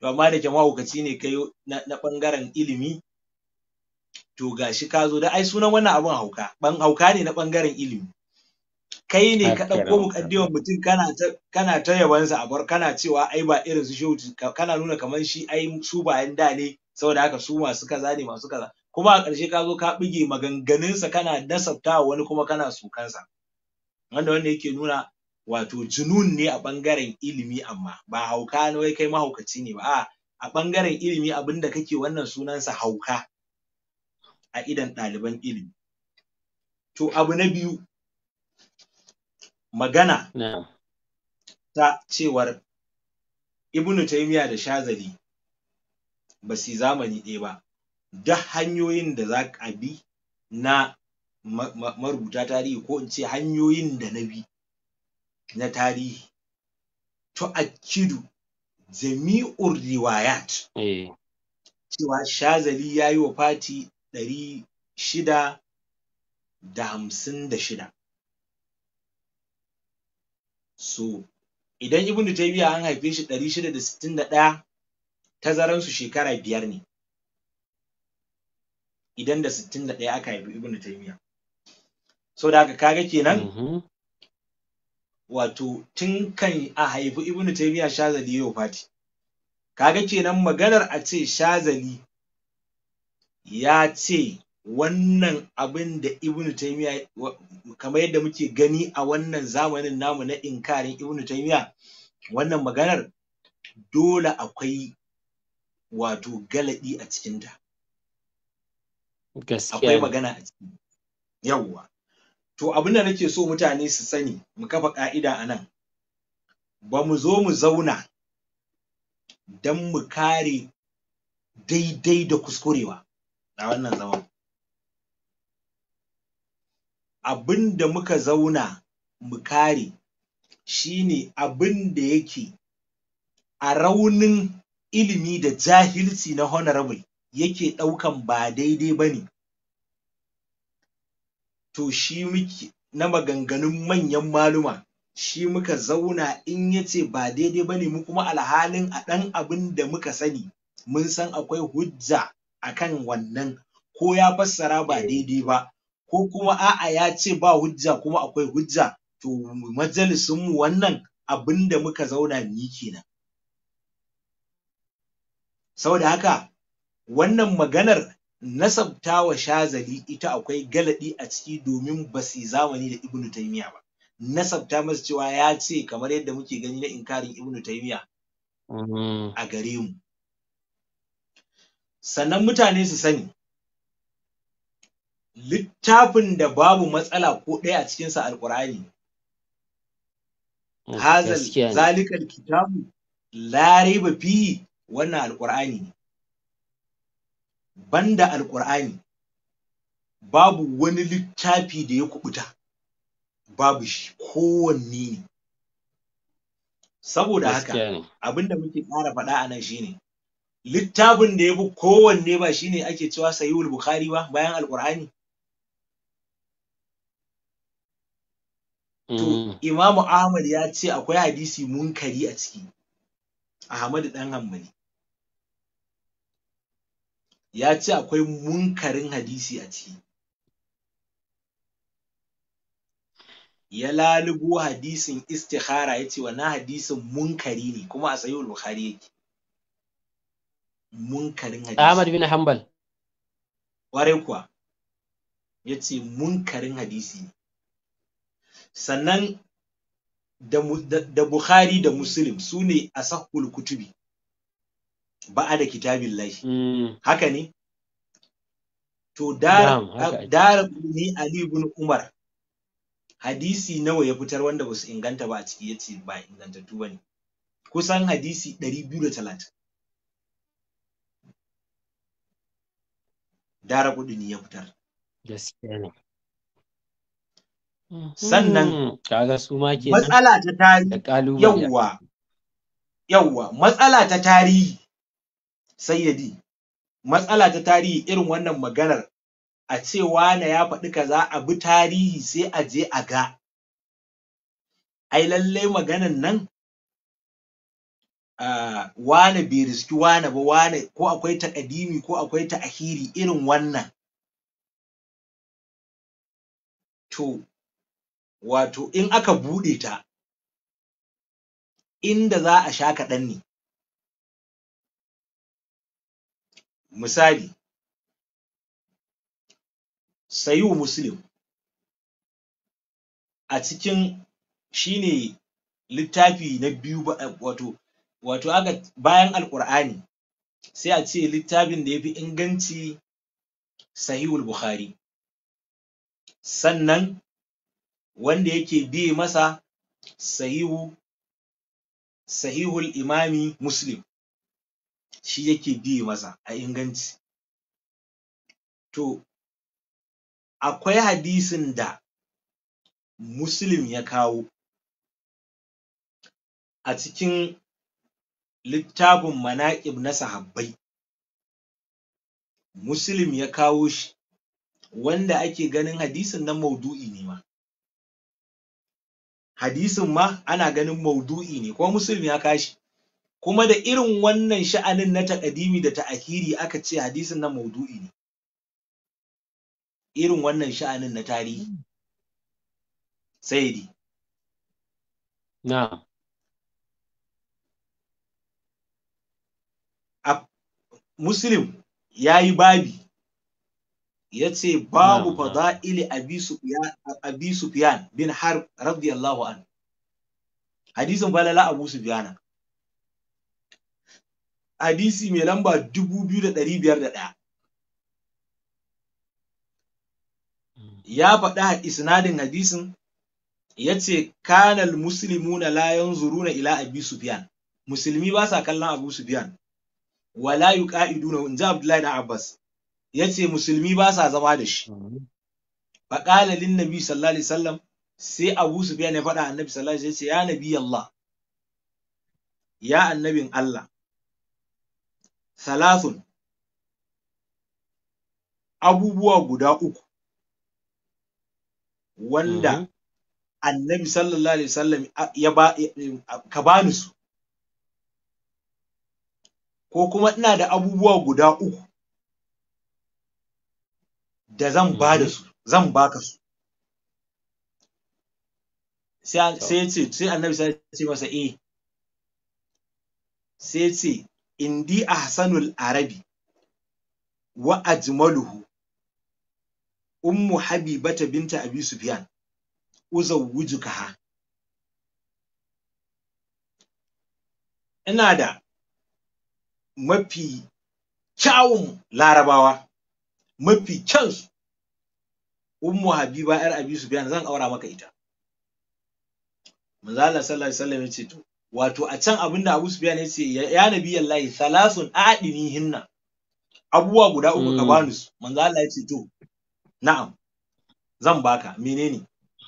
Speaker 2: to amma da jama'a hukaci ne kai na, ɓangaren bangaren ilimi to gashi ka zo da ai sunan wannan abun hauka ban hauka ne na bangaren ilimi kai ne ka ɗauko muƙaddimar mutum kana ta kana ta yabansa a bar kana cewa ai ba irin su shehu kana nuna kamar shi ai su bayan da ne saboda haka su masu kaza ne masu kaza kuma a ƙarshe ka zo ka bige maganganunsa kana nasabta wani kuma kana sukansa wanda wanda yake nuna wato junun ne a ɓangaren ilimi amma ba hauka na wai kai mahaukaci ne ba a ɓangaren ilimi abinda kake wannan sunansa hauka a idan ɗaliban ilimi to abu na biyu magana ta cewar ibnu taimiya da shazali ba su zamani ɗaya ba duk hanyoyin da za ka bi na marubuta tarihi ko in ce hanyoyin da na bi na tarihi kidu jami'ur riwayat eh. cewa Shazali ya yi wa Fati ɗari shida da hamsin da shida so idan Ibn Taymiyyah an haife shi ɗari shida da sittin da ɗaya tazaransu shekara biyar ne idan da sittin da ɗaya aka haifi ibnu taymiya so da haka kage kenan mhm. wato tun kan a haifi ibnu taymiya shazali yau fati kaga kenan maganar a ce shazali ya ce wannan abin da ibnu taymiya kamar yadda muke gani a wannan zamanin namu na inkarin ibnu taymiya wannan maganar dole akwai wato galaɗi a cikinta
Speaker 1: akwai magana
Speaker 2: a ciki yawwa to abin da nake so mutane su sani mu kafa ƙa'ida a nan ba mu zo mu zauna don mu kare daidai da kuskurewa a wannan zaman abin da muka zauna mu kare shine abin da yake a raunin ilimi da jahilci na honorable yake ɗaukan ba daidai ba ne to shi muke na maganganun manyan maluma shi muka zauna in ya ce ba daidai ba ne mu kuma alhalin a ɗan abin da muka sani mun san akwai hujja a kan wannan ko ya fassara ba eh. daidai ba ko kuma a'a ya ce ba hujja kuma akwai hujja to majalisinmu wannan abin da muka zauna mu yi kenan saboda haka wannan maganar nasabta wa shazali ita akwai galadi a ciki domin ba su zamani da ibnu taymiya ba nasabta masa cewa ya ce kamar yadda muke gani na inkarin ibnu taymiya
Speaker 3: mm-hmm.
Speaker 2: a gare mu sannan mutane su sani littafin da babu matsala ko ɗaya a cikinsa alƙur'ani mm, hazal zalikar kitabu la raiba fi wannan alƙur'ani banda alƙur'ani babu wani littafi da ya kuɓuta babu shi kowanne ne saboda haka abinda muke ƙara faɗa a nan shine littafin da ya fi kowanne ba shine ake cewa sayuwul bukhari ba bayan alƙur'ani To, mm. Imamu Ahmad ya ce akwai hadisi munkari a ciki, Ahmadu ɗan Hanbali. ya ce akwai munkarin hadisi a ciki ya lalubo hadisin istikhara ya ce wannan hadisin munkari ne kuma a sayi bukhari yake
Speaker 1: munkarin hadisi Ahmad bin Hanbal
Speaker 2: ware kuwa ya ce munkarin hadisi ne sannan da, Bukhari da Muslim su ne a kutubi Ba'ada da kitabin lahi hmm. haka ne to dar ni ali ibn umar hadisi nawa ya fitar wanda ba su inganta ba a ciki ya ce ba ingantattu ba ne kusan hadisi 230 dara kudu ne ya fitar
Speaker 1: gaskiya ne
Speaker 3: hmm. sannan
Speaker 2: hmm,
Speaker 1: kaga su ma
Speaker 3: ke matsala
Speaker 2: ta tarihi yawwa yawwa matsala ta tarihi sayyadi matsala ta tarihi irin wannan maganar a ce wane ya faɗi kaza a bi tarihi sai a je a ga ai lallai maganan nan uh, wane bai riski wane ba wane ko akwai takadimi ko akwai ahiri irin wannan
Speaker 3: to wato in aka buɗe ta inda za a sha kaɗan ne misali sayu muslim a cikin shi ne
Speaker 2: littafi na biyu eh, wato wato aka bayan alƙur'ani sai a ce littafin da ya fi inganci sahihul bukhari sannan wanda yake biye masa sahihu sahihul imami muslim shi yake biye masa a inganci to akwai hadisin da muslim ya kawo a cikin littafin manaƙib na sahabbai muslim ya kawo shi wanda ake ganin hadisin na maudu'i ne ma hadisin ma ana ganin maudu'i ne kuma muslim ya kawo shi kuma da irin wannan sha'anin na taƙadimi da ta'ahiri aka ce hadisin na maudu'i ne irin wannan sha'anin na tarihi sayidi na muslim ya yi babi ya ce babu fada'ili abi sufyan bin har radiyallahu an hadisin falala abu sufyana hadisi mai lamba 2501 ya faɗa isnadin hadisin ya ce kanal layan zuru na ila abi biyan. musulmi ba sa kallon abu biyan. wala yuqaiduna in ji abdullahi da abbas ya ce musulmi ba sa zama da shi faƙala lin nabi sallallahu alaihi wasallam sai abu biyan ya faɗa annabi sallallahu alaihi wasallam ya ce ya nabi allah ya annabin allah salasun abubuwa guda uku wanda mm -hmm. annabi sallallahu alaihi wasallam ya ba ka bani su ko kuma ina da abubuwa guda uku da zan ba da su mhm. zan baka su sai sai ce sai annabi sai ce masa eh sai ce indi ahsanul arabi wa ajmaluhu ummu habibata binta abi sufyan uzawwijukaha ina da mafi kyawun larabawa mafi kyan ummu habiba yar abi sufyan zan aura maka ita manzo Allah sallallahu alaihi wasallam ya ce to wato a can abinda Abu Sufyan ya ce ya nabi Allah salasun adini hinna abubuwa guda uku ka hmm. bani su manzo Allah ya ce to na'am zan baka menene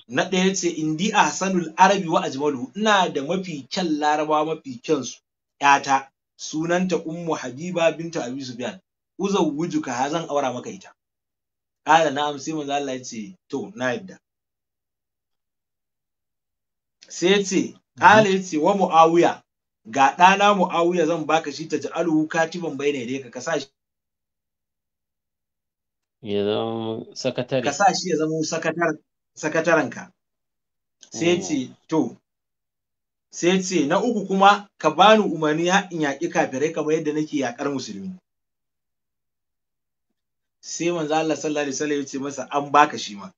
Speaker 2: na ɗaya ya ce indi ahsanul arabi wa ajmalu ina da mafi kyan laraba mafi kyan su Yata, sunanta ummu habiba bintu abi sufyan wujuka ha zan aura maka ita kala na'am sai manzo Allah ya ce to na yadda sai ya ce Kala ya ce wa Mu'awiya ga ɗana Mu'awiya zan baka shi ta ja'alu katiban bai yadayka ka kasa shi
Speaker 1: ya zama sakatare ka sa
Speaker 2: shi ya zama sakatar sakatarenka sai ce hmm. to sai ce na uku kuma ka bani umarni in yaƙi kafirai kamar yadda nake yaƙar musulmi sai manzo Allah sallallahu alaihi wasallam ya ce masa an baka shi ma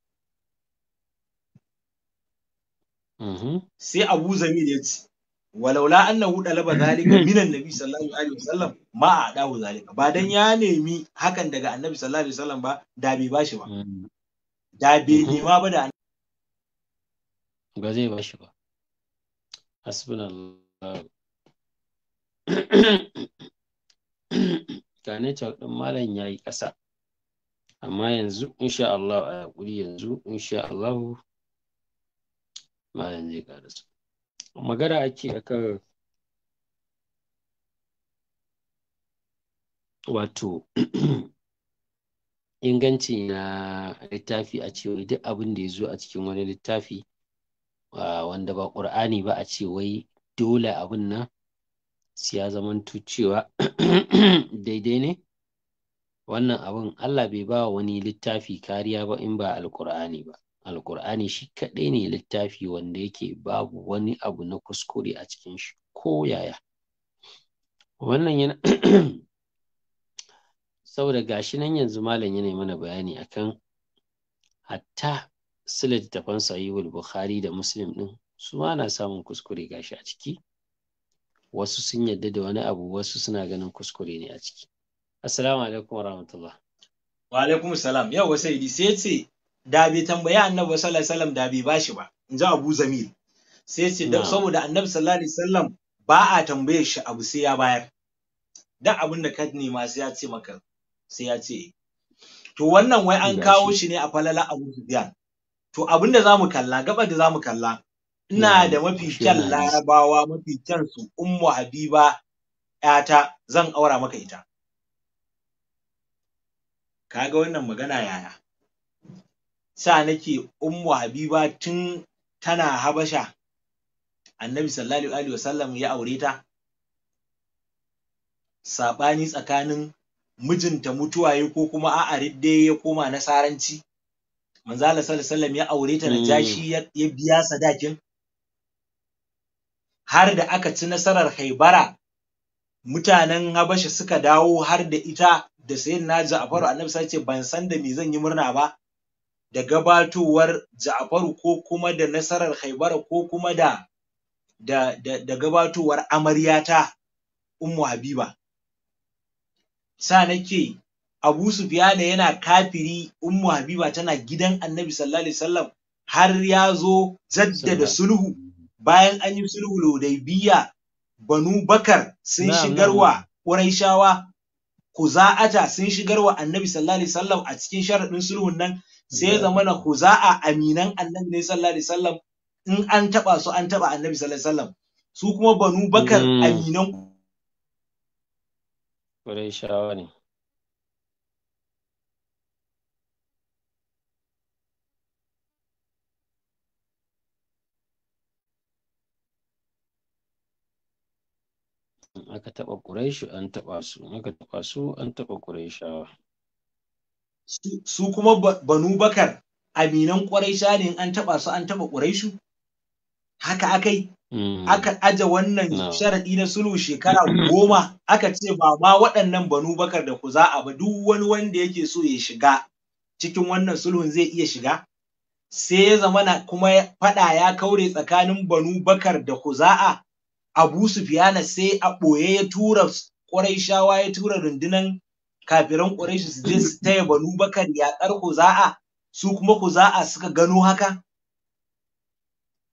Speaker 2: Mm-hmm. sai Abu Zamir ya ce walaula annahu laba zalika (laughs) minan nabi sallallahu alaihi wasallam ma a ɗawo zalika ba dan ya nemi hakan daga annabi sallallahu alaihi wasallam ba da bai bashi ba mm-hmm.
Speaker 1: da bai mm-hmm. nema ba da ba zai bashi ba hasbunallah Kane ta din malam yayi kasa amma yanzu insha Allah a yaƙuri yanzu insha Allah malam zai magana ake kan wato (clears throat) inganci na littafi a ce wai duk abin da ya zo a cikin wani littafi wanda ba ƙur'ani ba a ce wai dole abin nan sai ya zamanto cewa (clears throat) daidai ne wannan abin Allah bai ba wani littafi kariya ba in ba alƙur'ani ba alkur'ani shi kaɗai ne littafi wanda yake babu wani abu na kuskure a cikin shi ko yaya wannan yana (coughs) saboda gashi nan yanzu malam yana mana bayani akan hatta su littattafan sahihul bukhari da muslim din su ma na samun kuskure gashi a ciki wasu sun yadda da wani abu wasu suna ganin kuskure ne a ciki assalamu alaikum warahmatullah
Speaker 2: wa alaikum salam yau wasai sai ce da bai tambayi annabi sallallahu alaihi wasallam da bai bashi ba in ji abu zamir sai ce da saboda annabi sallallahu alaihi wasallam ba a tambayar shi abu sai ya bayar dan abin da ka nema sai ya ce maka sai ya ce to wannan wai an kawo shi ne a falala abu sufyan to abin da zamu kalla gaba da zamu kalla ina da mafi kyan larabawa mafi kyan su ummu habiba yata zan aura maka ita kaga wannan magana yaya sa nake ummu habiba tun tana habasha annabi sallallahu alaihi wasallam ya aure ta saɓani tsakanin mijinta mutuwaye ko kuma a'a ridde ya koma nasaranci manzala sallallahu ya aure ta da hmm. jashi ya biya sadakin har da aka ci nasarar haibara mutanen habasha suka dawo har da ita da sayyidina ja'faru annabi sai ce ban san da me zan yi murna ba da gabatowar Ja'faru ko kuma da nasarar haibara ko kuma da da, gabatowar amaryata Ummu Habiba. Sa nake Abu Sufyana yana kafiri Ummu Habiba tana gidan Annabi sallallahu alaihi wasallam har ya zo jaddada sulhu bayan an yi sulhu Hudaybiya Banu Bakar sun shigarwa Qurayshawa Kuza'ata sun shigarwa Annabi sallallahu alaihi wasallam a cikin sharadin sulhun nan sai ya zama na a aminan annabi ne sallallahu alaihi wasallam in an taba su an taba annabi sallallahu alaihi wasallam su kuma banu bakar hmm. aminan
Speaker 1: shawa ne aka taɓa ƙuraishi an taɓa su aka taba su an taɓa ƙuraishawa su kuma banu bakar
Speaker 2: aminan ƙwarai ne an taɓa su an taɓa ƙuraishu haka akai mm. aka aje wannan sharaɗi na sulhu shekara goma aka ce ba ma waɗannan banu bakar da ku za'a ba duk wani wanda yake so ya shiga cikin wannan sulhun zai iya shiga sai ya zama na kuma faɗa ya kaure tsakanin banu bakar da ku za'a abu sai a ɓoye ya tura ƙwarai shawa ya tura rundunan kafiran Quraish su je su taya Banu Bakar yaƙar za'a, su kuma ku za'a suka gano haka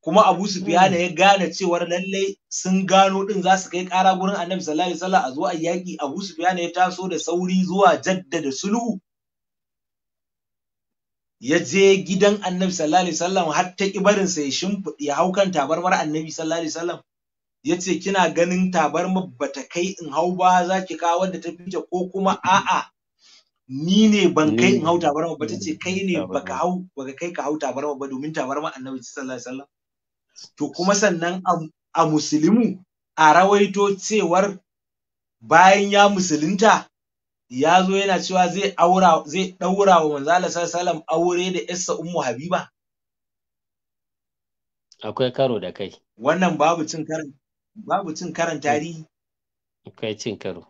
Speaker 2: kuma Abu Sufyan ya gane cewar lallai sun gano din za su kai ƙara gurin Annabi sallallahu alaihi wasallam a zo a yaƙi Abu Sufyan ya taso da sauri zuwa Jaddada da sulhu ya je gidan Annabi sallallahu alaihi wasallam har ta kibarin sa ya shimfiɗa ya hau kan tabarmar Annabi sallallahu alaihi wasallam ya ce kina ganin tabarma bata kai in hau ba za ki kawo wanda ta fice?" ko kuma a'a ni ne ban kai in hau tabarma ba ta ce kai ne baka hau baka kai ka hau tabarma ba domin tabarma annabi sallallahu alaihi wasallam to kuma sannan a musulmi a rawaito cewar bayan ya musulunta ya zo yana cewa zai aura zai daura wa manzala sallallahu aure da yassa ummu habiba
Speaker 1: akwai karo da kai
Speaker 2: wannan babu cin karin babu cin karan tarihi
Speaker 1: akwai cin karo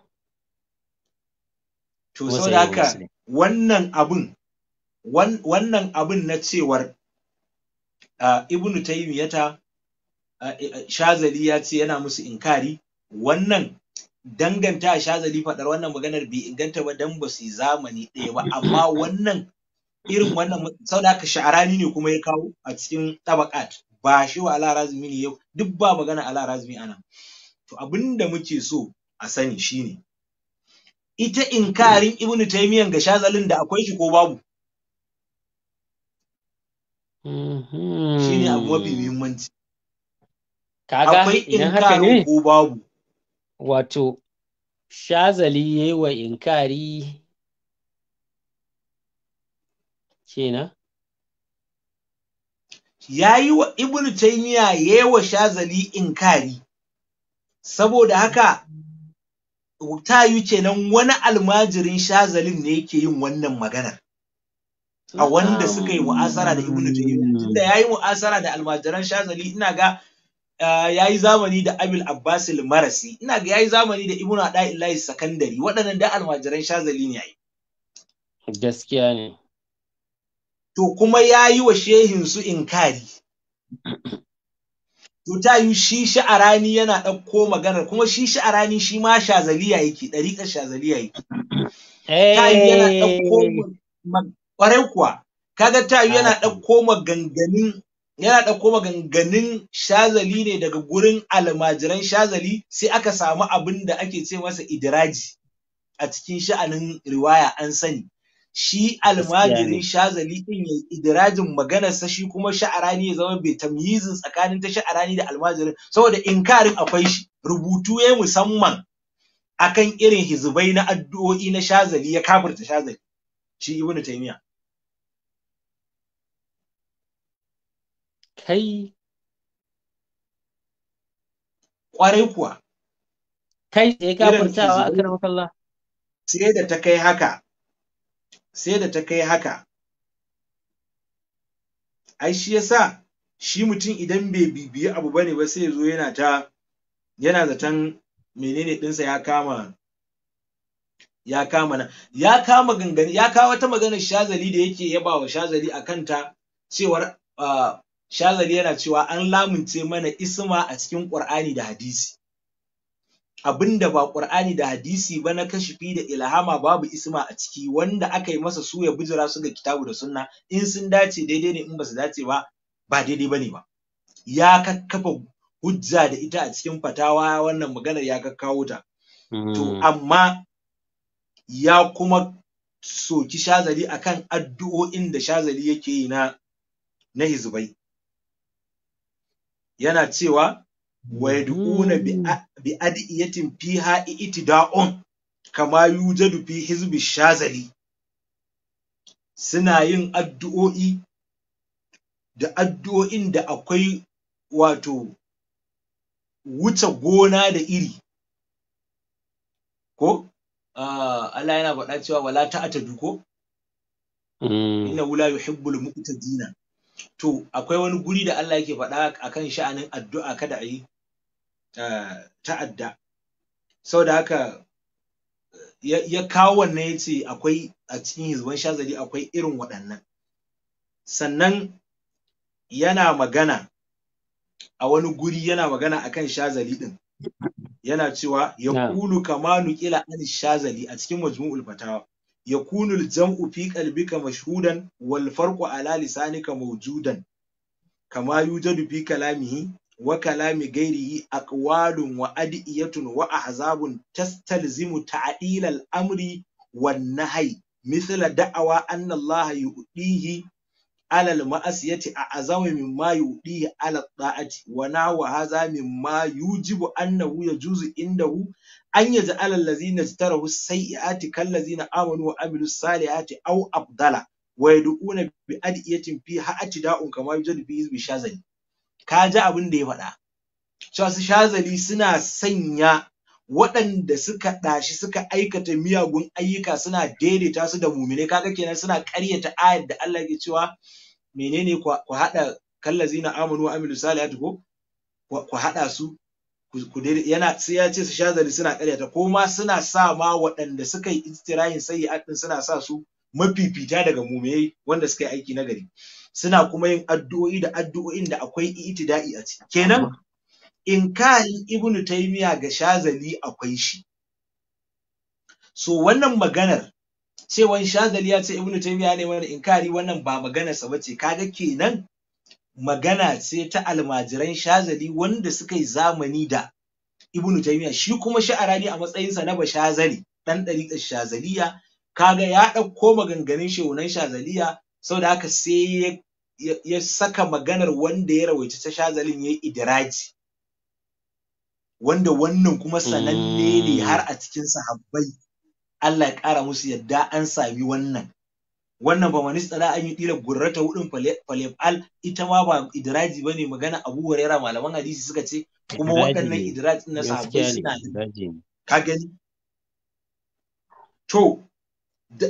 Speaker 1: to saboda haka
Speaker 2: wannan abun wannan abun na cewar Ibn ibnu ya ta e, shazali ya ce yana musu inkari wannan danganta shazali faɗar wannan maganar bai inganta ba don ba su yi zamani ɗaya ba amma wannan irin wannan saboda haka sha'arani ne kuma ya kawo a cikin tabakat ba shi wa razumi ne duk ba magana ala razmi ana to abin da muke so a sani shine ita inkarin ibnu taymiyan ga shazalin da akwai shi ko babu
Speaker 1: mm-hmm. shine abu mafi muhimmanci kaga idan haka ne ko babu wato shazali yayi wa inkari kenan ya yi wa ibnu taymiya yewa shazali
Speaker 2: inkari saboda haka ta yi kenan wani almajirin shazalin ne yake yin wannan maganar a wanda suka yi mu'asara da ibn taymiya tunda ya yi mu'asara da almajiran shazali ina ga ya yi zamani da abil abbas marasi ina ga ya yi zamani da ibnu ada'illahi sakandari waɗannan da almajiran shazali ne yayi
Speaker 1: gaskiya ne
Speaker 2: to kuma ya yi wa su inkari. To ta yi shi rani yana ɗauko magana, kuma shi rani shi ma shazaliya yake ɗariƙar shazaliya yake.
Speaker 3: Ta yi yana ɗauko
Speaker 2: eh. ƙwarai kuwa kaga ta yi yana ah. ɗauko maganganin yana ɗauko maganganin shazali ne daga gurin almajiran shazali sai aka samu abin da ake ce masa idiraji a cikin sha'anin riwaya an sani. shi almajirin shazali din ya idirajin maganarsa shi kuma sha'arani ya zama bai tamyizin tsakanin ta sha'arani da almajirin saboda inkarin akwai shi rubutu ya musamman akan irin hizibai na addu'o'i na shazali ya kafirta shazali shi ibnu taymiya
Speaker 1: kai kwarai kuwa kai tsaye kafirtawa a karamakallah
Speaker 2: sai da ta kai haka sai da ta kai haka ai shi yasa shi mutum idan bai bibiyi abu bane ba sai zo yana ta yana zaton menene ɗinsa ya kama ya kama na ya kama gangani ya kawo wata maganar shazali da yake yaba wa shazali a kanta cewar ah, shazali yana cewa an lamunce mana isma a cikin ƙur'ani da hadisi abinda ba ƙur'ani da hadisi ba na kashifi da ilhama babu isma a ciki wanda aka yi masa suya ya bijira su ga kitabu da sunna in sun dace daidai ne in ba su dace ba ba daidai bane ba ya kakkafa hujja da ita a cikin fatawa wannan maganar ya kakkawo ta to mm. amma ya kuma soki shazali akan addu'o'in da shazali yake yi na na hizbai yana cewa wa yad'una bi mm. bi iti fiha itida'un kama yujadu fi hizbi shazali suna yin addu'o'i da addu'o'in da akwai wato wuce gona da iri ko uh, Allah yana faɗa cewa wala ta'atadu ko
Speaker 3: mm. inna
Speaker 2: wula yuhibbul mu'tadina to akwai wani guri da Allah yake faɗa akan sha'anin addu'a kada a yi ta'adda saboda haka ya kawo wannan ya ce akwai a cikin hizban shazali akwai irin waɗannan sannan yana magana a wani guri yana magana akan shazali din yana cewa ya kunu kama nukila an shazali a cikin majmu'ul fatawa ya kunul jam'u fi ka mashhudan wal farqu ala lisanika mawjudan kama yujadu fi kalamihi wa kalami ghairihi aqwalun wa adiyatun wa ahzabun tastalzimu ta'dil al-amri wan nahyi مثل دعوى أن الله يؤديه على المعصية أعظم مما يؤديه على الطاعة ونحو هذا مما يوجب أنه يجوز عنده أن يجعل الذين اجتروا السيئات كالذين آمنوا وعملوا الصالحات أو أفضل ويدعون بأدئية فيها اعتداء كما يوجد في حزب شاذلي ka ji abin da ya faɗa su shazali suna sanya waɗanda suka ɗashi suka aikata miyagun ayyuka suna daidaita su da mumine kaga kenan suna ƙaryata ayar da Allah ke cewa menene ku haɗa zina amanu wa amilu salihat ko ku haɗa su ku yana sai ya ce su shazali suna ƙaryata ko ma suna sa ma waɗanda suka yi istirahin sayyi'at din suna sa su mafifita daga mumine wanda suka yi aiki na gari suna kuma yin addu'o'i da addu'o'in da akwai itida'i a ciki kenan inkari ibnu taymiya ga shazali akwai shi so wannan maganar cewan shazali ya ce ibnu taymiya ne in inkari wannan ba maganar sa bace kaga kenan magana ce ta almajiran shazali wanda suka yi zamani da ibnu taymiya shi kuma sha'arani a matsayin sa na bashazali dan ɗariƙar shazaliya kaga ya ɗauko maganganun shehunan shazaliya saboda haka sai ya ya saka maganar wanda ya rawaici ta shazalin ya yi idiraji wanda wannan kuma sananne ne mm. har a cikin sahabbai Allah ya ƙara musu yadda an sami wannan wannan ba manis tsara an yi ɗila gurrata hudun al ita ma ba idiraji ba ne magana abu hurera malaman hadisi suka ce kuma waɗannan idiraji na sahabbai suna ka gani to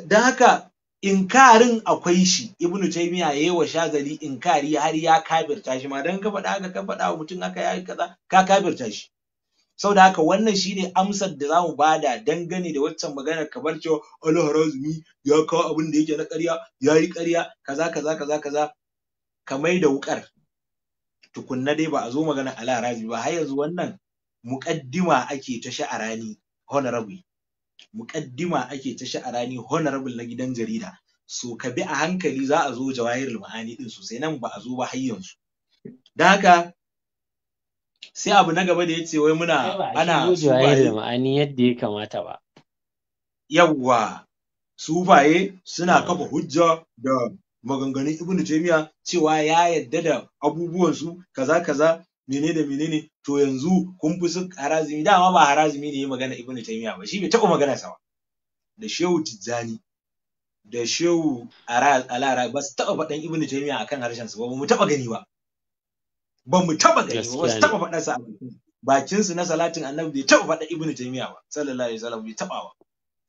Speaker 2: da haka inkarin akwai shi ibnu taymiya yayi wa shagali inkari har ya kafirta shi ma dan ka faɗa haka ka faɗa wa mutum haka yayi kaza ka kafirta shi saboda haka wannan shine amsar da zamu bada dangane da waccan maganar kamar cewa al-harazmi ya kawo abin da yake na ƙarya yayi ƙarya kaza kaza kaza kaza ka mai da wukar tukunna dai ba a zo magana al-harazmi ba har yanzu wannan muƙaddima ake ta sha'arani honorable muƙaddima ake ta sha'arani honorable na gidan jarida so ka bi a hankali za a zo jawahirul ma'ani din sosai nan ba a zo ba har yanzu da haka sai
Speaker 1: abu na gaba da ya ce wai muna ana jawahirul ma'ani yadda ya kamata ba
Speaker 2: yawwa sufaye suna kafa hujja da maganganun ibnu taymiya cewa ya yadda da abubuwan su kaza kaza mene da mene ne to yanzu kun fi su harazimi dama ba harazimi ne ya magana ibnu taymiya ba shi bai taɓa magana sa ba da shehu tijjani da shehu alara ba su taɓa faɗan ibnu taymiya akan harshen su ba mu taɓa gani ba ba mu taɓa gani ba su taɓa faɗan sa bakin su na salatin annabi bai taɓa faɗan ibnu taymiya ba sallallahu alaihi wasallam bai taɓa ba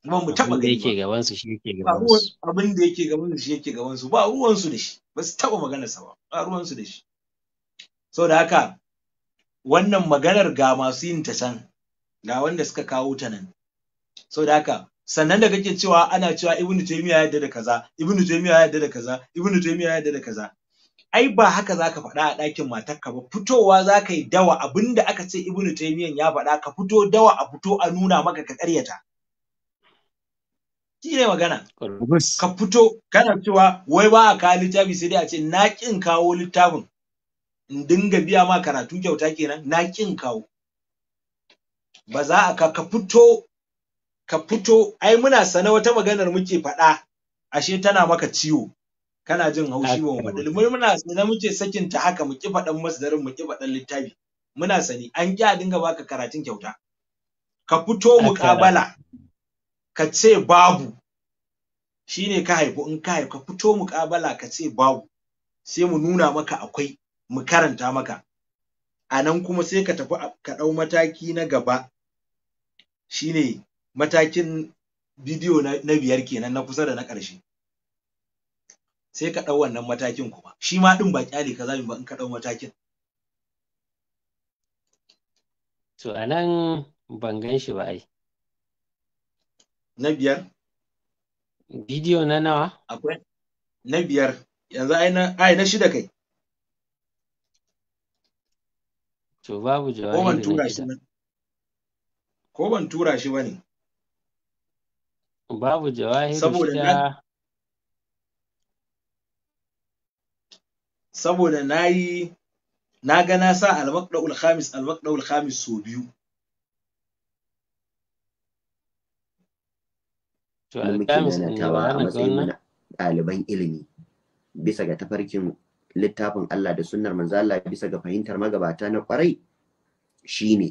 Speaker 1: ba mu taɓa gani yake gaban su shi yake gaban su
Speaker 2: abin da yake gaban su shi yake gaban su ba ruwan su da shi ba su taɓa magana sa ba ba ruwan su da shi saboda haka wannan maganar ga masu yin ta can ga wanda suka kawo ta nan so da haka sannan da kake cewa ana cewa ibnu taymiya yadda da kaza ibnu taymiya yadda da kaza ibnu taymiya yadda da kaza ai ba haka zaka faɗa a ɗakin matarka ba fitowa zaka yi dawa abinda aka ce ibnu taymiyan ya faɗa ka fito dawa a fito a nuna maka ka ƙaryata shi ne magana ka fito kana cewa wai ba a kawo littafi sai dai a ce na kin kawo littafin in dinga biya ma karatu kyauta kenan na kin kawo ba za a ka fito ka fito ai muna sana wata maganar muke faɗa ashe tana maka ciwo kana jin haushi wa madal muna sana muke sakin ta haka mu ki faɗan masdarin mu ki faɗan littafi muna sani an ki a dinga baka karatun kyauta ka fito muƙabala ka ce babu shine ka haifu in ka haifu ka fito muƙabala ka ce babu sai mu nuna maka akwai mu karanta maka a nan kuma sai ka tafi ka ɗau mataki na gaba shine matakin bidiyo na biyar kenan na kusa da na ƙarshe sai ka ɗau wannan matakin kuma shi ma ɗin ba ƙyale ka zami ba in ka ɗau matakin
Speaker 1: to a nan ban gan shi ba ai na biyar bidiyo na nawa akwai na biyar yanzu
Speaker 2: ai na shida kai To babu jawabi. Ko ban tura shi ba. Ko ban tura shi ba ne.
Speaker 1: Babu jawabi. Saboda na
Speaker 2: Saboda na yi na ga na sa al-maqda'ul khamis al-maqda'ul khamis so biyu.
Speaker 1: To al-khamis ne ba a matsayin
Speaker 4: ɗaliban ilimi bisa ga tafarkin littafin Allah da sunnar manzo Allah bisa ga fahimtar magabata na kwarai shine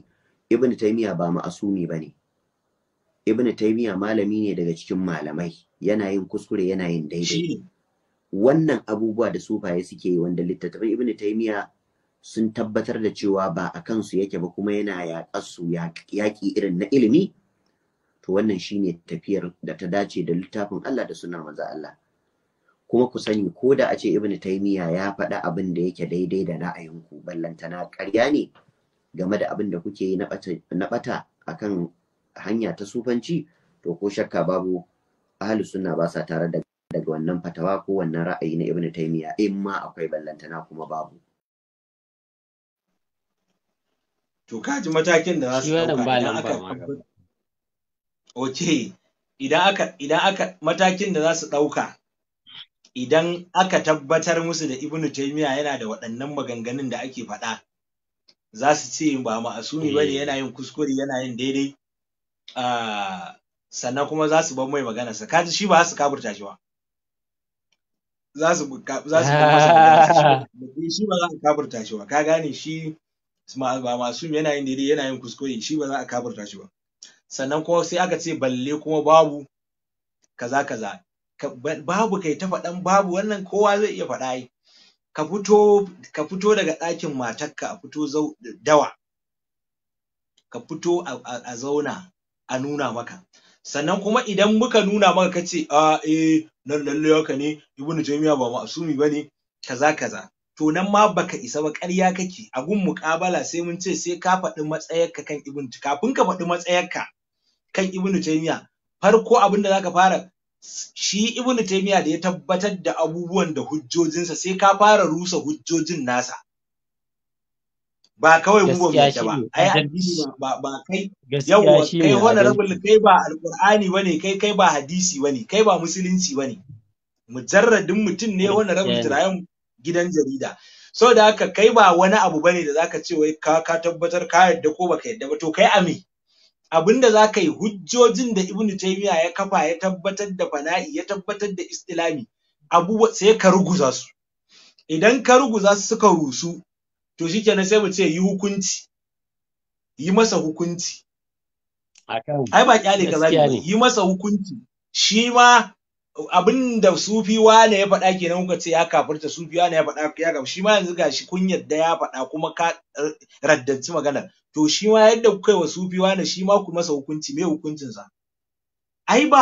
Speaker 4: Ibn Taymiyyah ba ma'asumi bane Ibn Taymiyyah malami ne daga cikin malamai yana yin kuskure yana yin daidai wannan abubuwa da sufaye suke yi wanda littattafan Ibn Taymiyyah sun tabbatar da cewa ba a kansu yake ba kuma yana yaƙar su yaƙi irin na ilimi to wannan shine tafiyar da ta dace da littafin Allah da sunnar manzo Allah kuma ku sani ko da a ce ibn taymiya ya faɗa abin da yake daidai da ra'ayinku ballantana ƙarya ne game da abin da kuke yi na ɓata akan hanya ta sufanci to ko shakka babu ahli sunna ba sa tare da daga wannan fatawa ko wannan ra'ayi na ibn taymiya in ma akwai ballantana kuma babu
Speaker 2: to kaji matakin da za su ɗauka idan aka okay idan aka idan aka matakin da za su ɗauka idan aka tabbatar musu da Ibn Taymiyyah yana da waɗannan maganganun da ake faɗa za su ce ba ma'asumi bane eh. yana yin kuskure yana yin daidai ah, sannan kuma za su bar mai magana sa kaji shi ba su kaburta shi ba za su za su (laughs) shi ba za a kaburta shi ba ka gane shi ba ma'asumi yana yin daidai yana yin kuskure shi ba za a kaburta shi ba sannan kuma sai aka ce balle kuma babu kaza kaza babu kai ta faɗan babu wannan kowa zai iya faɗa ai ka fito ka fito daga ɗakin matarka a fito dawa ka fito a zauna a nuna maka sannan kuma idan muka nuna maka kace a ah, eh nan lalle haka ne ibnu taymiya ba ma'sumi bane kaza kaza to nan ma baka isa ba ƙarya kake a gun muƙabala sai mun ce sai ka faɗi matsayarka kan ibnu kafin ka faɗi matsayarka kan ibnu farko abin da zaka fara shi ibnu taymiya da ya tabbatar da abubuwan da hujjojinsa sai ka fara rusa hujjojin nasa ba kawai mu ba ba ai addini ba ba kai yawa kai rabul kai ba alqur'ani bane kai kai ba hadisi bane kai ba musulunci bane mujarradin mutum ne rabul tirayen gidan jarida so da haka kai ba wani abu bane da zaka ce wai ka tabbatar ka yadda ko baka yadda ba to kai ame abinda za ka yi hujjojin da ibnu taymiya ya kafa ya tabbatar da fana'i ya tabbatar da istilami abubuwa sai ka ruguza su idan ka ruguza su suka rusu to shikenan sai mu ce yi hukunci yi masa hukunci ai ba kyale ka zabi yi masa hukunci shi ma abin da sufi wane ya faɗa kenan kuka ce ya kafirta sufi wane ya faɗa ya kafirta shi ma yanzu gashi kun yadda ya faɗa kuma ka eh, raddanci maganar to shi ma yadda kuka yi wa sufi wane shi ma ku masa hukunci me hukuncin sa ai ba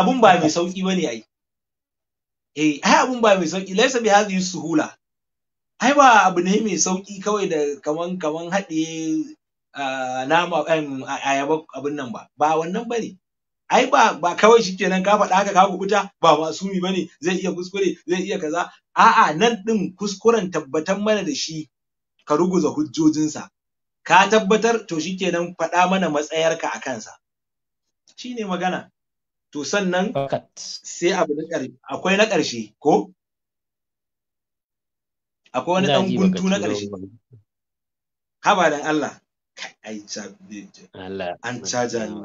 Speaker 2: abun ba mai sauki ne ai eh ai abun ba mai sauki laysa bi hadhihi suhula ai ba abu ne mai sauki kawai da kaman kaman haɗe nama ayaba abin nan ba ba wannan ba ne. ai ba ba kawai shikenan ka faɗa haka ka kubuta ba masumi bane zai iya kuskure zai iya kaza a'a nan ɗin kuskuren tabbatar mana da shi ka ruguza hujjojinsa ka tabbatar to nan faɗa mana matsayarka a kansa Shi ne magana to sannan sai abu na ƙarshe akwai na ƙarshe ko akwai wani ɗan guntu na ƙarshe haba don Allah an caja ni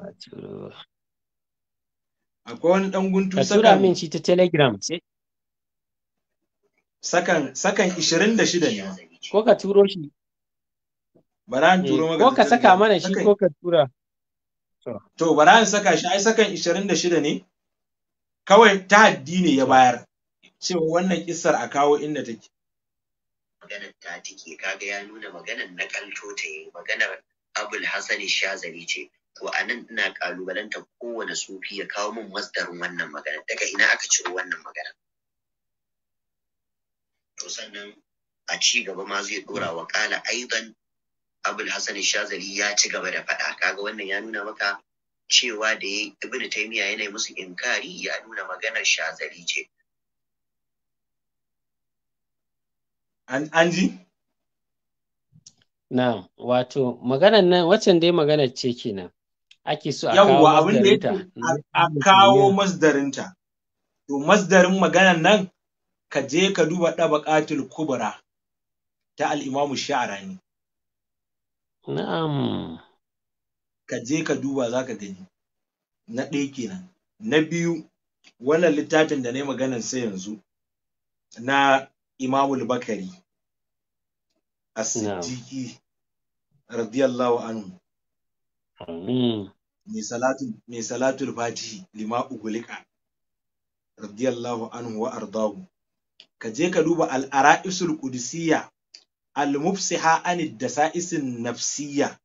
Speaker 2: akwai wani ɗan guntu sakan tura min shi
Speaker 1: ta telegram
Speaker 2: sakan 26 ne ko ka turo shi bara an turo eh, maka ko ka saka
Speaker 1: mana shi ko ka tura
Speaker 2: to bara an saka shi ai sakan 26 ne kawai ta haddi ne ya bayar cewa wannan kissar a kawo
Speaker 4: inda take maganar ta take kaga ya nuna maganar na kalto ta yi maganar abul hasani shazari ce to a nan ina kalubalanta kowane sufi ya kawo min masdarin wannan maganar, daga ina aka ciro wannan maganar? to sannan a ci gaba ma zai dora wa kala aidan abul hassan shazali ya ci gaba da faɗa kaga wannan ya nuna maka cewa da ya ibnu taymiya yana musu inkari ya nuna maganar shazali ce
Speaker 1: an anji na wato maganar nan waccan dai maganar ce kenan ake so a kawo masdarinta
Speaker 2: a kawo masdarinta to masdarin maganar nan ka je ka duba ɗabaƙatul kubra ta al-imamu sha'arani
Speaker 1: Na'am.
Speaker 2: Ka je ka duba za ka gani. Na ɗaya kenan. Na biyu wannan littafin da na yi maganar sai yanzu na Imamul Bakari As-Siddiqi radiyallahu anhu.
Speaker 3: Amin.
Speaker 2: Mai salatu salatul fatihi lima ugulika radiyallahu anhu wa ardahu. Ka je ka duba alara'isul ƙudusiyya al-mufsiha anid dasa'isin nafsiyya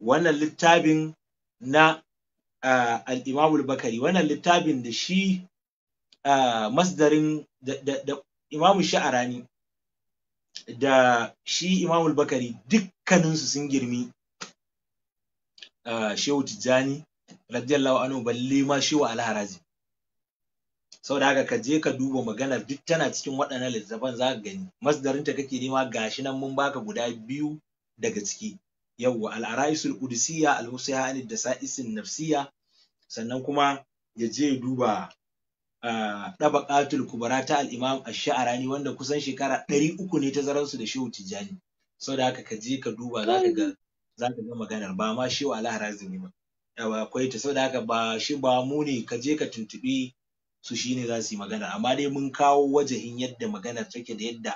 Speaker 2: wannan littafin na ah, al-Imam al-Bakari wannan littafin da shi ah, masdarin da Imam Sha'arani da shi Imam al-Bakari dukkaninsu sun girmi ah, Shehu Tijjani radiyallahu anhu balle ma Shehu Al-Harazi saboda haka ka je ka duba magana duk tana cikin waɗannan littattafan za ka gani ta kake nema gashi nan mun baka guda biyu daga ciki yawwa al'ara'isul qudusiyya al-husayha da sa'isin nafsiyya sannan kuma ya je ya duba ɗabaƙatul kubara ta alimam a ash wanda kusan shekara ɗari uku ne ta su da shehu tijjani saboda haka ka je ka duba za ka ga za ka ga maganar ba ma shehu al ne ba akwai ta saboda haka ba shi ba mu ne ka je ka tuntuɓi su shine za su yi magana amma dai mun kawo wajahin yadda maganar take da yadda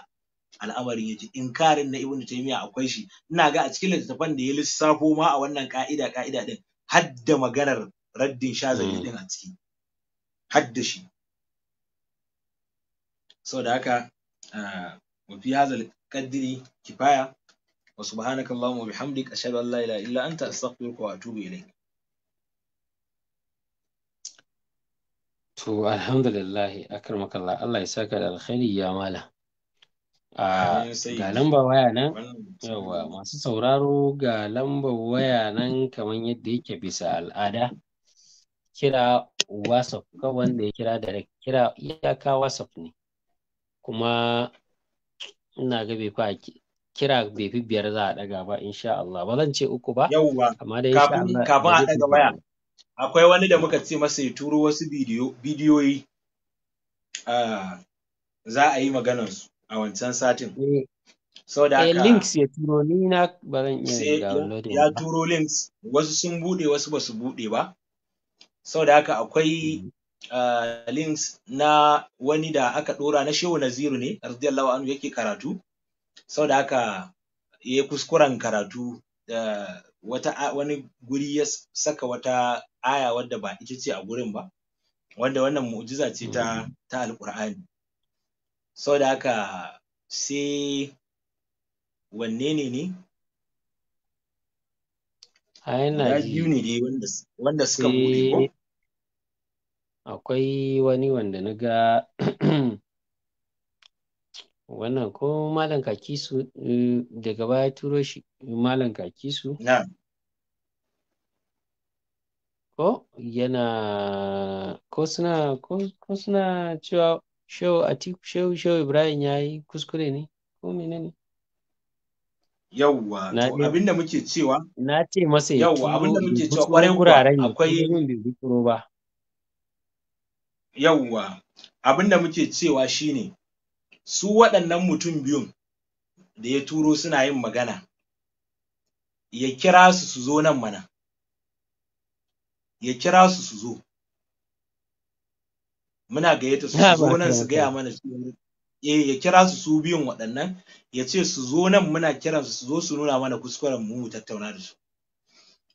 Speaker 2: al'amarin yake inkarin na ibnu taymiya akwai shi ina ga a cikin littattafan da ya lissafo ma a wannan ka'ida ka'ida din hadda maganar raddin shazali din a ciki hadda shi saboda haka ah, wa fi hazal qadri kifaya wa subhanakallahumma wa bihamdika ashhadu an la ilaha illa anta astaghfiruka wa atubu ilayk
Speaker 1: To alhamdulillah akramakallah Allah ya saka da alkhairi ya mala. A ga lamba waya nan yawa masu sauraro ga lamba waya nan kamar yadda yake bisa al'ada kira WhatsApp ka wanda ya kira da kira iyaka WhatsApp ne kuma ina ga bai kwa kira bai fi biyar za a daga ba insha Allah ba zan ce uku ba amma dai kafin a daga waya akwai wani da muka ce
Speaker 2: masa ya turo wasu bidiyoyi za a yi maganarsu a wancan satin eh. Eh, links
Speaker 1: ya turo ni na barin iya
Speaker 2: ya turo links wasu sun bude wasu ba su bude ba da haka akwai uh, links na wani da aka dora na shehu naziru ne radiyallahu anhu yake karatu da haka ya kuskuren karatu eh, wata wani guri ya saka wata aya wadda ba ita ce a gurin ba wanda wannan mu'jiza ce ta mm. ta alƙur'ani saboda haka sai wanne ne ne
Speaker 1: yana yuni ne dai wanda wanda suka bude ko eh, akwai wani wanda na ga wannan ko malam kakisu mm, daga baya turo shi malam kakisu ko yana ko suna ko suna cewa shehu atiku shehu shehu ibrahim ya yi kuskure ne ko mene ne yawwa to abinda
Speaker 2: muke cewa
Speaker 1: na ce masa ya yawwa abinda muke cewa kwarai guraren akwai
Speaker 2: ba yawwa abinda muke cewa shine su waɗannan mutum biyun da ya turo suna yin magana ya kira su su zo nan mana ya kira su su zo muna gayyata su zo nan su gaya mana eh ya kira su su biyun waɗannan ya ce su zo nan muna kiran su su zo su nuna mana kuskuren mu mu tattauna da su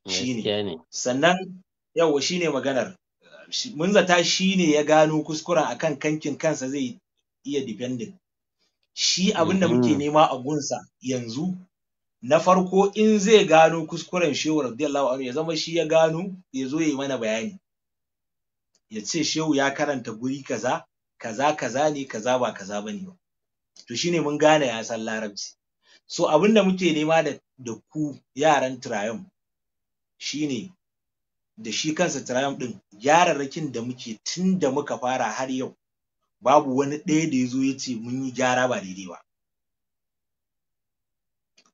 Speaker 1: shine
Speaker 2: sannan yawa shine maganar mun zata shine ya gano kuskuren akan kankin kansa zai iya defending shi abin da muke mm-hmm. nema a gunsa yanzu na farko in zai gano kuskuren shehu radiyallahu anhu ya zama shi ya gano ya zo yi mana bayani ya ce shehu ya karanta guri kaza kaza kaza ne kaza ba kaza ba ne ba to shine mun gane ya san larabci so abin da muke nema da da ku yaran triumph shine da shi kansa triumph din yararrakin da muke tun muka fara har yau babu wani ɗaya da ya zo ya ce mun yi gyara ba daidai ba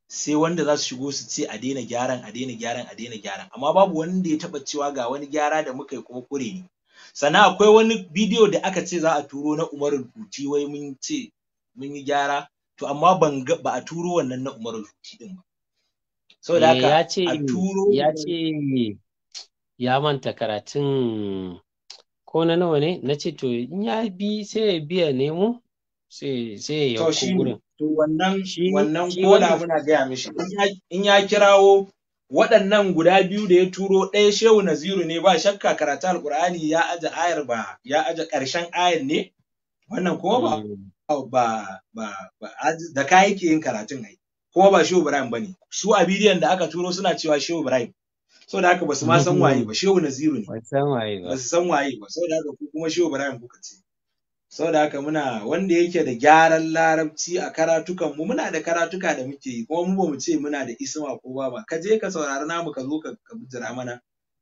Speaker 2: sai wanda za su shigo su ce a daina gyaran a daina gyaran a daina gyaran amma babu wani da ya taɓa cewa ga wani gyara da muka yi kuma kure ne sannan akwai wani bidiyo da aka ce za a turo na umaru rubuci wai mun ce mun yi gyara to amma ban ga ba a turo wannan na umaru rubuci din ba
Speaker 1: saboda eh, haka a turo ya ce ya manta karatun ko na nawa ne na ce to in ya bi sai ya biya nemo sai ya yi gurin.
Speaker 2: To wannan wannan kola muna gaya mishi in ya kirawo waɗannan guda biyu da ya turo ɗaya shehu naziru ne ba shakka karatu alƙur'ani ya aje ayar ba ya aje ƙarshen ayar ne wannan kuma eh. ba ba ba ba da ka yake yin karatun ai kuma ba shehu ibrahim bane su a bidiyon da aka turo suna cewa shehu ibrahim so da haka basu ma san waye ba shehu naziru ne ba basu san waye ba so da haka ku kuma shehu ibrahim kuka ce so da haka muna wanda yake da gyaran larabci a karatukan mu muna da karatuka da muke yi kuma mu ba mu ce muna da isma ko ba ba ka je ka saurari namu ka zo ka bijira mana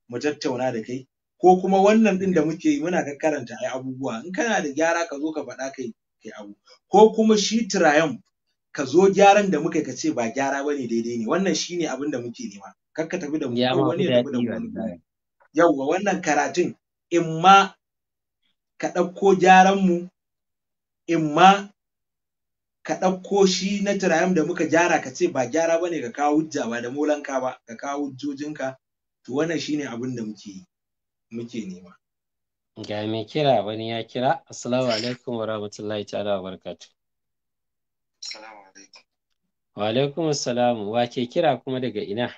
Speaker 2: mu tattauna da kai ko kuma wannan din da muke yi muna karanta ai abubuwa in kana da gyara ka zo ka faɗa kai kai abu ko kuma shi triumph ka zo gyaran da muka ka ce ba gyara bane daidai ne wannan shine abin da muke nema kar ka tafi da mu ko wani ya tafi da mu yawwa wannan karatun in ma ka ɗauko gyaran mu in ma ka ɗauko shi na turayen da muka gyara ka ce ba gyara bane ka kawo hujja ba da molanka ba ka kawo hujjojinka to wannan shine abin da muke muke nema
Speaker 1: ga mai kira wani ya kira assalamu alaikum wa rahmatullahi ta'ala wa barakatuh assalamu alaikum wa alaikum assalam wa ke kira kuma daga ina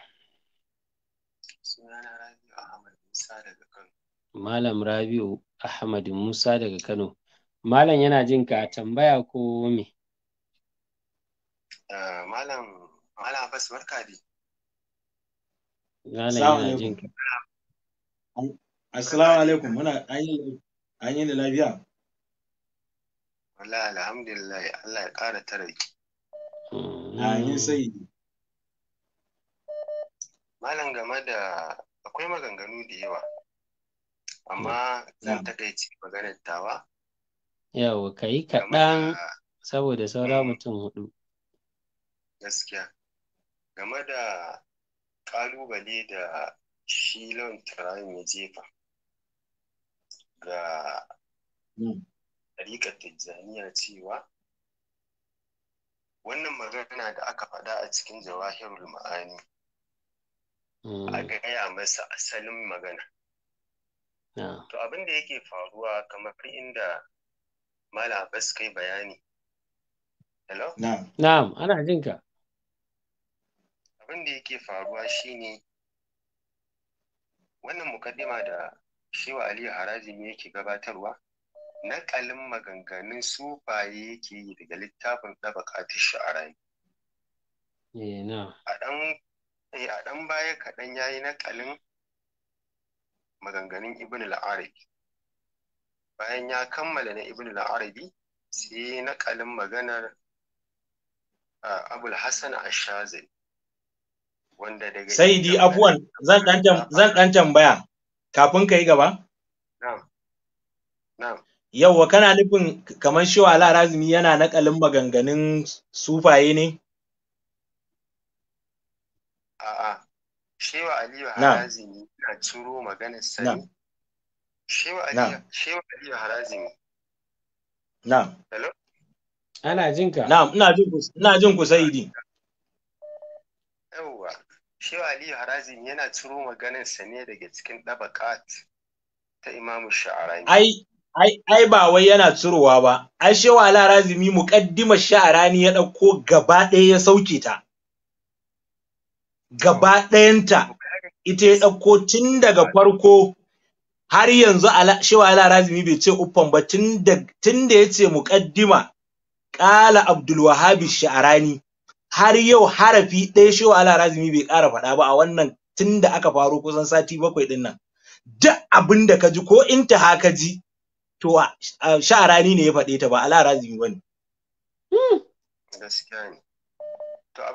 Speaker 1: Malam Rabi'u Ahmad Musa daga Kano. Malam yana jin ka tambaya ko me?
Speaker 5: Ah, Malam Malam Abbas barka dai.
Speaker 3: Malam yana jin ka. Assalamu alaikum
Speaker 2: muna an yi da lafiya.
Speaker 5: Wala alhamdulillah Allah ya ƙara tare. Mm-hmm.
Speaker 3: Amin sai.
Speaker 5: Malam game da akwai maganganu da yawa amma zan takaice maganar tawa
Speaker 1: yawo ka yi kaɗan saboda saura mm. mutum hudu
Speaker 5: gaskiya game da ƙalubale da shi lawan tarayin ya jefa ga mm. ɗariƙar tijjaniya cewa wannan magana da aka faɗa a cikin jawahirul ma'ani a mm. gaya masa asalin magana To abin da yake faruwa kamar inda Malam Abbas kai bayani. Hello?
Speaker 1: Na'am, ana jin ka.
Speaker 5: Abin da yake faruwa shine wannan mukaddima da Shewa Aliyu ne yake gabatarwa nakalin maganganun sufaye yake yi daga littafin tabakatun sha'arai. Eh, eh, a ɗan baya kaɗan ya yi nakalin maganganun ibn al-arabi bayan ya kammala na ibn al-arabi sai nakalin maganar abul hassan ashazi wanda daga
Speaker 2: sai di abuwan zan dan ah. zan dan tambaya kafin kai gaba
Speaker 5: na'am na'am
Speaker 2: yawwa kana nufin kamar shewa al-arazmi yana nakalin maganganun sufaye ne
Speaker 5: a'a shewa aliyu harazimi ka ciro maganar sani shewa aliyu harazimi
Speaker 2: na'am ana jin ka na'am ina jin ku ina jin ku
Speaker 5: shewa aliyu harazimi yana ciro maganar sa ne daga cikin dabakat ta imamu sha'arani
Speaker 2: ai ai ai ba wai yana cirowa ba ai shewa aliyu harazimi muqaddimar sha'arani ya dauko gaba ɗaya ya sauke ta gaba ɗayanta ita ya ɗauko tun daga farko har yanzu shewa razumi bai ce uffan ba tun da ya ce muƙaddima ƙala abdulwahabi sha'arani har yau harafi ɗaya shewa razumi bai ƙara faɗa ba a wannan tun da aka faro kusan sati bakwai ɗin nan duk abin da ka ji ko in ta haka ji to sha'arani ne ya faɗe ta ba ala razumi ba ne. Hmm.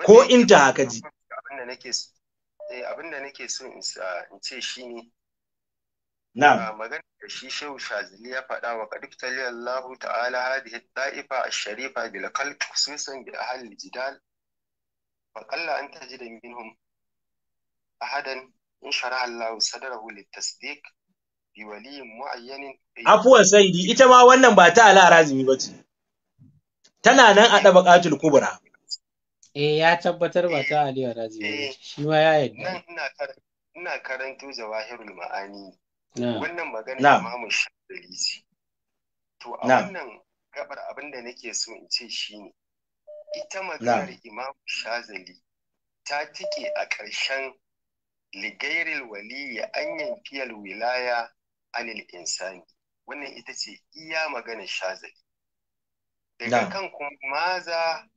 Speaker 2: Ko in ta haka ji.
Speaker 5: Eh, abin da nake so in ce shi ne ah, magana da shi shehu shazili ya faɗa wa Taliyar Allah ta'ala hadhihi ad-da'ifa ash-sharifa bil qalb khususan bi ahli jidal faƙalla an taji da minhum hadan in shara Allah sadrahu lit-tasdiq bi waliyin mu'ayyanin
Speaker 2: afuwan ita ma wannan ba ta ala razumi ce. tana
Speaker 1: nan a ɗaba ƙatul kubra Eh ya tabbatar ba ta eh, Aliyu Razi ba eh, shi ma ya yadda.
Speaker 5: Ina karanto Jawahirul Ma'ani. Wannan magana Imam Shafi'i To a wannan gabar abin da nake so in ce shi ne. Ita maganar Imamu Shazali ta tike a ƙarshen ligairil ya anyan fiyal wilaya anil insani. Wannan ita ce iya maganar Shazali. Daga kan kuma maza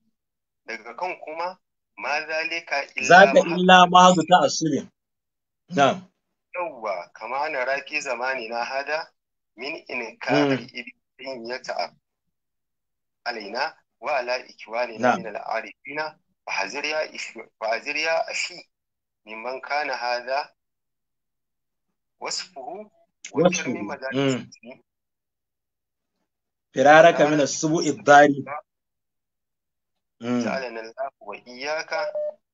Speaker 5: daga kan kuma ma zalika
Speaker 3: illa zaka illa ma ta asiri na
Speaker 5: yawwa kama na raki zamani na hada min inkari hmm. irin ya ta alaina wa ala ikwani na min al'arifina fa hazir ya fa hazir ya ashi mimman kana hada wasfuhu wa tarmi madalisi hmm.
Speaker 2: firaraka min
Speaker 5: جعلنا الله وإياك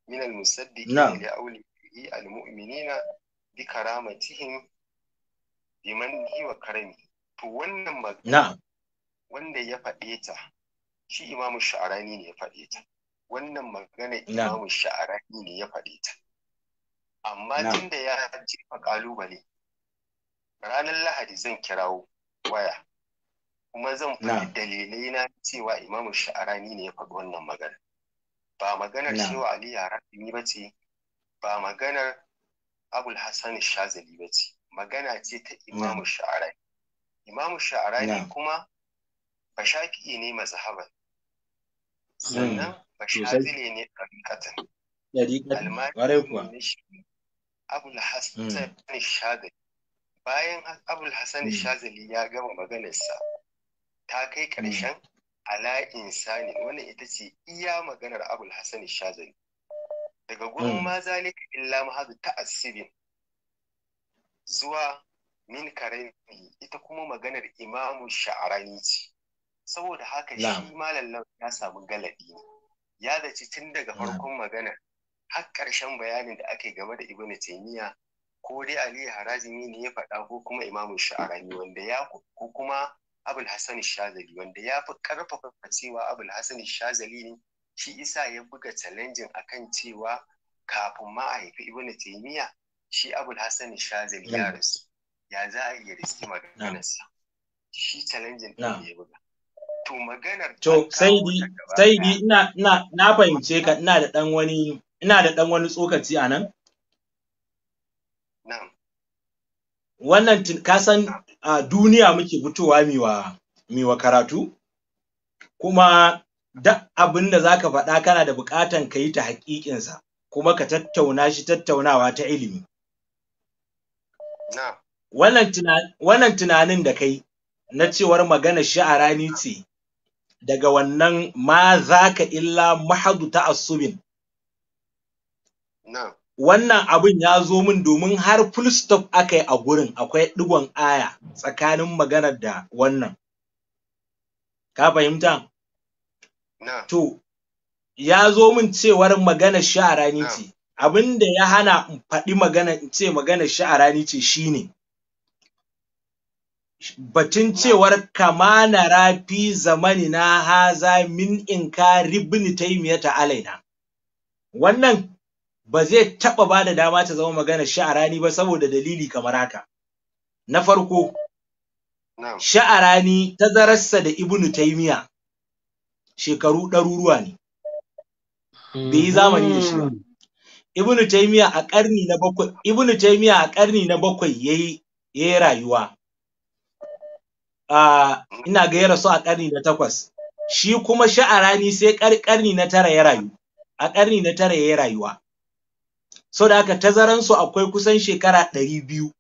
Speaker 5: من المصدقين لأولياء المؤمنين بكرامتهم بمنه وكرمه to wannan magana wanda ya faɗe ta shi imamu sha'arani ne ya faɗe ta wannan magana imamu sha'arani ne ya faɗe ta amma tunda ya jefa ƙalubale ranar lahadi zan kirawo waya kuma zan faɗi dalilai na cewa imamu sha'arani ne ya faɗi wannan magana ba maganar cewa ali harami ba ce ba maganar abul hassan shazali ba ce magana ce ta imamu sha'arani imamu sha'arani kuma ba shafi'i ne mazhaban
Speaker 4: hmm. sannan
Speaker 5: ba shazili ne ɗariƙatan abul hassan hmm. shazali bayan abul hassan hmm. shazali ya gama maganarsa ta kai ƙarshen mm. ala insani wannan ita ce iya maganar abul hasan shazali daga gurin mm. ma zalika illa mahazu asirin zuwa min karami ita kuma maganar imamu sha'arani ce saboda haka shi malallan ya samu galadi ne ya zaci tun daga farkon maganar har ƙarshen bayanin da ake game da ibnu taymiya ko dai ali harajimi ne ya faɗa ko kuma imamu sha'arani wanda ya ko kuma abul hassan shazali wanda ya fi karfafa cewa abul hassan shazali ne shi isa ya buga challenging akan cewa kafin ma a haifi ibn taymiya shi abul hassan shazali ya rasu ya za a iya riski maganarsa shi challenging din ya buga to maganar
Speaker 3: to sai di
Speaker 2: sai di ina ina na fahimce ka ina da dan wani ina da dan wani tsokaci anan wannan ka san a duniya muke fitowa mai wa karatu kuma duk abin da zaka faɗa kana da buƙatan ka yi ta haƙiƙinsa kuma ka tattauna shi tattaunawa ta ilimi wannan tunanin da kai na cewar magana ni ce daga wannan ma za ka illa mahadu ta asubin. wannan abin ya zo min domin har full stop aka yi a gurin akwai digon aya tsakanin maganar da wannan ka fahimta to ya zo min cewar maganar sha'arani ce abin da ya hana in faɗi magana in ce maganar sha'arani ce shine batun cewar kama na rafi zamani na haza min in ka ribni taimiyata alaina wannan ba zai taɓa ba da dama ta zama magana sha'arani ba saboda dalili kamar haka. Na farko, sha'arani tazararsa da Ibnu Taimiya shekaru ɗaruruwa ne,
Speaker 3: bai yi zamani da shi hmm.
Speaker 2: Ibnu Taimiya a ƙarni na bakwai, Ibnu Taimiya a ƙarni na bakwai yayi yayi rayuwa. Ah, ina ga ya rasu a ƙarni na takwas. Shi kuma sha'arani sai karni na tara ya rayu, a ƙarni na tara ya rayuwa. so da haka tazaransu akwai kusan shekara ɗari biyu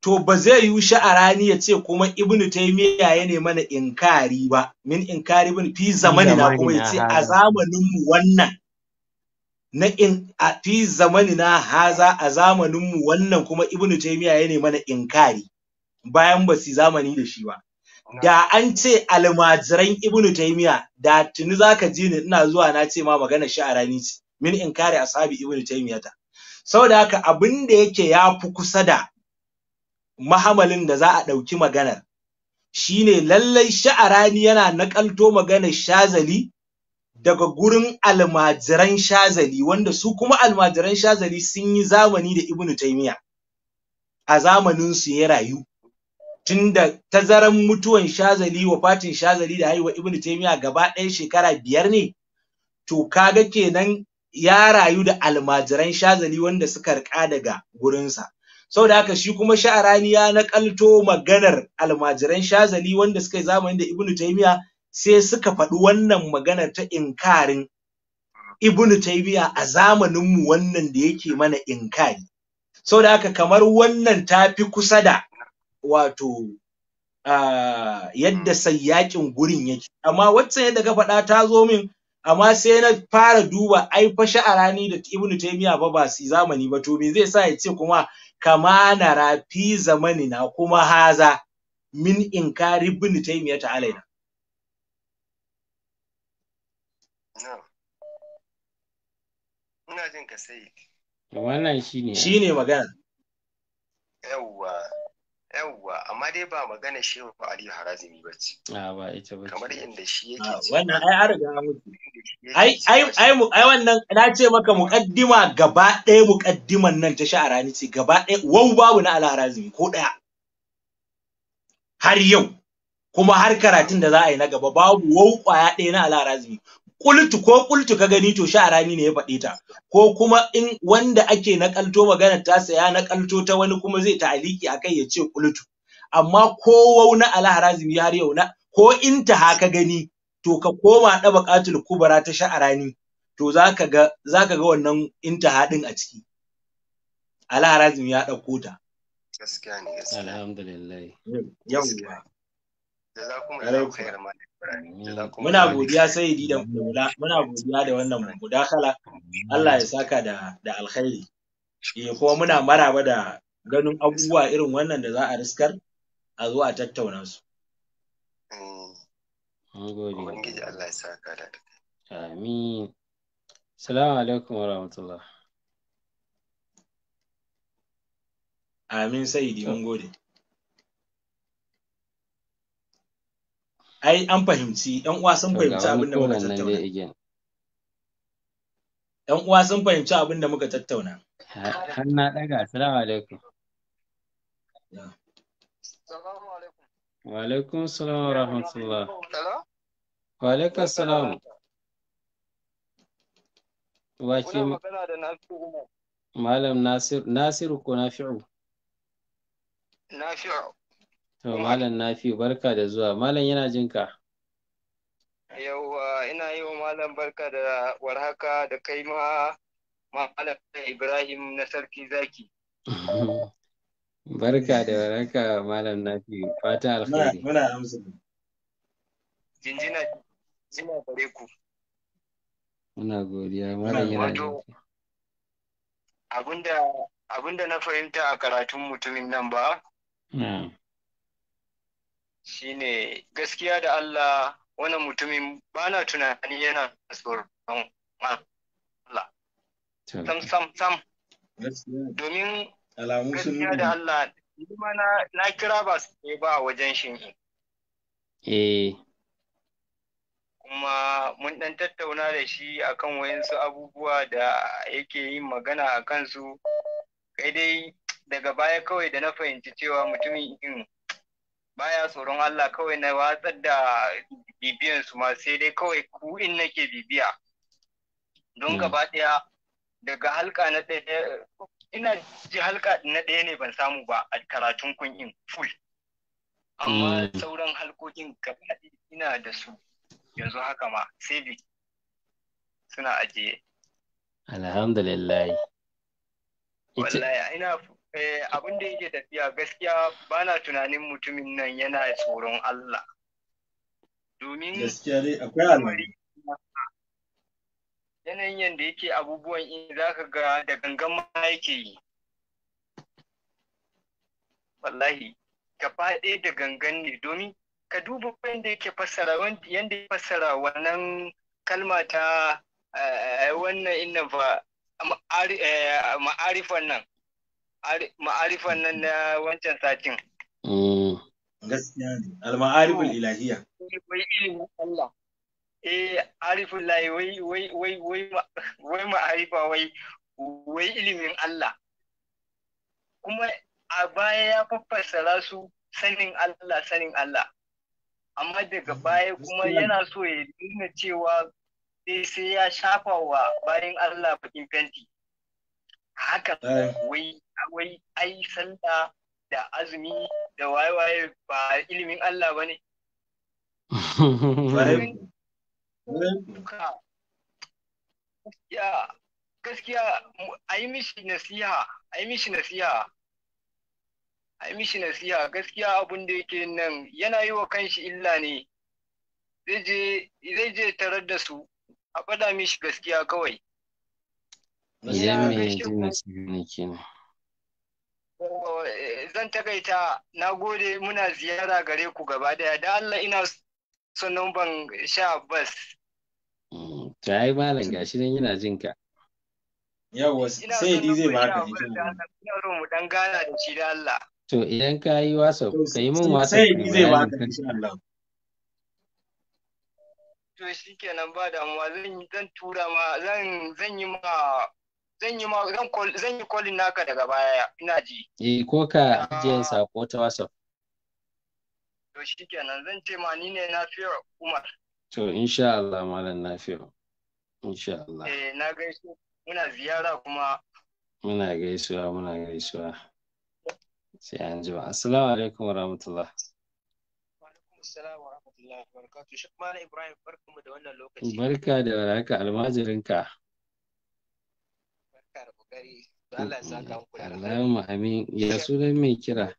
Speaker 2: to ba zai yi sha'arani ya ce kuma ibnu taymiya ya ne mana inkari ba min inkari bin fi zamani na kuma ya ce a zamaninmu wannan na in a fi zamani na haza a zamaninmu wannan kuma ibnu taymiya ya ne mana inkari bayan ba su zamani da shi ba da an ce almajiran ibnu taymiya da tuni zaka ji ni ina zuwa na ce ma magana sha'arani ce min inkari ashabi ibnu taymiya ta saboda haka abin da yake ya fi kusa da mahamalin da za a ɗauki maganar shine lallai sha'arani yana naƙalto maganar shazali daga gurin almajiran shazali wanda su kuma almajiran shazali sun yi zamani da ibnu taimiya a zamanin su ya rayu tunda tazaran mutuwan shazali wafatin shazali da haihuwa ibnu taimiya gaba ɗaya shekara biyar ne to kaga kenan ya rayu da almajiran shazali wanda suka rika daga gurinsa saboda haka shi kuma sha'arani ya nakalto maganar almajiran shazali wanda suka yi zamani da ibnu taymiya sai suka faɗi wannan maganar ta inkarin ibnu taymiya a zamanin mu wannan da yake mana inkari saboda haka kamar wannan ta fi kusa da wato ah, yadda sayyakin gurin yake amma waccan yadda ka faɗa ta zo min amma sai na fara duba ai fa sha'arani da Ibn taymiya ba ba su zamani ba to me zai sa ya ce kuma kama na rafi na, kuma haza min inkari Ibn taymiya ta alaina
Speaker 5: ina jin ka sai
Speaker 1: wannan shine shine magana
Speaker 5: yawwa yawwa amma dai ba magana ba ali harazimi ba ce a ba ita ba kamar yadda shi yake ce wannan ai
Speaker 1: an riga
Speaker 2: mutu ai ai ai ai wannan na ce maka muqaddima gaba ɗaya muqaddiman nan ta sha'arani ce gaba ɗaya wau babu na Ali harazimi ko ɗaya har yau kuma har karatun da za a yi na gaba babu wau kwaya ɗaya na Ali harazimi kultu ko kultu ka gani to sha'arani ne ya faɗe ta ko kuma in wanda ake nakalto magana ta saya nakalto ta wani kuma zai ta'aliki akai ya ce kultu amma ko wauna alharazimi har yau na ko inta ka gani to ka koma bakatul kubra ta sha'arani to zaka ga zaka ga wannan inta hadin a ciki alharazimi ya ɗauko ta
Speaker 1: gaskiya ne alhamdulillah
Speaker 2: yawa Muna godiya sai da kula, muna godiya da wannan kala Allah ya saka da da alkhairi. Eh kuma muna maraba da ganin abubuwa irin wannan da za a riskar a zo
Speaker 1: a tattauna su.
Speaker 5: Mun gode. Allah ya saka
Speaker 1: da Amin. Assalamu alaikum Amin mun gode.
Speaker 2: ai an fahimci yan uwa sun fahimci abin da muka tattauna yan uwa sun fahimci abin da muka tattauna
Speaker 1: har na daga assalamu alaikum wa alaikum salam wa rahmatullah wa alaikum salam wace malam nasiru ko nafi'u nafi'u To eh. Malam Nafi barka da zuwa. Malam yana jin ka.
Speaker 6: Yauwa ina yi wa Malam barka da warhaka da kai ma Malam Ibrahim na Sarki Zaki. (laughs)
Speaker 1: Barka da warhaka Malam Nafi fata alkhairi.
Speaker 2: Muna amsa. Jinjina jina gare ku.
Speaker 1: Muna godiya Malam yana jin
Speaker 2: ka.
Speaker 6: Abinda abinda na fahimta a karatun mutumin nan ba. Na'am. shine gaskiya da Allah wannan mutumin ba na tunani yana tsoron Allah sam sam sam domin gaskiya da Allah ma na kira ba su ne ba wajen shi eh kuma mun ɗan tattauna da shi akan wayansu abubuwa da yake yin magana a kansu kai dai daga baya kawai da na fahimci cewa mutumin in baya tsoron Allah kawai na watsar da bibiyan su ma sai dai kawai ku in nake bibiya don hmm. gaba daya daga halka na daya ina ji halka na daya ne ban samu ba a karatun kun in full
Speaker 3: amma hmm.
Speaker 6: sauran halkokin gaba ina da su yanzu haka ma sai suna ajiye
Speaker 1: alhamdulillah
Speaker 6: wallahi ina Eh, abin da yake tafiya gaskiya ba na tunanin mutumin nan yana tsoron Allah.
Speaker 5: Domin gaskiya akwai
Speaker 6: Yanayin yadda yake abubuwan in za ka ga da gangan ma yake yi. Wallahi, ka faɗe da gangan ne domin ka duba yadda yake fassara yadda ya fassara wannan kalma ta eh, wannan inna eh, ma'arifan nan. ma'arifan nan na wancan satin.
Speaker 3: Mm.
Speaker 2: Gaskiya ne, al-ma'ariful ilahiya.
Speaker 6: Wai ilimin Allah. Eh, arifin layi wai ma'arifa wai wai ilimin Allah. Kuma a baya ya faffasara su sanin Allah sanin Allah. Amma daga baya kuma yana so ya nuna cewa sai sai ya shafa wa bayan Allah bakin fenti. Haka eh. wai wai ai sallah da azumi da waye-waye ba ilimin Allah ba ne. (laughs) Gaskiya a yi mishi nasiha, a yi mishi nasiha, a yi mishi nasiha gaskiya abin da yake nan yana yi wa kanshi illa ne, zai je tarar da su, a faɗa mishi gaskiya kawai.
Speaker 1: Idan mai yi
Speaker 3: nasiha
Speaker 1: ne kenan.
Speaker 6: Eh, zan takaita na gode muna ziyara gare ku gaba daya da Allah ina son numban sha bas.
Speaker 1: Ka hmm, yi malam gashi nan yana jin ka. Yawwa
Speaker 6: sai yi zai ba ka jikin. Ina son mu dan gana da shi da Allah.
Speaker 1: To idan ka yi wasa ka yi min wasa. Sai yi zai ba ka
Speaker 3: insha Allah.
Speaker 6: To shi kenan ba damuwa zan zan tura ma zan zan yi ma zan yi kolin naka daga baya ina ji
Speaker 1: E, ko ka ah. je sako ta WhatsApp
Speaker 6: to kenan zan ce ma ni ne fiye Umar
Speaker 1: to insha Allah malam fiye insha Allah
Speaker 6: eh na gaisu. muna ziyara kuma
Speaker 1: muna gaisuwa muna gaisuwa sai an ji ba assalamu alaikum warahmatullah
Speaker 6: wa rahmatullahi wa barakatuh. Shek
Speaker 1: Malam Ibrahim barkamu da wannan lokaci. Barka da warhaka almajirinka. kokari Allah ya saka muku amin ya sunan mai kira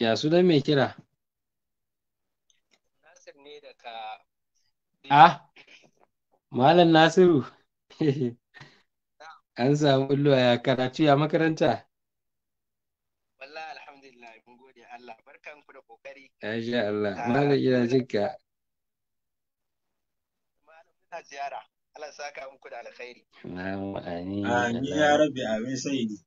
Speaker 1: ya sunan mai kira
Speaker 5: Nasir ne daga
Speaker 1: ah Malam Nasiru (laughs) an samu ulluwa ya karatu ya makaranta wallahi alhamdulillah mun gode Allah barkanku da kokari Allah ah, malam ina jinka
Speaker 2: ina ziyara Allah
Speaker 6: saka muku da alkhairi
Speaker 1: amin ya rabbi amin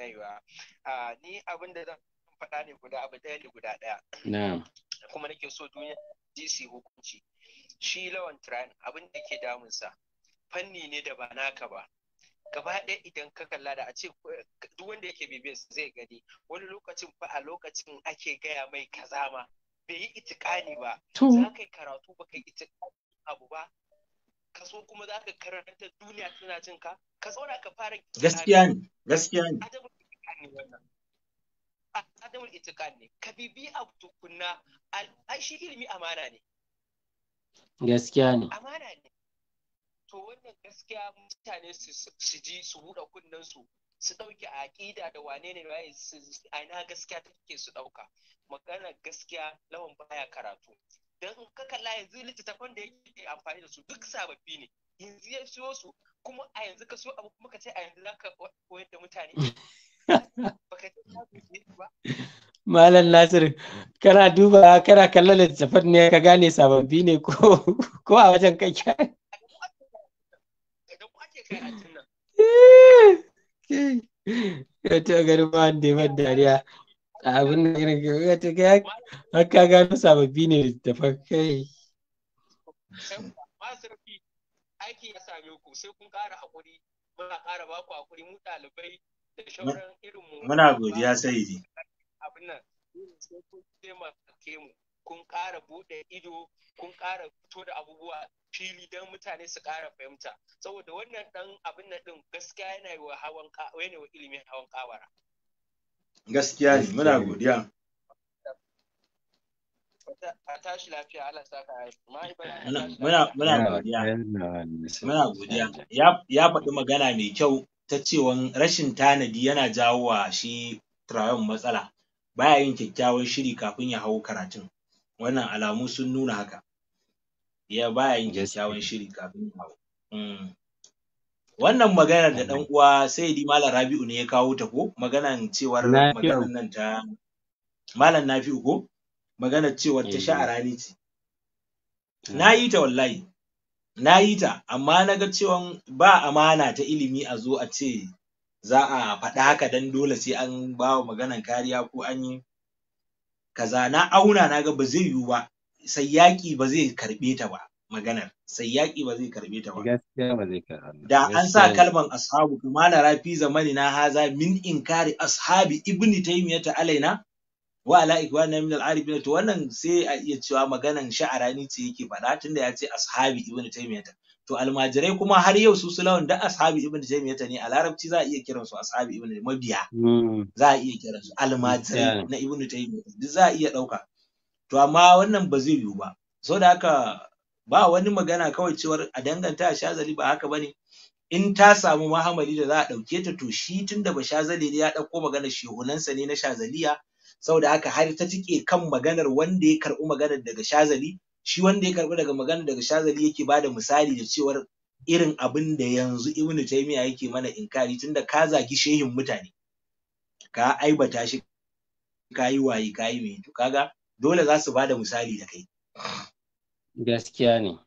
Speaker 1: aiwa
Speaker 6: a ni abin da zan faɗa ne guda abu ɗaya ne guda ɗaya na'am kuma nake so duniya DC hukunci shi lawan tran abin da yake damunsa fanni ne da ba naka ba gaba ɗaya idan ka kalla da a ce duk wanda yake bibiyar zai gani wani lokacin ba a lokacin ake
Speaker 2: gaya mai kaza ma bai yi itikani ba za ka yi karatu ba ka yi itikani abu ba ka so kuma za ka karanta duniya tana jin ka ka zauna ka fara
Speaker 3: gaskiya ne gaskiya ne adabul itikani wannan
Speaker 5: adabul itikani ne ka bibi abu tukunna ai shi ilimi amana ne gaskiya
Speaker 6: ne amana ne to wannan gaskiya mutane su ji su buɗe kunnen
Speaker 2: su su ɗauki aƙida da wane ne waye su aina gaskiya take su ɗauka maganar gaskiya lawan baya karatu don ka kalla yanzu littattafan da yake amfani da su duk sababbi ne yanzu ya siyo su kuma a yanzu ka so abu kuma ka ce a yanzu za ka koyar da mutane
Speaker 1: Malam Nasir, kana duba kana kallon littattafan ne ka gane sababbi ne ko a wajen kai (laughs) ya ta gani ma da ban dariya abin da irin ya ta ga har ka gano sababbi ne da kai aiki ya same
Speaker 2: ku sai kun ƙara haƙuri muna ƙara ba ku haƙuri mu ɗalibai da shauran irin mu muna godiya sai abin nan sai kun mu
Speaker 6: kun ƙara buɗe ido kun ƙara fito da abubuwa fili don mutane su ƙara fahimta saboda wannan ɗan abin nan ɗin gaskiya yana yi wa hawan
Speaker 2: yana wa ilimin hawan kawara gaskiya ne muna godiya tashi lafiya saka muna muna godiya muna
Speaker 3: godiya
Speaker 2: ya faɗi magana mai kyau ta cewa rashin tanadi yana jawo wa shi Trayon matsala baya yin kyakkyawan shiri kafin ya hau karatun wannan alamu sun nuna haka ya baya yin kyakkyawan shiri kafin mm. wannan maganar da dan uwa sai di malam rabi'u ne ya kawo ta ko magana cewar maganar nan ta malam nafi'u ko maganar cewar ta eh. ne ce na yi ta wallahi na yi ta amma na ga cewa ba amana ta ilimi a zo a ce za a faɗa haka dan dole sai an ba wa maganan kariya ko an yi kaza na auna na ga ba zai yiwu ba sai yaƙi ba zai karɓe ta ba maganar sai yaƙi ba zai karɓe ta
Speaker 3: ba da an sa kalman
Speaker 2: ashabu kuma na rafi zamani na haza min inkari ashabi ibni taymiyata alaina wa ala ikwana min al-arifin to wannan sai a iya cewa maganan sha'arani ce yake faɗa tunda ya ce ashabi ibni taymiyah to almajirai kuma har yau su sulawun da ashabi ibn ta ne a larabci za a iya kiran su ashabi ibn mabiya hmm. za a iya kiran su almajirai na ibn taymiyyah duk za a iya dauka to amma wannan ba zai yiwu ba so da haka ba wani magana kawai cewar a danganta a shazali ba haka bane in ta samu mahamali da za a ɗauke ta to shi tun da ba shazali ya ɗauko maganar shehunansa ne na shazaliya saboda haka har ta jike kan maganar wanda ya karɓi maganar daga shazali shi wanda ya karbi daga magana daga shazali yake bada misali da cewar irin abin da yanzu ibn taymiya yake mana inkari tunda ka zagi shehin mutane ka aibata shi ka yi waye ka yi mai to kaga dole za su bada misali da kai
Speaker 1: gaskiya ne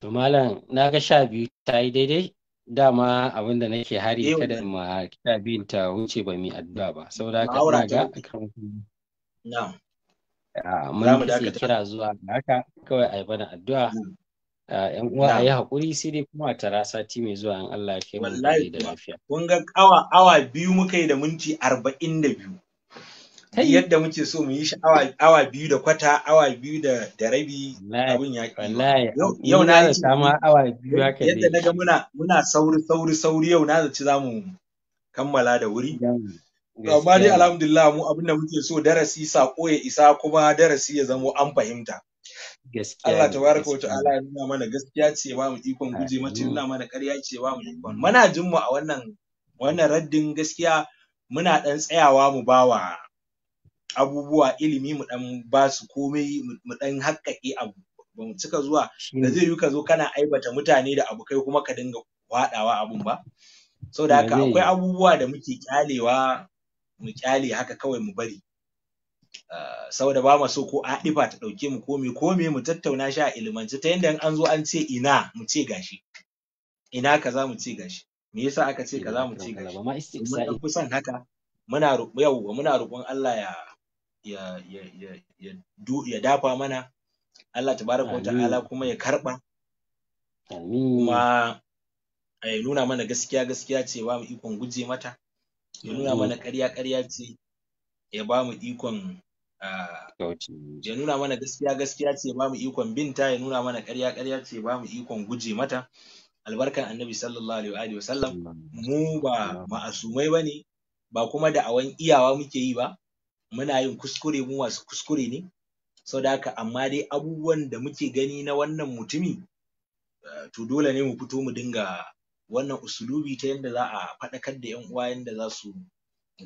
Speaker 1: to malam na ga sha biyu ta yi daidai dama abin da nake hari eh, kada ma sha biyun ta wuce ba mi addu'a ba saboda haka na ga
Speaker 3: na'am mun yi
Speaker 1: kira zuwa da haka kawai a yi bana addu'a yan uwa a yi haƙuri sai dai kuma a tara sati mai zuwa in Allah ya mun mu da lafiya.
Speaker 2: Kun ga awa awa biyu muka yi da minti arba'in da biyu. Yadda muke so mu yi shi awa biyu da kwata awa biyu da da rabi
Speaker 3: abin ya Yau na da sama awa biyu haka Yadda na
Speaker 2: ga muna sauri sauri sauri yau na zaci za mu kammala da wuri. amma dai alhamdulillah mu abin da muke so darasi sako ya isa kuma darasi ya zamo an fahimta Allah baraka wa ta'ala ya nuna mana gaskiya ce ba mu ikon guje mata nuna mana ƙarya ce ba mu ikon muna jin mu a wannan wannan raddin gaskiya muna dan tsayawa mu bawa abubuwa ilimi mu dan ba su komai mu dan haƙƙaƙe abu ba mu cika zuwa da zai yi ka zo kana aibata mutane da abu kai kuma ka dinga waɗawa abun ba sau da haka akwai abubuwa da muke kyalewa mu kyale haka kawai mu bari ah, saboda ba mu so ko a difa ta dauke mu ko kome mu tattauna shi a ilimance ta yanda an zo an ce ina mu ce gashi ina kaza mu ce gashi me yasa aka ce kaza mu ce gashi mun fi kusan haka muna yauwa muna roƙon Allah ya ya ya ya ya dafa mana Allah tabaraka wa ta'ala kuma ya karba kuma ya eh, nuna mana gaskiya gaskiya ce ba mu ikon guje mata ya nuna eh. mana ƙarya ƙarya ce ya ba mu ikon ya nuna mana gaskiya gaskiya ce ba mu ikon binta ya nuna mana ƙarya ƙarya ce ba mu ikon guje mata albarkan annabi sallallahu alaihi wa sallam mu ba ma'asumai bane ba kuma da awan iyawa muke yi ba muna yin kuskure mu masu kuskure ne sau da haka amma dai abubuwan da muke gani na wannan mutumi eh, to dole ne mu fito mu dinga wannan usulubi ta yadda za a faɗakar da 'yan uwa yadda za su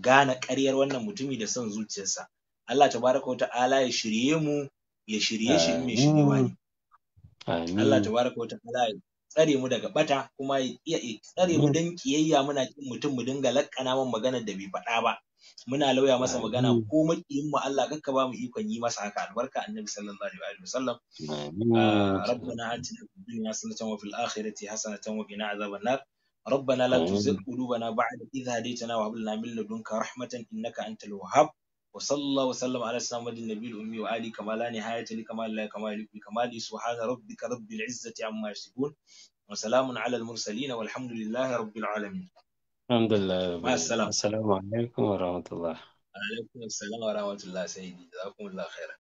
Speaker 2: gane ƙaryar wannan mutumi da son zuciyarsa Allah tabaraka wata'ala ya shirye mu ya shirye shi in ya shirye
Speaker 1: ne.
Speaker 3: Allah tabaraka
Speaker 2: wata'ala ya tsare mu daga ɓata kuma ya tsare mu don ƙiyayya muna ƙin mutum mu dinga laƙƙana man maganar da bai faɗa ba muna lauya masa magana ko makiyin mu Allah kakka ba mu ikon yi masa haka albarka annabi sallallahu alaihi wasallam rabbana atina fid dunya hasanatan wa fil akhirati hasanatan wa qina azaban nar ربنا لا تزغ قلوبنا بعد إذ هديتنا وهب لنا من لدنك رحمة إنك أنت الوهاب وصلى الله وسلم على سيدنا النبي الأمي وآله كما لا نهاية لكمال الله كمال بكماله سبحان ربك رب العزة عما يصفون وسلام على المرسلين والحمد
Speaker 3: لله رب العالمين
Speaker 1: الحمد لله مع بخير السلامة السلام عليكم ورحمة الله
Speaker 3: عليكم السلام ورحمة الله سيدي جزاكم الله خيرا